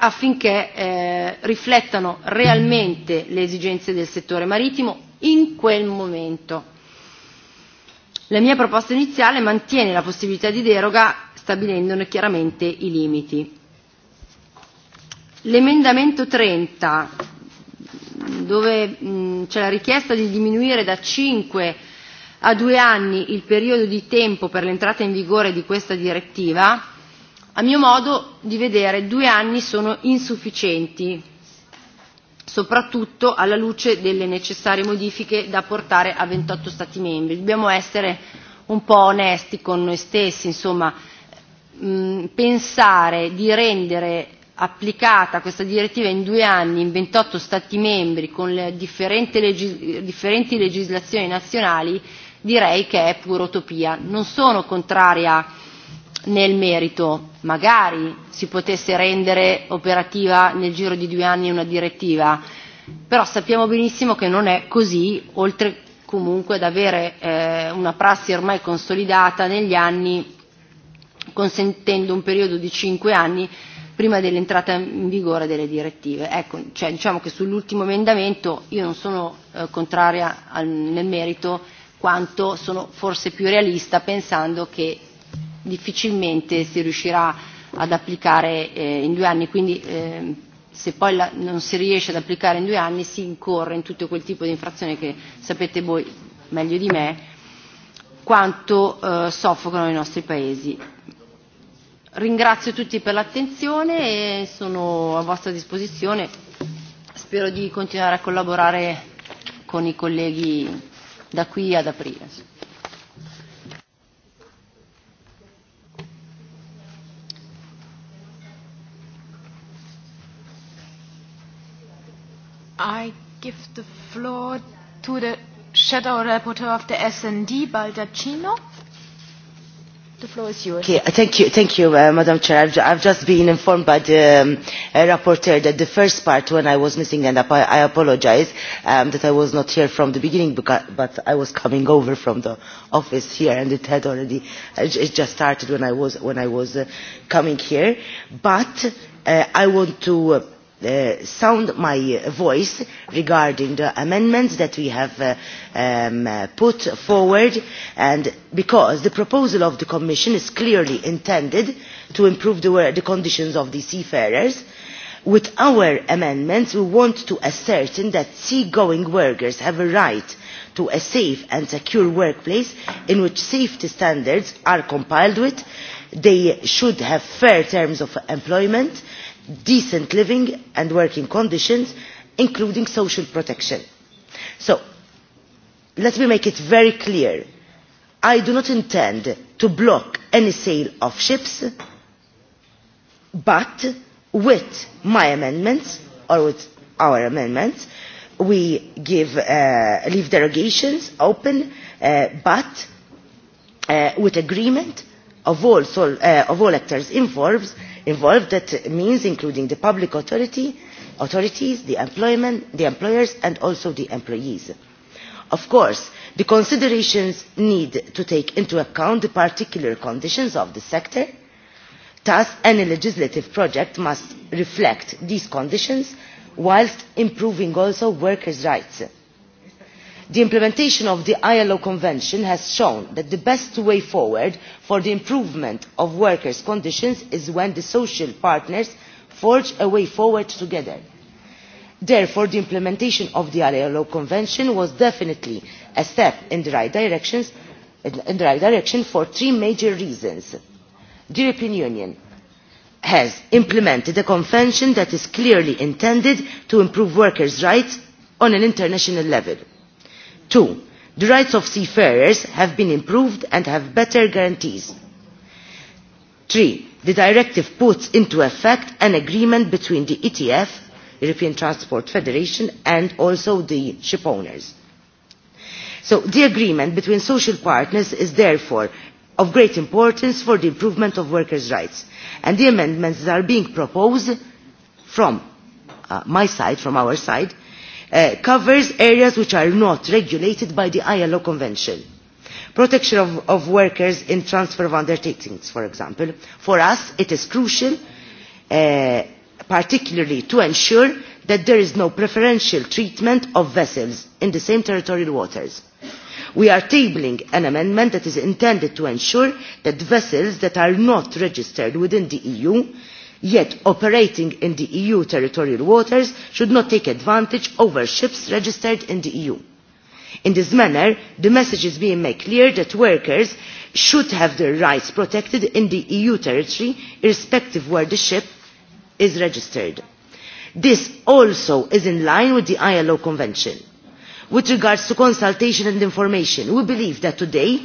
affinché eh, riflettano realmente le esigenze del settore marittimo in quel momento. La mia proposta iniziale mantiene la possibilità di deroga stabilendone chiaramente i limiti. L'emendamento 30 dove mh, c'è la richiesta di diminuire da 5 a 2 anni il periodo di tempo per l'entrata in vigore di questa direttiva, a mio modo di vedere due anni sono insufficienti, soprattutto alla luce delle necessarie modifiche da portare a 28 Stati membri. Dobbiamo essere un po' onesti con noi stessi, insomma, mh, pensare di rendere applicata questa direttiva in due anni in 28 Stati membri con le differenti, legis- differenti legislazioni nazionali, direi che è pura utopia. Non sono contraria nel merito, magari si potesse rendere operativa nel giro di due anni una direttiva, però sappiamo benissimo che non è così, oltre comunque ad avere eh, una prassi ormai consolidata negli anni consentendo un periodo di cinque anni prima dell'entrata in vigore delle direttive. Ecco, cioè, diciamo che sull'ultimo emendamento io non sono eh, contraria al, nel merito quanto sono forse più realista pensando che difficilmente si riuscirà ad applicare eh, in due anni, quindi eh, se poi la, non si riesce ad applicare in due anni si incorre in tutto quel tipo di infrazione che sapete voi meglio di me quanto eh, soffocano i nostri paesi ringrazio tutti per l'attenzione e sono a vostra disposizione. Spero di continuare a collaborare con i colleghi da qui ad aprile. I give the floor to the shadow rapporteur of the S&D, Baldacchino. The floor is yours. Okay, thank you, thank you uh, Madam Chair. I've, I've just been informed by the um, uh, rapporteur that the first part, when I was missing, and I, I apologise um, that I was not here from the beginning, because, but I was coming over from the office here, and it had already uh, it just started when I was when I was uh, coming here. But uh, I want to. Uh, uh, sound my voice regarding the amendments that we have uh, um, uh, put forward and because the proposal of the Commission is clearly intended to improve the, uh, the conditions of the seafarers. With our amendments, we want to ascertain that seagoing workers have a right to a safe and secure workplace in which safety standards are compiled with. They should have fair terms of employment, uh, decent living and working conditions, including social protection. So, let me make it very clear. I do not intend to block any sale of ships, but with my amendments, or with our amendments, we give, uh, leave derogations open, uh, but uh, with agreement of all, sol, uh, of all actors involved, involved, that means including the public authority, authorities, the, employment, the employers and also the employees. Of course, the considerations need to take into account the particular conditions of the sector. Thus, any legislative project must reflect these conditions whilst improving also workers' rights the implementation of the ilo convention has shown that the best way forward for the improvement of workers' conditions is when the social partners forge a way forward together. therefore the implementation of the ilo convention was definitely a step in the right, in the right direction for three major reasons. the european union has implemented a convention that is clearly intended to improve workers' rights on an international level two the rights of seafarers have been improved and have better guarantees. three the directive puts into effect an agreement between the etf european transport federation and also the ship owners. so the agreement between social partners is therefore of great importance for the improvement of workers' rights and the amendments that are being proposed from uh, my side, from our side, uh, covers areas which are not regulated by the ILO Convention. Protection of, of workers in transfer of undertakings, for example. For us, it is crucial, uh, particularly to ensure that there is no preferential treatment of vessels in the same territorial waters. We are tabling an amendment that is intended to ensure that vessels that are not registered within the EU yet operating in the EU territorial waters should not take advantage over ships registered in the EU. In this manner, the message is being made clear that workers should have their rights protected in the EU territory, irrespective where the ship is registered. This also is in line with the ILO Convention. With regards to consultation and information, we believe that today,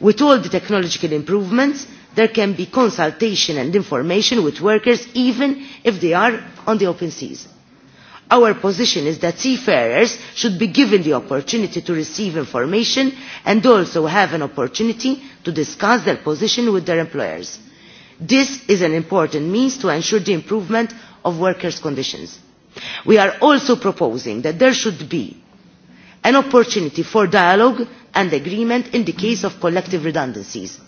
with all the technological improvements, there can be consultation and information with workers even if they are on the open seas. Our position is that seafarers should be given the opportunity to receive information and also have an opportunity to discuss their position with their employers. This is an important means to ensure the improvement of workers' conditions. We are also proposing that there should be an opportunity for dialogue and agreement in the case of collective redundancies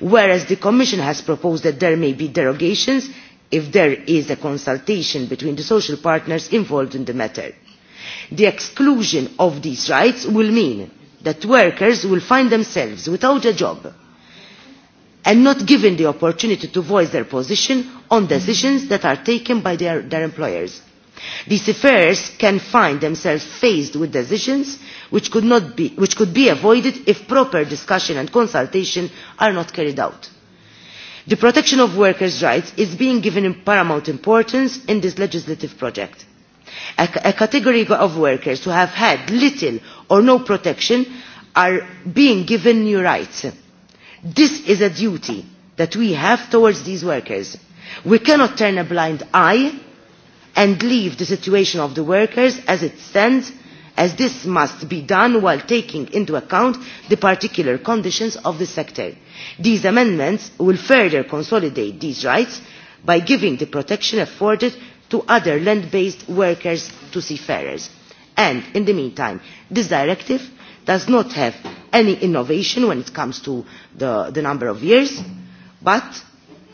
whereas the commission has proposed that there may be derogations if there is a consultation between the social partners involved in the matter. the exclusion of these rights will mean that workers will find themselves without a job and not given the opportunity to voice their position on decisions that are taken by their, their employers. These affairs can find themselves faced with decisions which could, not be, which could be avoided if proper discussion and consultation are not carried out. The protection of workers' rights is being given paramount importance in this legislative project. A, a category of workers who have had little or no protection are being given new rights. This is a duty that we have towards these workers. We cannot turn a blind eye and leave the situation of the workers as it stands as this must be done while taking into account the particular conditions of the sector. These amendments will further consolidate these rights by giving the protection afforded to other land-based workers to seafarers. And in the meantime, this directive does not have any innovation when it comes to the, the number of years, but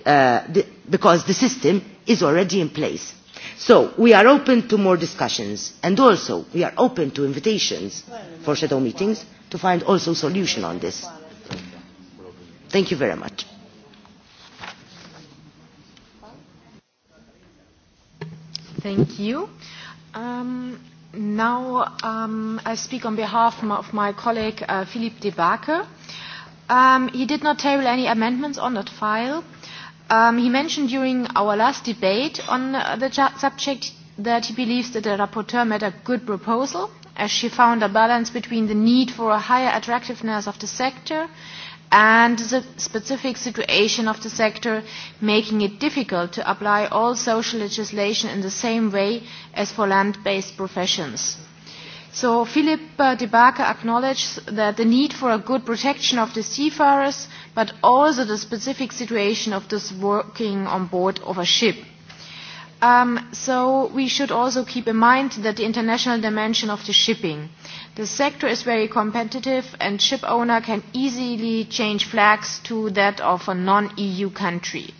uh, the, because the system is already in place So we are open to more discussions and also we are open to invitations for shadow meetings to find also solution on this. Thank you very much. Thank you. Um, now um, I speak on behalf of my colleague uh, Philippe de Backer. Um, he did not table any amendments on that file. Um, he mentioned during our last debate on uh, the subject that he believes that the rapporteur made a good proposal, as she found a balance between the need for a higher attractiveness of the sector and the specific situation of the sector, making it difficult to apply all social legislation in the same way as for land-based professions. So Philip uh, de Backer acknowledges that the need for a good protection of the seafarers but also the specific situation of this working on board of a ship. Um, so we should also keep in mind that the international dimension of the shipping. The sector is very competitive and ship owner can easily change flags to that of a non-EU country.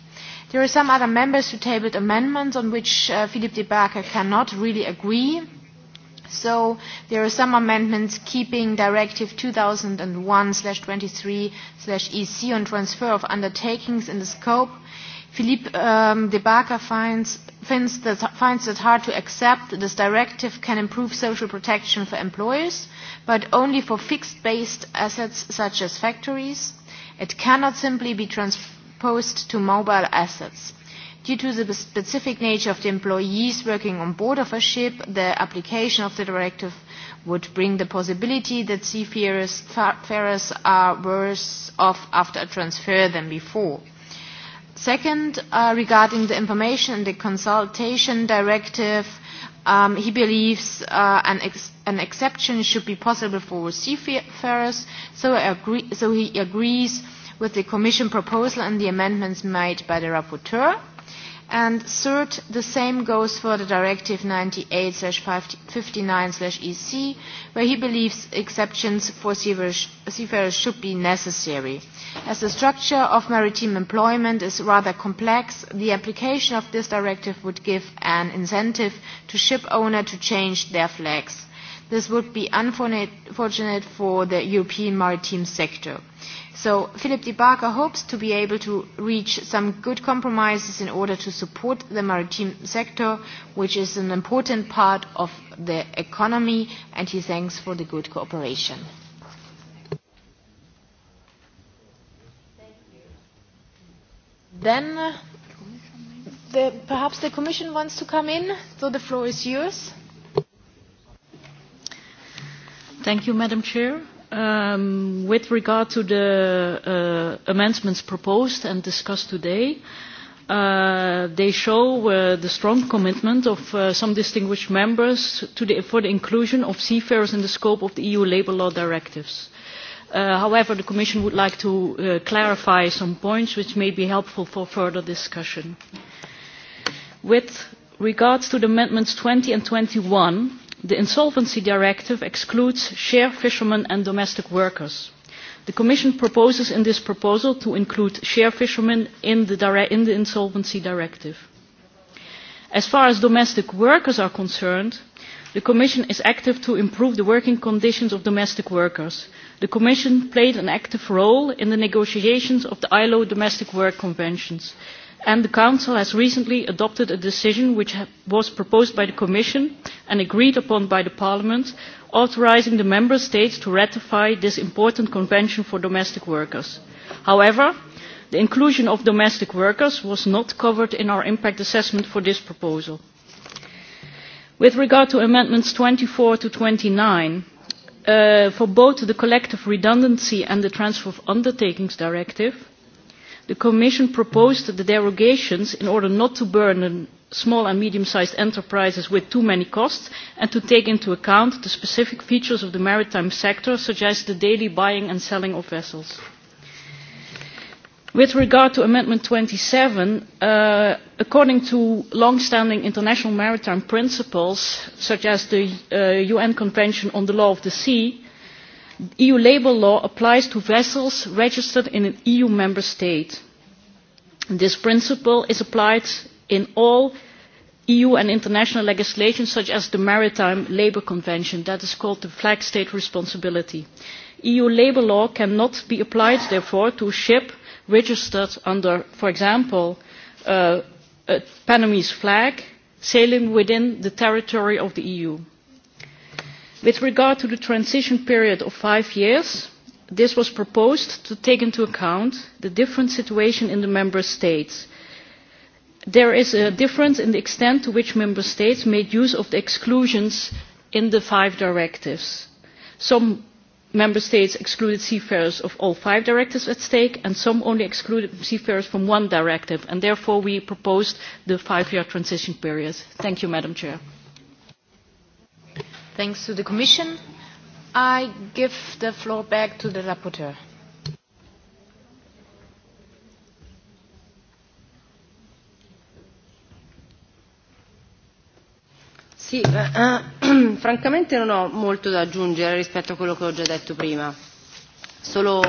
There are some other members who tabled amendments on which uh, Philippe de Barca cannot really agree So there are some amendments keeping Directive 2001/23/EC e on transfer of undertakings in the scope. Philippe um, de Baca finds, finds, that, finds that hard to accept. This directive can improve social protection for employers, but only for fixed-based assets such as factories. It cannot simply be transposed to mobile assets. Due to the specific nature of the employees working on board of a ship, the application of the directive would bring the possibility that seafarers farers are worse off after a transfer than before. Second, uh, regarding the information and the consultation directive, um, he believes uh, an, ex an exception should be possible for seafarers, so, agree so he agrees with the Commission proposal and the amendments made by the rapporteur. And third, the same goes for the Directive 98-59-EC, e where he believes exceptions for seafarers should be necessary. As the structure of maritime employment is rather complex, the application of this directive would give an incentive to ship owners to change their flags. This would be unfortunate for the European maritime sector. So Philip de Barker hopes to be able to reach some good compromises in order to support the maritime sector, which is an important part of the economy, and he thanks for the good cooperation. Then uh, the, perhaps the Commission wants to come in, so the floor is yours. Thank you, Madam Chair um, with regard to the uh, amendments proposed and discussed today, uh, they show uh, the strong commitment of uh, some distinguished members to the, for the inclusion of seafarers in the scope of the EU labour law directives. Uh, however, the Commission would like to uh, clarify some points which may be helpful for further discussion. With regards to the amendments 20 and 21, the Insolvency Directive excludes share fishermen and domestic workers. The Commission proposes in this proposal to include share fishermen in the, in the Insolvency Directive. As far as domestic workers are concerned, the Commission is active to improve the working conditions of domestic workers. The Commission played an active role in the negotiations of the ILO Domestic Work Conventions and the council has recently adopted a decision which was proposed by the commission and agreed upon by parliament authorising the member states to ratify this important convention for domestic workers. however the inclusion of domestic workers was not covered in our impact assessment for this proposal. with regard to amendments twenty four to twenty nine uh, for both the collective redundancy and the transfer of undertakings directive the commission proposed the derogations in order not to burden small and medium sized enterprises with too many costs and to take into account the specific features of the maritime sector such as the daily buying and selling of vessels. With regard to Amendment 27, uh, according to long-standing international maritime principles, such as the uh, UN Convention on the Law of the Sea, eu labour law applies to vessels registered in an eu member state. this principle is applied in all eu and international legislation such as the maritime labour convention that is called the flag state responsibility. eu labour law cannot be applied therefore to a ship registered under for example uh, a panamese flag sailing within the territory of the eu with regard to the transition period of five years this was proposed to take into account the different situation in the member states. there is a difference in the extent to which member states made use of the exclusions in the five directives. some member states excluded seafarers of all five directives at stake and some only excluded seafarers from one directive and therefore we proposed the five year transition period. thank you madam president. Thanks to the Commission. I give the floor back to the rapporteur. Sì, eh, eh *clears throat* francamente non ho molto da aggiungere rispetto a quello che ho già detto prima. Solo,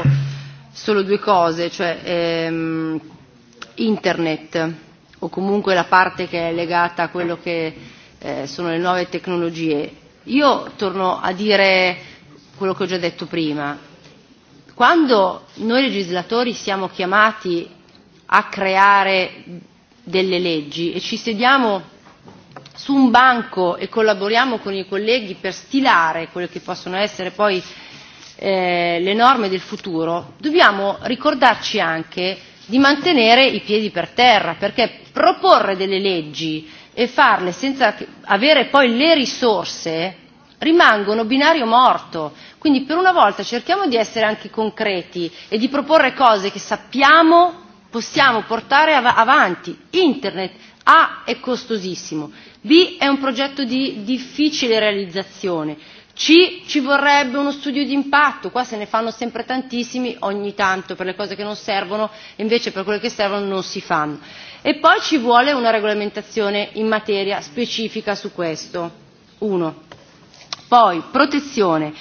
solo due cose, cioè ehm, internet o comunque la parte che è legata a quello che eh, sono le nuove tecnologie Io torno a dire quello che ho già detto prima. Quando noi legislatori siamo chiamati a creare delle leggi e ci sediamo su un banco e collaboriamo con i colleghi per stilare quelle che possono essere poi eh, le norme del futuro, dobbiamo ricordarci anche di mantenere i piedi per terra, perché proporre delle leggi e farle senza avere poi le risorse rimangono binario morto. Quindi per una volta cerchiamo di essere anche concreti e di proporre cose che sappiamo possiamo portare av- avanti. Internet A è costosissimo, B è un progetto di difficile realizzazione, C ci vorrebbe uno studio di impatto, qua se ne fanno sempre tantissimi ogni tanto per le cose che non servono, e invece per quelle che servono non si fanno. E poi ci vuole una regolamentazione in materia specifica su questo. Uno. Poi, protezione.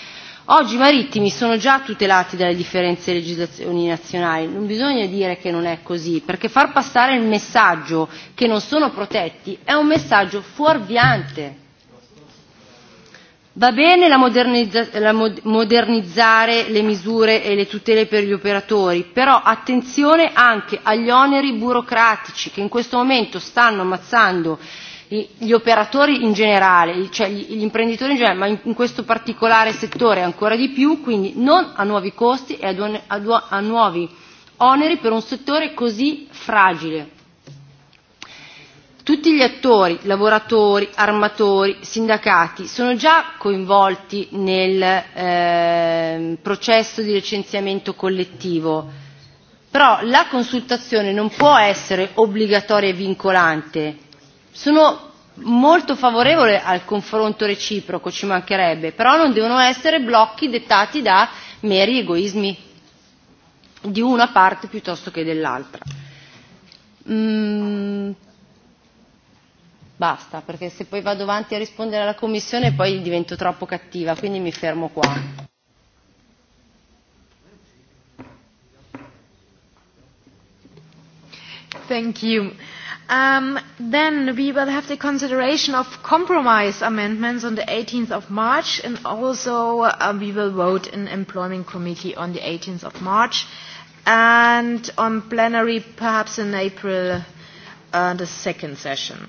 Oggi i marittimi sono già tutelati dalle differenze legislazioni nazionali, non bisogna dire che non è così, perché far passare il messaggio che non sono protetti è un messaggio fuorviante Va bene la modernizza, la mod, modernizzare le misure e le tutele per gli operatori, però attenzione anche agli oneri burocratici che in questo momento stanno ammazzando gli operatori in generale, cioè gli imprenditori in generale, ma in, in questo particolare settore ancora di più, quindi non a nuovi costi e a, a, a nuovi oneri per un settore così fragile tutti gli attori, lavoratori, armatori, sindacati sono già coinvolti nel eh, processo di licenziamento collettivo, però la consultazione non può essere obbligatoria e vincolante. Sono molto favorevole al confronto reciproco, ci mancherebbe, però non devono essere blocchi dettati da meri egoismi di una parte piuttosto che dell'altra. Mm, basta perché se poi vado avanti a rispondere alla commissione poi divento troppo cattiva quindi mi fermo qua. Thank you. Um, then we will have the consideration of compromise amendments on the 18th of March and also uh, we will vote in Employment Committee on the 18th of March and on plenary perhaps in April uh, the second session.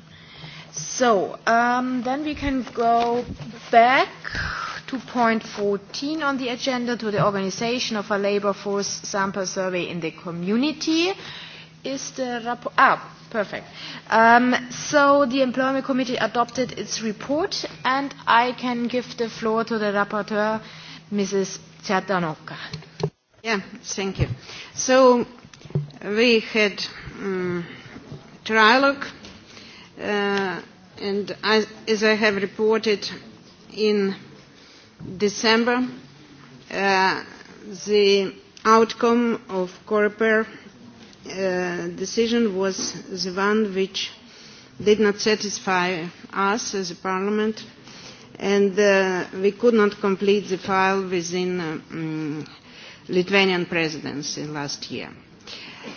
So, um, then we can go back to point 14 on the agenda to the organization of a labor force sample survey in the community. Is the rapport... Ah, perfect. Um, so the Employment Committee adopted its report, and I can give the floor to the rapporteur, Mrs. Tsardanoka. Yeah, thank you. So we had um, trialogue Uh, and I, as I have reported in December, uh, the outcome of Coreper uh, decision was the one which did not satisfy us as a parliament, and uh, we could not complete the file within uh, um, Lithuanian presidency last year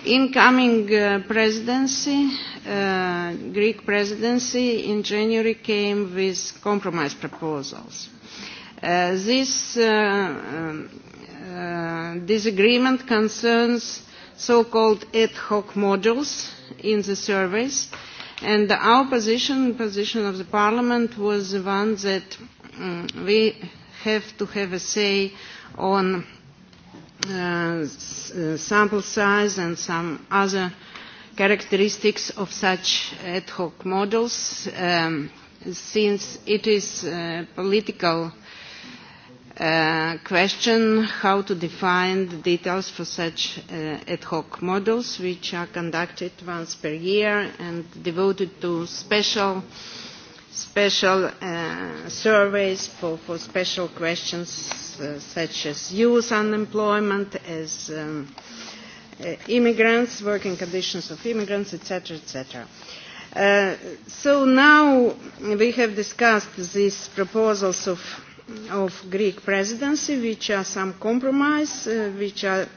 incoming uh, presidency, uh, Greek presidency, in January came with compromise proposals. Uh, this uh, um, uh, disagreement concerns so-called ad hoc modules in the surveys, and our position, position of the Parliament, was the one that um, we have to have a say on Uh, uh, sample size and some other characteristics of such ad hoc models um, since it is a political uh, question how to define the details for such uh, ad hoc models which are conducted once per year and devoted to special uh, special uh, surveys for, for special questions uh, such as youth unemployment, as um, uh, immigrants, working conditions of immigrants, etc., etc. Uh, so now we have discussed these proposals of, of Greek presidency, which are some compromise, uh, which are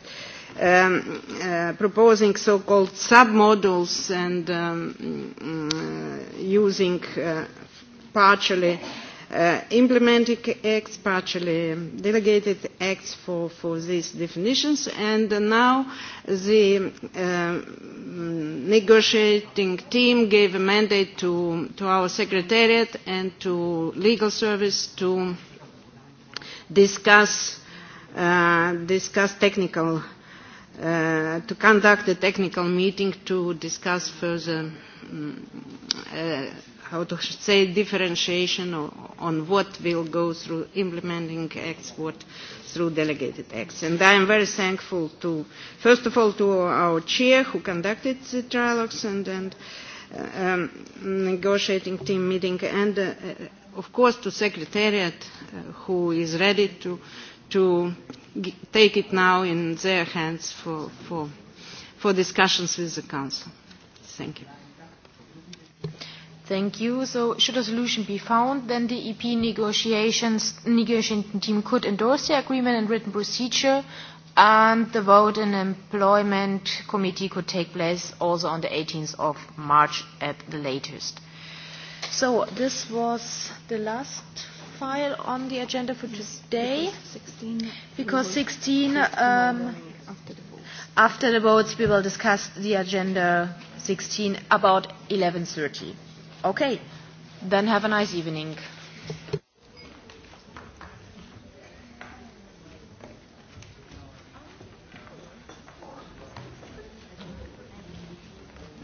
um, uh, proposing so-called sub-models and um, mm, uh, using uh, partially uh, implementing acts, partially delegated acts for, for these definitions. And uh, now the uh, negotiating team gave a mandate to, to our secretariat and to legal service to discuss, uh, discuss technical, uh, to conduct a technical meeting to discuss further um, uh, how to say differentiation on what will go through implementing acts, what through delegated acts. And I am very thankful to, first of all, to our chair who conducted the trialogues and, and uh, um, negotiating team meeting, and uh, uh, of course to secretariat uh, who is ready to, to g take it now in their hands for, for, for discussions with the council. Thank you. Thank you. So should a solution be found, then the EP negotiations, negotiation team could endorse the agreement in written procedure and the vote in employment committee could take place also on the 18th of March at the latest. So this was the last file on the agenda for today because 16 um, after the votes we will discuss the agenda 16 about 11.30. Okay, then have a nice evening.